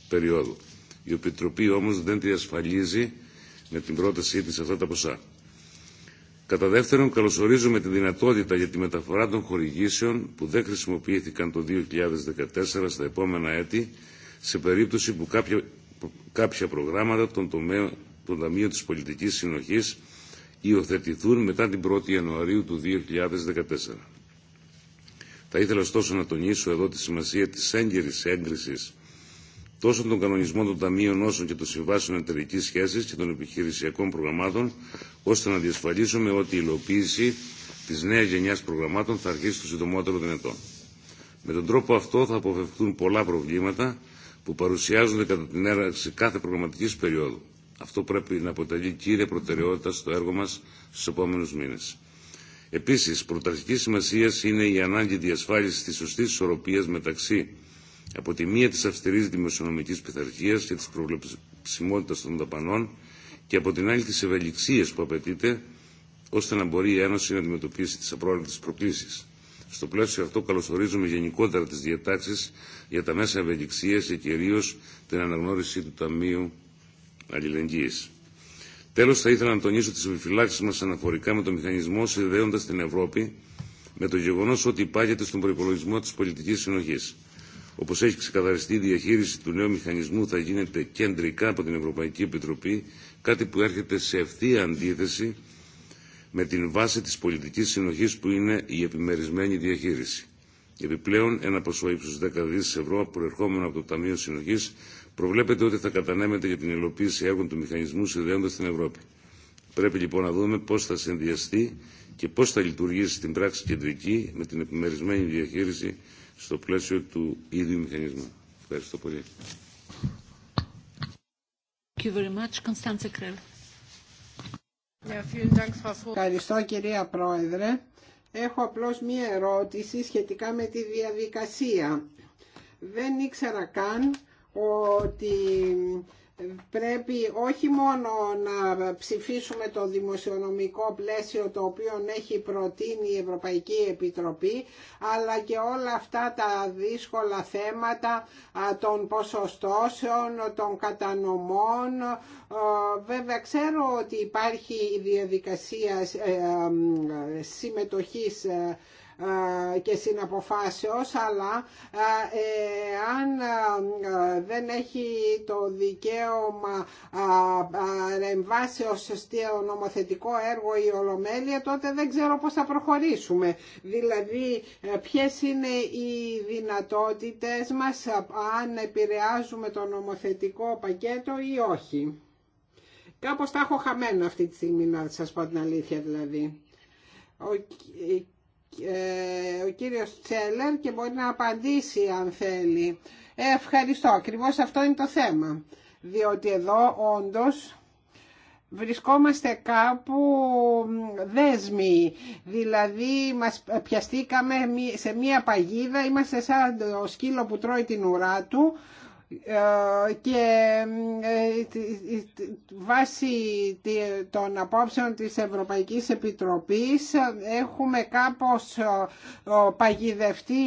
περίοδου. Η Επιτροπή όμω δεν διασφαλίζει με την πρότασή τη αυτά τα ποσά. Κατά δεύτερον, καλωσορίζουμε τη δυνατότητα για τη μεταφορά των χορηγήσεων που δεν χρησιμοποιήθηκαν το 2014 στα επόμενα έτη, σε περίπτωση που κάποια, κάποια προγράμματα των τομέων το Ταμείο της Πολιτικής Συνοχής υιοθετηθούν μετά την 1η Ιανουαρίου του 2014. Θα ήθελα ωστόσο να τονίσω εδώ τη σημασία της έγκαιρης έγκρισης τόσο των κανονισμών των ταμείων όσων και των συμβάσεων εταιρική σχέση και των επιχειρησιακών προγραμμάτων, ώστε να διασφαλίσουμε ότι η υλοποίηση τη νέα γενιά προγραμμάτων θα αρχίσει το συντομότερο δυνατόν. Με τον τρόπο αυτό θα αποφευχθούν πολλά προβλήματα που παρουσιάζονται κατά την έναρξη κάθε προγραμματική περίοδου. Αυτό πρέπει να αποτελεί κύρια προτεραιότητα στο έργο μας στους επόμενους μήνες. Επίσης, πρωταρχική σημασία είναι η ανάγκη διασφάλισης της σωστής ισορροπίας μεταξύ από τη μία της αυστηρής δημοσιονομικής πειθαρχίας και της προβλεψιμότητας των δαπανών και από την άλλη τη ευελιξίας που απαιτείται ώστε να μπορεί η Ένωση να αντιμετωπίσει τις απρόβλεπτες προκλήσεις. Στο πλαίσιο αυτό καλωσορίζουμε γενικότερα τις διατάξεις για τα μέσα ευελιξίας και κυρίω την αναγνώριση του Ταμείου αλληλεγγύης. Τέλος, θα ήθελα να τονίσω τις επιφυλάξεις μας αναφορικά με το μηχανισμό συνδέοντας την Ευρώπη με το γεγονός ότι υπάγεται στον προπολογισμό της πολιτικής συνοχής. Όπως έχει ξεκαθαριστεί, η διαχείριση του νέου μηχανισμού θα γίνεται κεντρικά από την Ευρωπαϊκή Επιτροπή, κάτι που έρχεται σε ευθεία αντίθεση με την βάση της πολιτικής συνοχής που είναι η επιμερισμένη διαχείριση. Επιπλέον, ένα ποσό ύψους 10 δις ευρώ προερχόμενο από το Ταμείο Συνοχής προβλέπεται ότι θα κατανέμεται για την υλοποίηση έργων του μηχανισμού συνδέοντα την Ευρώπη. Πρέπει λοιπόν να δούμε πώ θα συνδυαστεί και πώ θα λειτουργήσει στην πράξη κεντρική με την επιμερισμένη διαχείριση στο πλαίσιο του ίδιου μηχανισμού. Ευχαριστώ πολύ. Ευχαριστώ κυρία Πρόεδρε. Έχω απλώς μία ερώτηση σχετικά με τη διαδικασία. Δεν ήξερα καν ότι πρέπει όχι μόνο να ψηφίσουμε το δημοσιονομικό πλαίσιο το οποίο έχει προτείνει η Ευρωπαϊκή Επιτροπή αλλά και όλα αυτά τα δύσκολα θέματα των ποσοστώσεων, των κατανομών. Βέβαια ξέρω ότι υπάρχει η διαδικασία ε, συμμετοχής ε, και συναποφάσεως αλλά αν ε, ε, δεν έχει το δικαίωμα εμβάσεως στο νομοθετικό έργο η Ολομέλεια τότε δεν ξέρω πώς θα προχωρήσουμε δηλαδή ε, ποιες είναι οι δυνατότητες μας αν επηρεάζουμε το νομοθετικό πακέτο ή όχι Κάπως τα έχω χαμένα αυτή τη στιγμή, να σας πω την αλήθεια δηλαδή. Ε, ο κύριος Τσέλερ και μπορεί να απαντήσει αν θέλει. Ευχαριστώ. Ακριβώς αυτό είναι το θέμα. Διότι εδώ όντως βρισκόμαστε κάπου δέσμοι. Δηλαδή μας πιαστήκαμε σε μία παγίδα, είμαστε σαν το σκύλο που τρώει την ουρά του και ε, βάσει των απόψεων της Ευρωπαϊκής Επιτροπής έχουμε κάπως ε, παγιδευτεί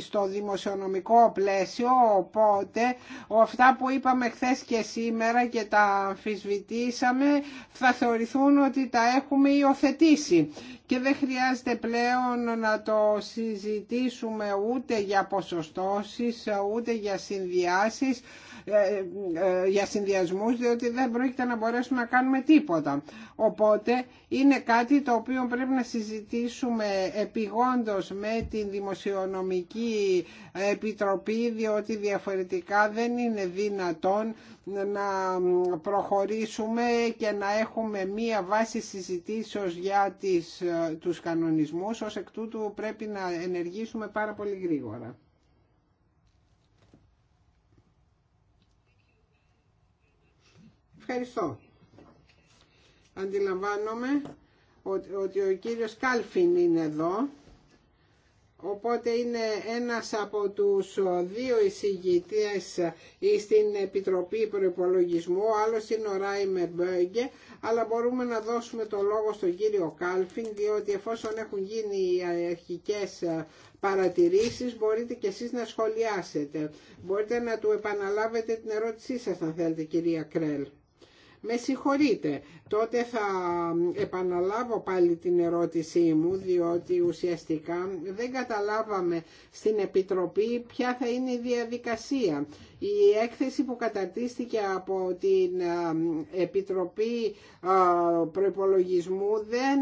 στο δημοσιονομικό πλαίσιο οπότε αυτά που είπαμε χθες και σήμερα και τα αμφισβητήσαμε θα θεωρηθούν ότι τα έχουμε υιοθετήσει και δεν χρειάζεται πλέον να το συζητήσουμε ούτε για ποσοστώσεις, ούτε για συνδυάσεις. Ε, ε, για συνδυασμούς διότι δεν πρόκειται να μπορέσουμε να κάνουμε τίποτα. Οπότε είναι κάτι το οποίο πρέπει να συζητήσουμε επιγόντως με την Δημοσιονομική Επιτροπή διότι διαφορετικά δεν είναι δυνατόν να προχωρήσουμε και να έχουμε μία βάση συζητήσεως για τις, ε, τους κανονισμούς. Ως εκ τούτου πρέπει να ενεργήσουμε πάρα πολύ γρήγορα. ευχαριστώ. Αντιλαμβάνομαι ότι ο κύριος Κάλφιν είναι εδώ, οπότε είναι ένας από τους δύο εισηγητές στην Επιτροπή Προϋπολογισμού, ο άλλος είναι ο Ράιμερ Μπέγκε, αλλά μπορούμε να δώσουμε το λόγο στον κύριο Κάλφιν, διότι εφόσον έχουν γίνει οι αρχικές παρατηρήσεις μπορείτε και εσείς να σχολιάσετε. Μπορείτε να του επαναλάβετε την ερώτησή σας αν θέλετε κυρία Κρέλ. Με συγχωρείτε, τότε θα επαναλάβω πάλι την ερώτησή μου, διότι ουσιαστικά δεν καταλάβαμε στην Επιτροπή ποια θα είναι η διαδικασία. Η έκθεση που καταρτίστηκε από την Επιτροπή Προπολογισμού δεν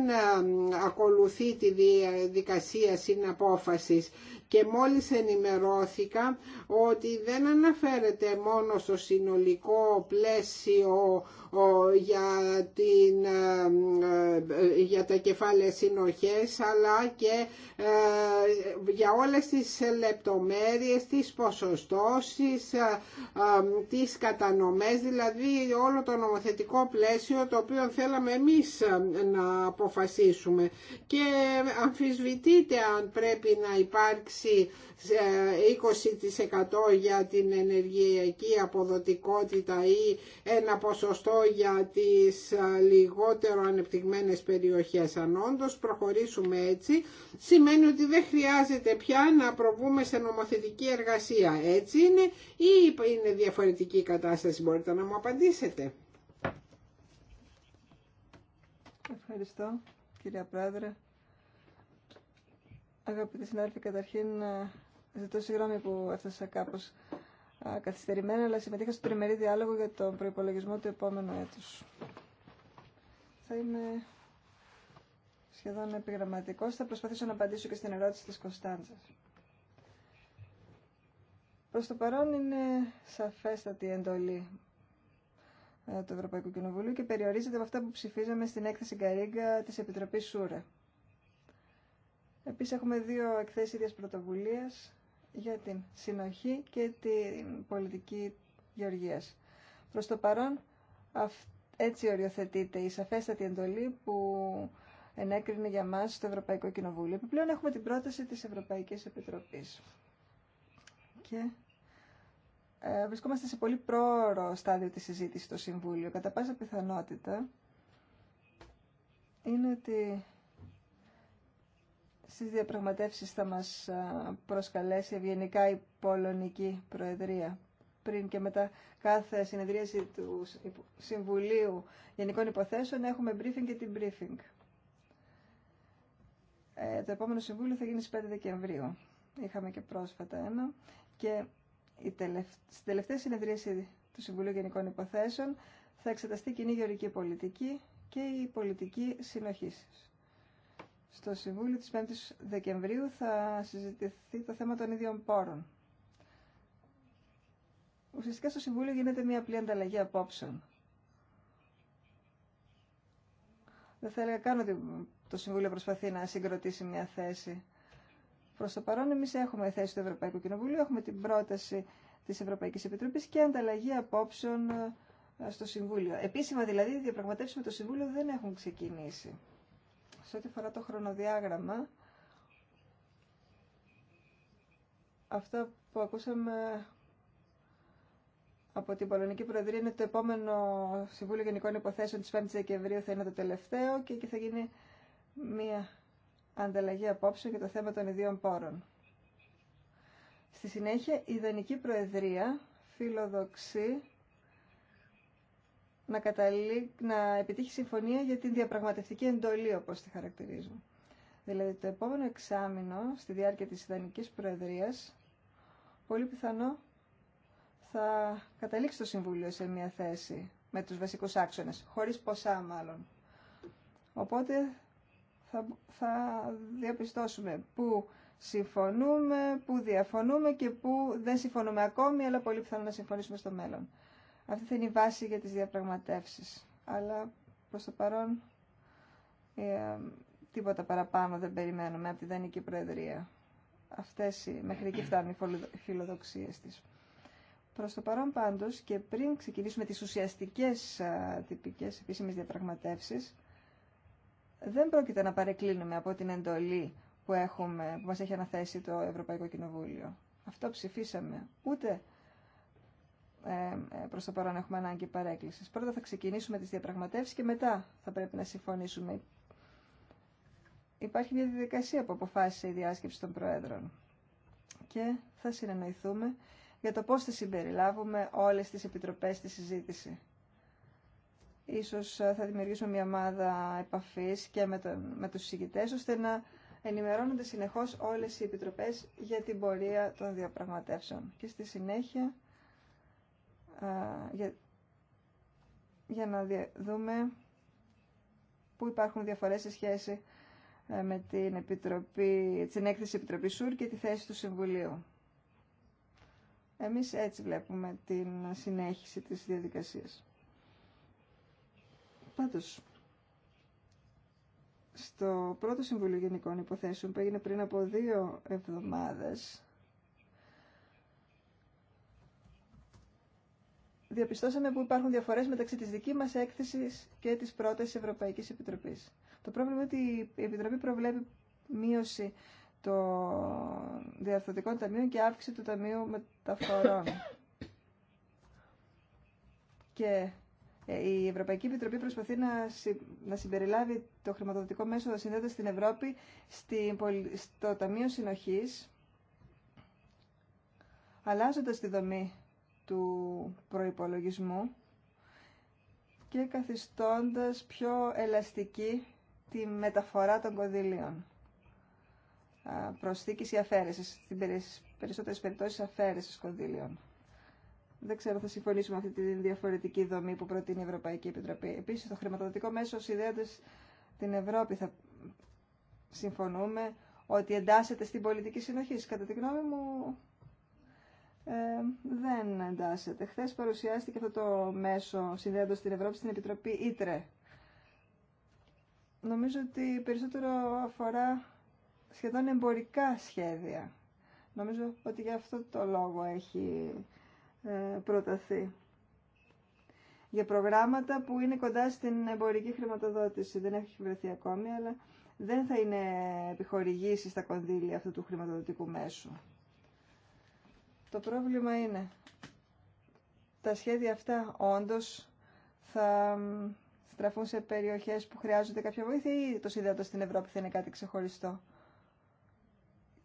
ακολουθεί τη διαδικασία συναπόφασης και μόλις ενημερώθηκα ότι δεν αναφέρεται μόνο στο συνολικό πλαίσιο για, την, ε, ε, για τα κεφάλαια συνοχές αλλά και ε, για όλες τις λεπτομέρειες, τις ποσοστώσεις, τις κατανομές, δηλαδή όλο το νομοθετικό πλαίσιο το οποίο θέλαμε εμείς να αποφασίσουμε. Και αμφισβητείται αν πρέπει να υπάρξει 20% ε, για την ενεργειακή αποδοτικότητα ή ένα ποσοστό για τις ε, λιγότερο ανεπτυγμένες περιοχές. Αν όντως προχωρήσουμε έτσι, σημαίνει ότι δεν χρειάζεται πια να προβούμε σε νομοθετική εργασία. Έτσι είναι ή είναι διαφορετική η κατάσταση, μπορείτε να μου απαντήσετε. Ευχαριστώ, κυρία Πρόεδρε. Αγαπητοί συνάδελφοι, καταρχήν ε, ζητώ συγγνώμη που έφτασα κάπω ε, καθυστερημένα, αλλά συμμετείχα στο τριμερή διάλογο για τον προπολογισμό του επόμενου έτου. Θα είμαι σχεδόν επιγραμματικό. Θα προσπαθήσω να απαντήσω και στην ερώτηση τη Κωνσταντζα. Προ το παρόν είναι σαφέστατη η εντολή ε, του Ευρωπαϊκού Κοινοβουλίου και περιορίζεται από αυτά που ψηφίζαμε στην έκθεση Γκαρίγκα της Επιτροπής Σούρα. Επίσης έχουμε δύο εκθέσεις ίδιας πρωτοβουλίας για την συνοχή και την πολιτική γεωργίας. Προς το παρόν έτσι οριοθετείται η σαφέστατη εντολή που ενέκρινε για μας το Ευρωπαϊκό Κοινοβούλιο. Επιπλέον έχουμε την πρόταση της Ευρωπαϊκής Επιτροπής. Και ε, βρισκόμαστε σε πολύ πρόωρο στάδιο της συζήτησης στο Συμβούλιο. Κατά πάσα πιθανότητα είναι ότι στις διαπραγματεύσεις θα μας προσκαλέσει ευγενικά η Πολωνική Προεδρία. Πριν και μετά κάθε συνεδρίαση του Συμβουλίου Γενικών Υποθέσεων έχουμε briefing και την briefing. Ε, το επόμενο Συμβούλιο θα γίνει στις 5 Δεκεμβρίου. Είχαμε και πρόσφατα ένα. Και η στην τελευταία συνεδρίαση του Συμβουλίου Γενικών Υποθέσεων θα εξεταστεί κοινή γεωρική πολιτική και η πολιτική συνοχής. Στο Συμβούλιο της 5ης Δεκεμβρίου θα συζητηθεί το θέμα των ίδιων πόρων. Ουσιαστικά στο Συμβούλιο γίνεται μια απλή ανταλλαγή απόψεων. Δεν θα έλεγα καν ότι το Συμβούλιο προσπαθεί να συγκροτήσει μια θέση. Προς το παρόν εμείς έχουμε θέση του Ευρωπαϊκού Κοινοβουλίου, έχουμε την πρόταση της Ευρωπαϊκής Επιτροπής και ανταλλαγή απόψεων ε, στο Συμβούλιο. Επίσημα δηλαδή οι διαπραγματεύσεις με το Συμβούλιο δεν έχουν ξεκινήσει. Σε ό,τι αφορά το χρονοδιάγραμμα, αυτό που ακούσαμε από την Πολωνική Προεδρία είναι το επόμενο Συμβούλιο Γενικών Υποθέσεων της 5ης Δεκεμβρίου θα είναι το τελευταίο και εκεί θα γίνει μία ανταλλαγή απόψεων για το θέμα των ιδίων πόρων. Στη συνέχεια, η Δανική Προεδρία φιλοδοξεί να, καταλή, να επιτύχει συμφωνία για την διαπραγματευτική εντολή, όπως τη χαρακτηρίζουν. Δηλαδή το επόμενο εξάμεινο, στη διάρκεια της Ιδανικής Προεδρίας, πολύ πιθανό θα καταλήξει το Συμβούλιο σε μια θέση με τους βασικούς άξονες, χωρίς ποσά μάλλον. Οπότε θα, θα διαπιστώσουμε πού συμφωνούμε, πού διαφωνούμε και πού δεν συμφωνούμε ακόμη, αλλά πολύ πιθανό να συμφωνήσουμε στο μέλλον. Αυτή θα είναι η βάση για τις διαπραγματεύσεις. Αλλά προς το παρόν ε, τίποτα παραπάνω δεν περιμένουμε από τη Δανική Προεδρία. Αυτές μέχρι εκεί φτάνουν οι φιλοδοξίες της. Προς το παρόν πάντως και πριν ξεκινήσουμε τις ουσιαστικές α, τυπικές επίσημες διαπραγματεύσεις, δεν πρόκειται να παρεκκλίνουμε από την εντολή που, έχουμε, που μας έχει αναθέσει το Ευρωπαϊκό Κοινοβούλιο. Αυτό ψηφίσαμε. Ούτε ε, ε, προς το παρόν έχουμε ανάγκη παρέκκλησης. Πρώτα θα ξεκινήσουμε τις διαπραγματεύσεις και μετά θα πρέπει να συμφωνήσουμε. Υπάρχει μια διαδικασία που αποφάσισε η διάσκεψη των Προέδρων και θα συνεννοηθούμε για το πώς θα συμπεριλάβουμε όλες τις επιτροπές στη συζήτηση. Ίσως ε, θα δημιουργήσουμε μια ομάδα επαφής και με, τον, με τους ώστε να ενημερώνονται συνεχώς όλες οι επιτροπές για την πορεία των διαπραγματεύσεων. Και στη συνέχεια για, να δούμε πού υπάρχουν διαφορές σε σχέση ε, με την, επιτροπή, την έκθεση Επιτροπή ΣΟΥΡ και τη θέση του Συμβουλίου. Εμείς έτσι βλέπουμε την συνέχιση της διαδικασίας. Πάντως, στο πρώτο Συμβουλίο Γενικών Υποθέσεων που έγινε πριν από δύο εβδομάδες, διαπιστώσαμε που υπάρχουν διαφορές μεταξύ της δική μα έκθεση και της πρώτης Ευρωπαϊκής Επιτροπής. Το πρόβλημα είναι ότι η Επιτροπή προβλέπει μείωση των διαρθωτικών ταμείων και αύξηση του ταμείου μεταφορών. Και ε, η Ευρωπαϊκή Επιτροπή προσπαθεί να, συμπεριλάβει το χρηματοδοτικό μέσο συνδέοντας στην Ευρώπη στο Ταμείο Συνοχής, αλλάζοντας τη δομή του προϋπολογισμού και καθιστώντας πιο ελαστική τη μεταφορά των κονδυλίων. Προσθήκης ή αφαίρεσης, στην περισσότερες περιπτώσεις αφαίρεσης κονδυλίων. Δεν ξέρω, θα συμφωνήσουμε με αυτή τη διαφορετική δομή που προτείνει η Ευρωπαϊκή Επιτροπή. Επίσης, το χρηματοδοτικό μέσο συνδέοντας την Ευρώπη θα συμφωνούμε ότι εντάσσεται στην πολιτική συνοχή. Κατά τη γνώμη μου, ε, δεν εντάσσεται. Χθε παρουσιάστηκε αυτό το μέσο συνδέοντα την Ευρώπη στην Επιτροπή Ήτρε. Νομίζω ότι περισσότερο αφορά σχεδόν εμπορικά σχέδια. Νομίζω ότι για αυτό το λόγο έχει ε, προταθεί. Για προγράμματα που είναι κοντά στην εμπορική χρηματοδότηση. Δεν έχει βρεθεί ακόμη, αλλά δεν θα είναι επιχορηγήσει στα κονδύλια αυτού του χρηματοδοτικού μέσου. Το πρόβλημα είναι τα σχέδια αυτά όντως θα στραφούν σε περιοχές που χρειάζονται κάποια βοήθεια ή το σύνδετο στην Ευρώπη θα είναι κάτι ξεχωριστό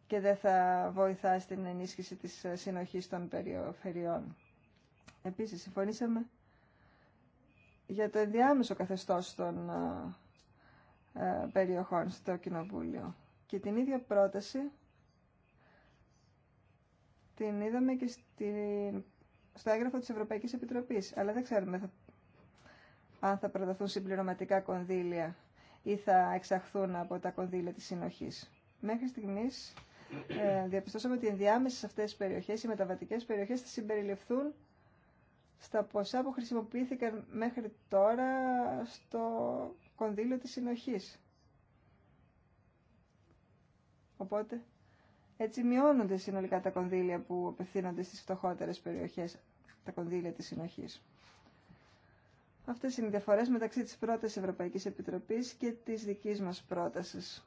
και δεν θα βοηθά στην ενίσχυση της συνοχής των περιοφερειών. Επίσης, συμφωνήσαμε για το ενδιάμεσο καθεστώς των ε, περιοχών στο Κοινοβούλιο. Και την ίδια πρόταση την είδαμε και στη, στο έγγραφο της Ευρωπαϊκής Επιτροπής. Αλλά δεν ξέρουμε θα, αν θα προταθούν συμπληρωματικά κονδύλια ή θα εξαχθούν από τα κονδύλια της συνοχής. Μέχρι στιγμής ε, διαπιστώσαμε ότι ενδιάμεσα σε αυτές τις περιοχές, οι μεταβατικές περιοχές θα συμπεριληφθούν στα ποσά που χρησιμοποιήθηκαν μέχρι τώρα στο κονδύλιο της συνοχής. Οπότε έτσι μειώνονται συνολικά τα κονδύλια που απευθύνονται στις φτωχότερες περιοχές, τα κονδύλια της συνοχής. Αυτές είναι οι διαφορές μεταξύ της πρώτης Ευρωπαϊκής Επιτροπής και της δικής μας πρότασης.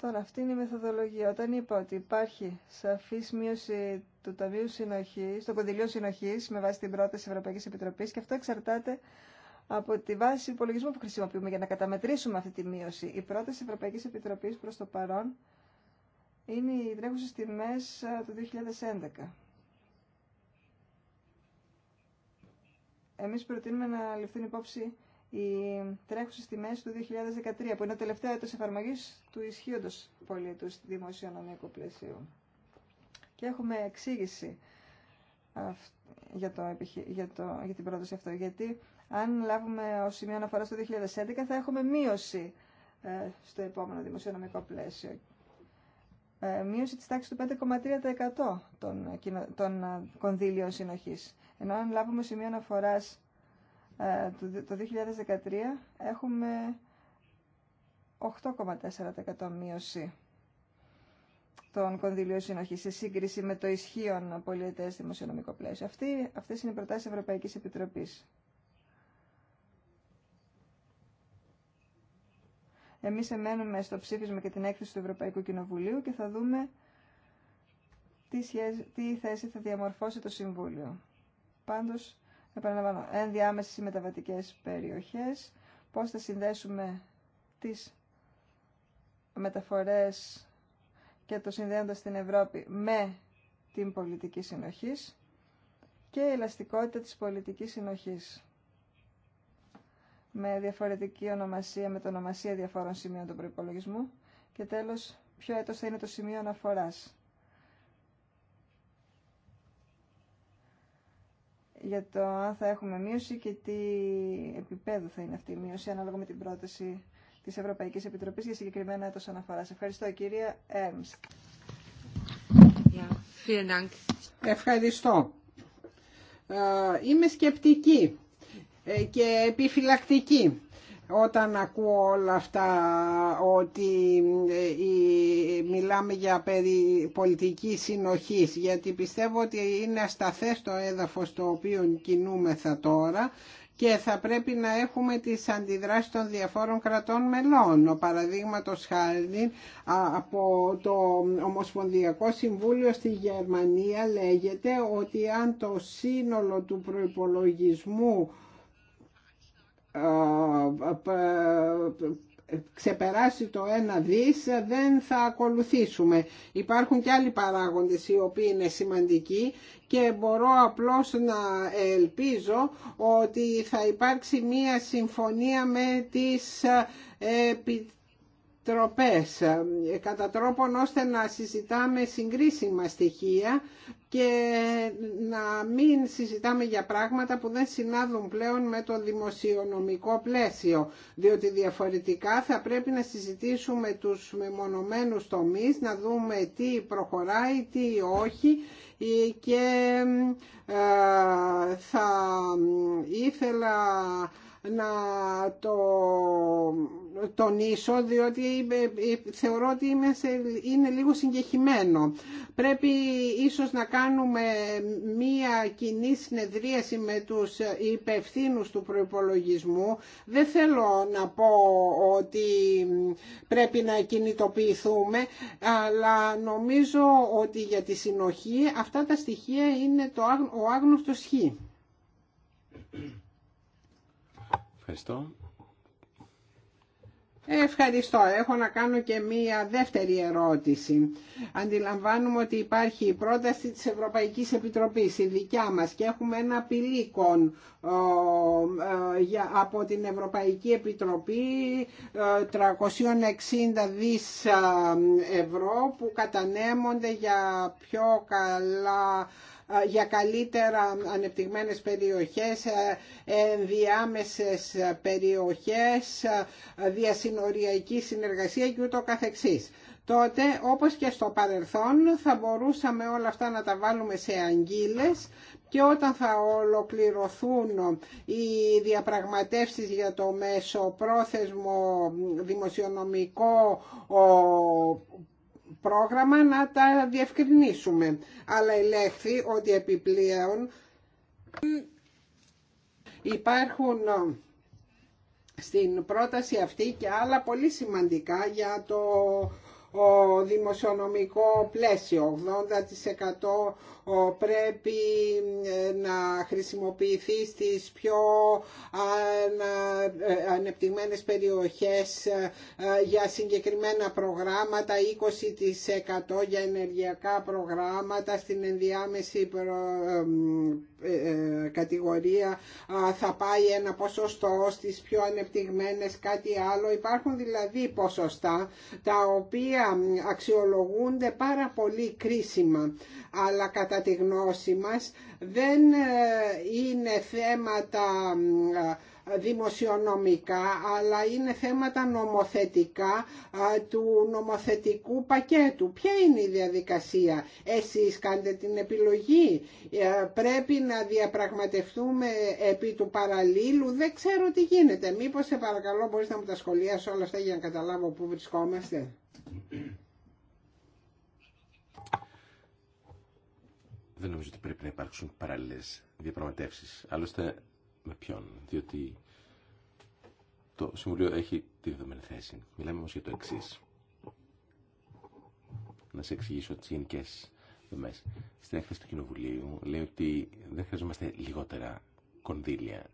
Τώρα, αυτή είναι η μεθοδολογία. Όταν είπα ότι υπάρχει σαφή μείωση του Ταμείου Συνοχή, των κονδυλίων συνοχή, με βάση την πρόταση Ευρωπαϊκή Επιτροπή, και αυτό εξαρτάται από τη βάση υπολογισμού που χρησιμοποιούμε για να καταμετρήσουμε αυτή τη μείωση. Η πρόταση Ευρωπαϊκή Επιτροπή προ το παρόν είναι οι τρέχουσε τιμέ του 2011. Εμείς προτείνουμε να ληφθούν υπόψη οι στη τιμές του 2013, που είναι το τελευταίο έτος εφαρμογής του ισχύοντος πολίτου δημοσιονομικού πλαισίου. Και έχουμε εξήγηση για, το, για, το, για την πρόταση αυτό, γιατί αν λάβουμε ω σημείο αναφορά το 2011 θα έχουμε μείωση ε, στο επόμενο δημοσιονομικό πλαίσιο. Ε, μείωση της τάξης του 5,3% των, ε, των κονδύλιων συνοχής. Ενώ αν λάβουμε σημείο αναφοράς ε, το 2013 έχουμε 8,4% μείωση των κονδυλίων συνοχή σε σύγκριση με το ισχύον πολιετέ δημοσιονομικό πλαίσιο. Αυτή, αυτές είναι οι προτάσεις Ευρωπαϊκής Επιτροπής. Εμείς εμένουμε στο ψήφισμα και την έκθεση του Ευρωπαϊκού Κοινοβουλίου και θα δούμε τι, τι θέση θα διαμορφώσει το Συμβούλιο. Πάντως, επαναλαμβάνω, ενδιάμεσες ή μεταβατικές περιοχές, πώς θα συνδέσουμε τις μεταφορές και το συνδέοντα στην Ευρώπη με την πολιτική συνοχής και η ελαστικότητα της πολιτικής συνοχής με διαφορετική ονομασία, με το ονομασία διαφόρων σημείων του προϋπολογισμού και τέλος ποιο έτος θα είναι το σημείο αναφοράς. για το αν θα έχουμε μείωση και τι επίπεδο θα είναι αυτή η μείωση ανάλογα με την πρόταση της Ευρωπαϊκής Επιτροπής για συγκεκριμένα έτος αναφοράς. Ευχαριστώ κυρία Έρμς. Ευχαριστώ. Ε, είμαι σκεπτική ε, και επιφυλακτική όταν ακούω όλα αυτά ότι ε, μιλάμε για περί πολιτική συνοχής γιατί πιστεύω ότι είναι ασταθές το έδαφος το οποίο κινούμεθα τώρα και θα πρέπει να έχουμε τις αντιδράσεις των διαφόρων κρατών μελών. Ο παραδείγματος χάρη από το Ομοσπονδιακό Συμβούλιο στη Γερμανία λέγεται ότι αν το σύνολο του προϋπολογισμού ε, ε, ε, ξεπεράσει το ένα δις δεν θα ακολουθήσουμε. Υπάρχουν και άλλοι παράγοντες οι οποίοι είναι σημαντικοί και μπορώ απλώς να ελπίζω ότι θα υπάρξει μία συμφωνία με τις ε, κατά τρόπον ώστε να συζητάμε συγκρίσιμα στοιχεία και να μην συζητάμε για πράγματα που δεν συνάδουν πλέον με το δημοσιονομικό πλαίσιο διότι διαφορετικά θα πρέπει να συζητήσουμε τους μεμονωμένους τομείς να δούμε τι προχωράει, τι όχι ε, και ε, θα ήθελα να το τονίσω διότι ε, ε, θεωρώ ότι είναι λίγο συγκεχημένο. Πρέπει ίσως να κάνουμε μία κοινή συνεδρίαση με τους υπευθύνους του προϋπολογισμού. Δεν θέλω να πω ότι πρέπει να κινητοποιηθούμε, αλλά νομίζω ότι για τη συνοχή αυτά τα στοιχεία είναι το, ο άγνωστος χ. Ευχαριστώ. Έχω να κάνω και μία δεύτερη ερώτηση. Αντιλαμβάνουμε ότι υπάρχει η πρόταση της Ευρωπαϊκής Επιτροπής, η δικιά μας, και έχουμε ένα πηλίκον ε, από την Ευρωπαϊκή Επιτροπή 360 ε, δις ε, ευρώ που κατανέμονται για πιο καλά ε, για καλύτερα ανεπτυγμένες περιοχές, ε, ενδιάμεσες περιοχές, ε, διασυνοριακή συνεργασία και ούτω καθεξής. Τότε, όπως και στο παρελθόν, θα μπορούσαμε όλα αυτά να τα βάλουμε σε αγγίλες και όταν θα ολοκληρωθούν οι διαπραγματεύσεις για το μέσο πρόθεσμο δημοσιονομικό πρόγραμμα να τα διευκρινίσουμε. Αλλά ελέγχθη ότι επιπλέον υπάρχουν ε, στην πρόταση αυτή και άλλα πολύ σημαντικά για το δημοσιονομικό πλαίσιο 80% πρέπει ε, να χρησιμοποιηθεί στις πιο ε, ανεπτυγμένες περιοχές ε, για συγκεκριμένα προγράμματα, 20% για ενεργειακά προγράμματα στην ενδιάμεση κατηγορία θα πάει ένα ποσοστό στις πιο ανεπτυγμένες κάτι άλλο. Υπάρχουν δηλαδή ποσοστά τα οποία αξιολογούνται πάρα πολύ κρίσιμα. Αλλά κατά τη γνώση μας δεν ε, είναι θέματα ε, δημοσιονομικά αλλά είναι θέματα νομοθετικά ε, του νομοθετικού πακέτου. Ποια είναι η διαδικασία. Εσείς κάντε την επιλογή. Πρέπει να διαπραγματευτούμε επί του παραλίλου. Δεν ξέρω τι γίνεται. Μήπως σε παρακαλώ μπορείς να μου τα σχολιάσεις όλα αυτά για να καταλάβω πού βρισκόμαστε. δεν νομίζω ότι πρέπει να υπάρξουν παράλληλες διαπραγματεύσει Άλλωστε με ποιον, διότι το Συμβουλίο έχει τη δεδομένη θέση. Μιλάμε όμω για το εξή. Να σε εξηγήσω τι γενικέ δομέ Στην έκθεση του Κοινοβουλίου λέει ότι δεν χρειαζόμαστε λιγότερα κονδύλια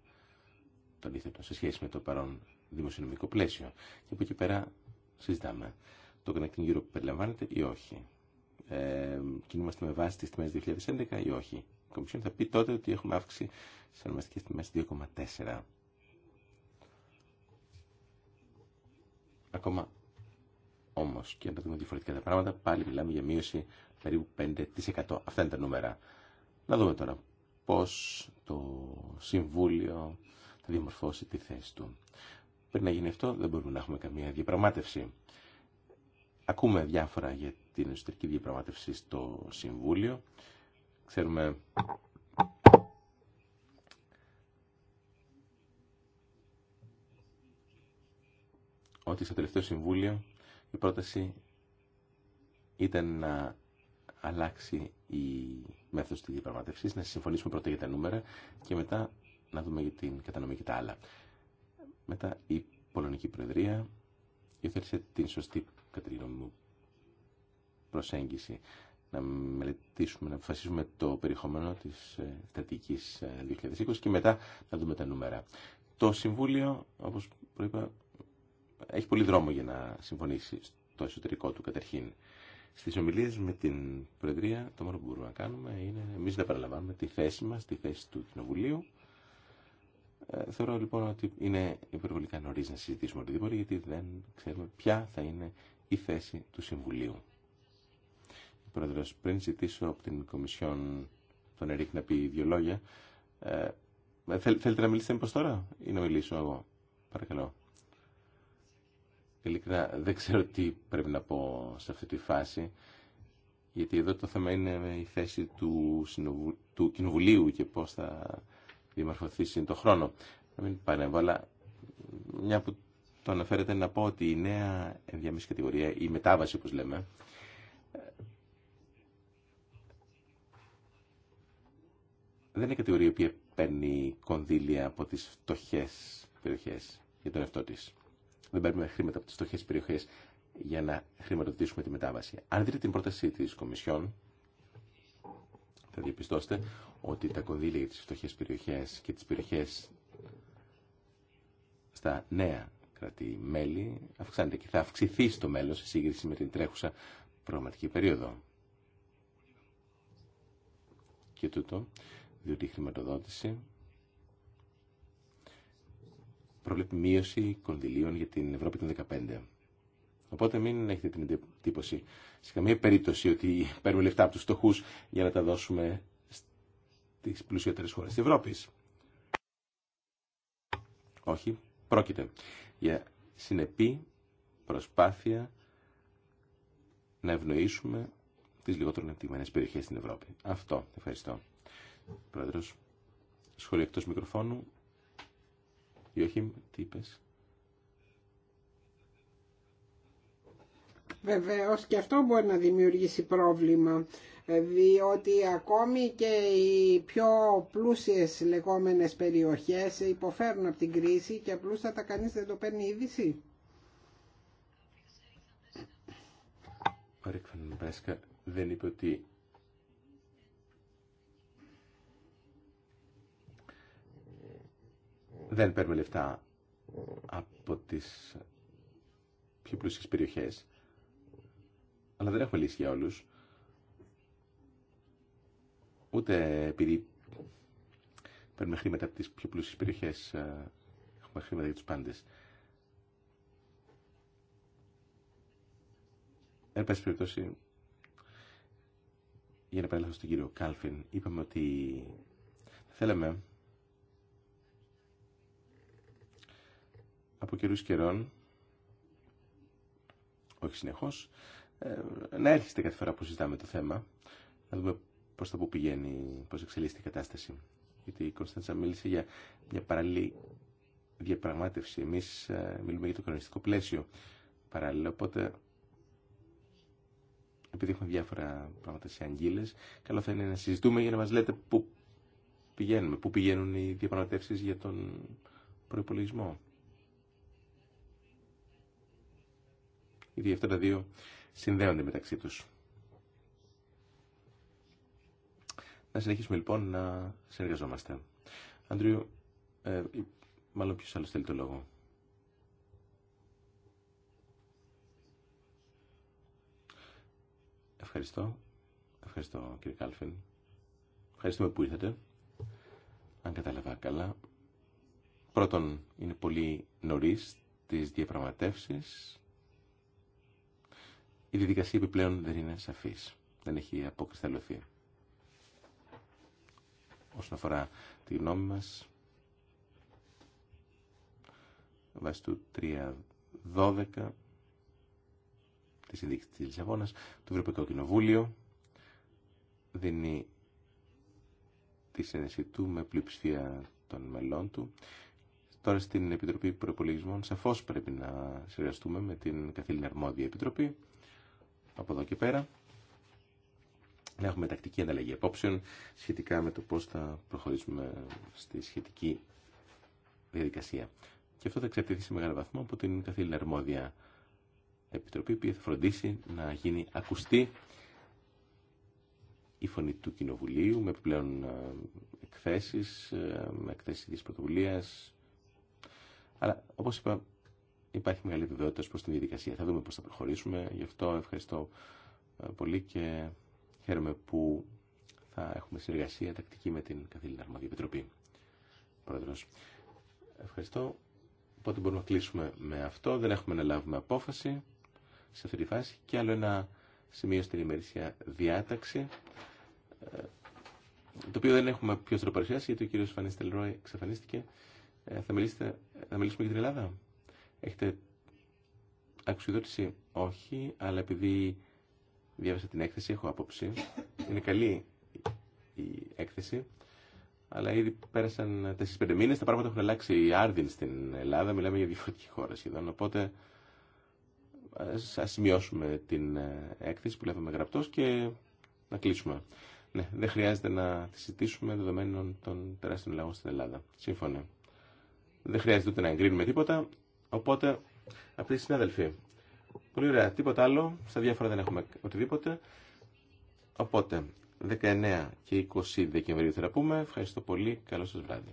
το αντίθετο σε σχέση με το παρόν δημοσιονομικό πλαίσιο. Και από εκεί πέρα συζητάμε. Το Connecting Europe περιλαμβάνεται ή όχι ε, κινούμαστε με βάση τις τιμές 2011 ή όχι. Η Κομισιόν θα πει τότε ότι έχουμε αύξηση στις ονομαστικές τιμές 2,4. Ακόμα όμως και αν τα δούμε διαφορετικά τα πράγματα, πάλι μιλάμε για μείωση περίπου 5%. Αυτά είναι τα νούμερα. Να δούμε τώρα πώς το Συμβούλιο θα διαμορφώσει τη θέση του. Πριν να γίνει αυτό δεν μπορούμε να έχουμε καμία διαπραγμάτευση. Ακούμε διάφορα για την εσωτερική διαπραγμάτευση στο Συμβούλιο. Ξέρουμε ότι στο τελευταίο Συμβούλιο η πρόταση ήταν να αλλάξει η μέθοδος της διαπραγματεύσης, να συμφωνήσουμε πρώτα για τα νούμερα και μετά να δούμε για την κατανομή και τα άλλα. Μετά η Πολωνική Προεδρία υιοθέτησε την σωστή κατά μου προσέγγιση. Να μελετήσουμε, να αποφασίσουμε το περιεχόμενο της ε, στατικής 2020 ε, και μετά να δούμε τα νούμερα. Το Συμβούλιο, όπως προείπα, έχει πολύ δρόμο για να συμφωνήσει στο εσωτερικό του καταρχήν. Στι ομιλίε με την Προεδρία, το μόνο που μπορούμε να κάνουμε είναι εμεί να παραλαμβάνουμε τη θέση μα, τη θέση του Κοινοβουλίου. Ε, θεωρώ λοιπόν ότι είναι υπερβολικά νωρί να συζητήσουμε οτιδήποτε, γιατί δεν ξέρουμε ποια θα είναι η θέση του Συμβουλίου. Πρόεδρο, Πριν ζητήσω από την Κομισιόν τον Ερικ να πει δύο λόγια, ε, ε, θέλ, θέλετε να μιλήσετε μήπως τώρα ή να μιλήσω εγώ. Παρακαλώ. Ειλικρινά δεν ξέρω τι πρέπει να πω σε αυτή τη φάση, γιατί εδώ το θέμα είναι η θέση του, συνοβου... του Κοινοβουλίου και πώς θα διαμορφωθεί σύν το χρόνο. Να μην παρέμβω, αλλά μια που το αναφέρεται να πω ότι η νέα ενδιαμέση κατηγορία, η μετάβαση όπως λέμε, δεν είναι κατηγορία η οποία παίρνει κονδύλια από τις φτωχέ περιοχές για τον εαυτό τη. Δεν παίρνουμε χρήματα από τις φτωχέ περιοχές για να χρηματοδοτήσουμε τη μετάβαση. Αν δείτε την πρόταση της Κομισιόν, θα διαπιστώσετε ότι τα κονδύλια για τι φτωχέ περιοχές και τις περιοχέ. στα νέα κράτη-μέλη αυξάνεται και θα αυξηθεί στο μέλλον σε σύγκριση με την τρέχουσα προγραμματική περίοδο. Και τούτο διότι η χρηματοδότηση προβλέπει μείωση κονδυλίων για την Ευρώπη των 15. Οπότε μην έχετε την εντύπωση σε καμία περίπτωση ότι παίρνουμε λεφτά από τους φτωχού για να τα δώσουμε στις πλουσιότερες χώρες της Ευρώπης. Όχι, πρόκειται για συνεπή προσπάθεια να ευνοήσουμε τις λιγότερο ανεπτυγμένες περιοχές στην Ευρώπη. Αυτό. Ευχαριστώ πρόεδρο. Σχόλιο εκτό μικροφώνου. Ιωχήμ, τι και αυτό μπορεί να δημιουργήσει πρόβλημα διότι ακόμη και οι πιο πλούσιες λεγόμενες περιοχές υποφέρουν από την κρίση και απλούστατα κανείς δεν το παίρνει είδηση. δεν είπε ότι δεν παίρνουμε λεφτά από τις πιο πλούσιες περιοχές, αλλά δεν έχουμε λύση για όλους. Ούτε επειδή παίρνουμε χρήματα από τις πιο πλούσιες περιοχές, ε, έχουμε χρήματα για τους πάντες. Εν πάση περιπτώσει, για να επανέλθω στον κύριο Κάλφιν, είπαμε ότι θέλαμε από καιρούς καιρών, όχι συνεχώς, ε, να έρχεστε κάθε φορά που συζητάμε το θέμα, να δούμε πώς θα που πηγαίνει, πώς εξελίσσεται η κατάσταση. Γιατί η Κωνσταντζα μίλησε για μια παραλληλή διαπραγμάτευση. Εμείς ε, μιλούμε για το κανονιστικό πλαίσιο παράλληλα, οπότε επειδή έχουμε διάφορα πράγματα σε αγγείλε, καλό θα είναι να συζητούμε για να μα λέτε πού πηγαίνουμε, πού πηγαίνουν οι διαπραγματεύσει για τον προπολογισμό. γιατί αυτά τα δύο συνδέονται μεταξύ τους. Να συνεχίσουμε λοιπόν να συνεργαζόμαστε. Αντρίου, ε, μάλλον ποιος άλλος θέλει το λόγο. Ευχαριστώ. Ευχαριστώ κύριε Κάλφιν. Ευχαριστούμε που ήρθατε. Αν κατάλαβα καλά. Πρώτον, είναι πολύ νωρίς τις διαπραγματεύσεις η διαδικασία επιπλέον δεν είναι σαφής. Δεν έχει αποκρισταλωθεί. Όσον αφορά τη γνώμη μας, βάσει του 3.12 της Συνδίκης της Λισαβόνας, το Ευρωπαϊκό Κοινοβούλιο δίνει τη σύνδεση του με πλειοψηφία των μελών του. Τώρα στην Επιτροπή Προπολογισμών σαφώς πρέπει να συνεργαστούμε με την καθήλυνα αρμόδια Επιτροπή από εδώ και πέρα να έχουμε τακτική ανταλλαγή απόψεων σχετικά με το πώς θα προχωρήσουμε στη σχετική διαδικασία. Και αυτό θα εξαρτηθεί σε μεγάλο βαθμό από την καθήλυνα αρμόδια επιτροπή που θα φροντίσει να γίνει ακουστή η φωνή του Κοινοβουλίου με επιπλέον ε, εκθέσεις, ε, με εκθέσεις της πρωτοβουλίας. Αλλά όπως είπα υπάρχει μεγάλη βεβαιότητα προ την διαδικασία. Θα δούμε πώ θα προχωρήσουμε. Γι' αυτό ευχαριστώ ε, πολύ και χαίρομαι που θα έχουμε συνεργασία τακτική με την Καθήλυνα Αρμόδια Επιτροπή. Πρόεδρο. Ευχαριστώ. Οπότε μπορούμε να κλείσουμε με αυτό. Δεν έχουμε να λάβουμε απόφαση σε αυτή τη φάση. Και άλλο ένα σημείο στην ημερησία διάταξη. Ε, το οποίο δεν έχουμε ποιο τρόπο παρουσιάσει γιατί ο κύριο Φανίστελ Ρόι εξαφανίστηκε. Ε, θα, μιλήσετε, θα μιλήσουμε για την Ελλάδα. Έχετε αξιοδότηση όχι, αλλά επειδή διάβασα την έκθεση, έχω άποψη. Είναι καλή η έκθεση. Αλλά ήδη πέρασαν 4-5 μήνε, τα πράγματα έχουν αλλάξει άρδιν στην Ελλάδα. Μιλάμε για διαφορετική χώρα σχεδόν. Οπότε ας, σημειώσουμε την ε, έκθεση που λέμε γραπτό και να κλείσουμε. Ναι, δεν χρειάζεται να τη συζητήσουμε δεδομένων των τεράστιων λαών στην Ελλάδα. Σύμφωνα. Δεν χρειάζεται ούτε να εγκρίνουμε τίποτα, Οπότε, αυτοί συνάδελφοι, πολύ ωραία, τίποτα άλλο, στα διάφορα δεν έχουμε οτιδήποτε. Οπότε, 19 και 20 Δεκεμβρίου θα τα πούμε. Ευχαριστώ πολύ. Καλό σας βράδυ.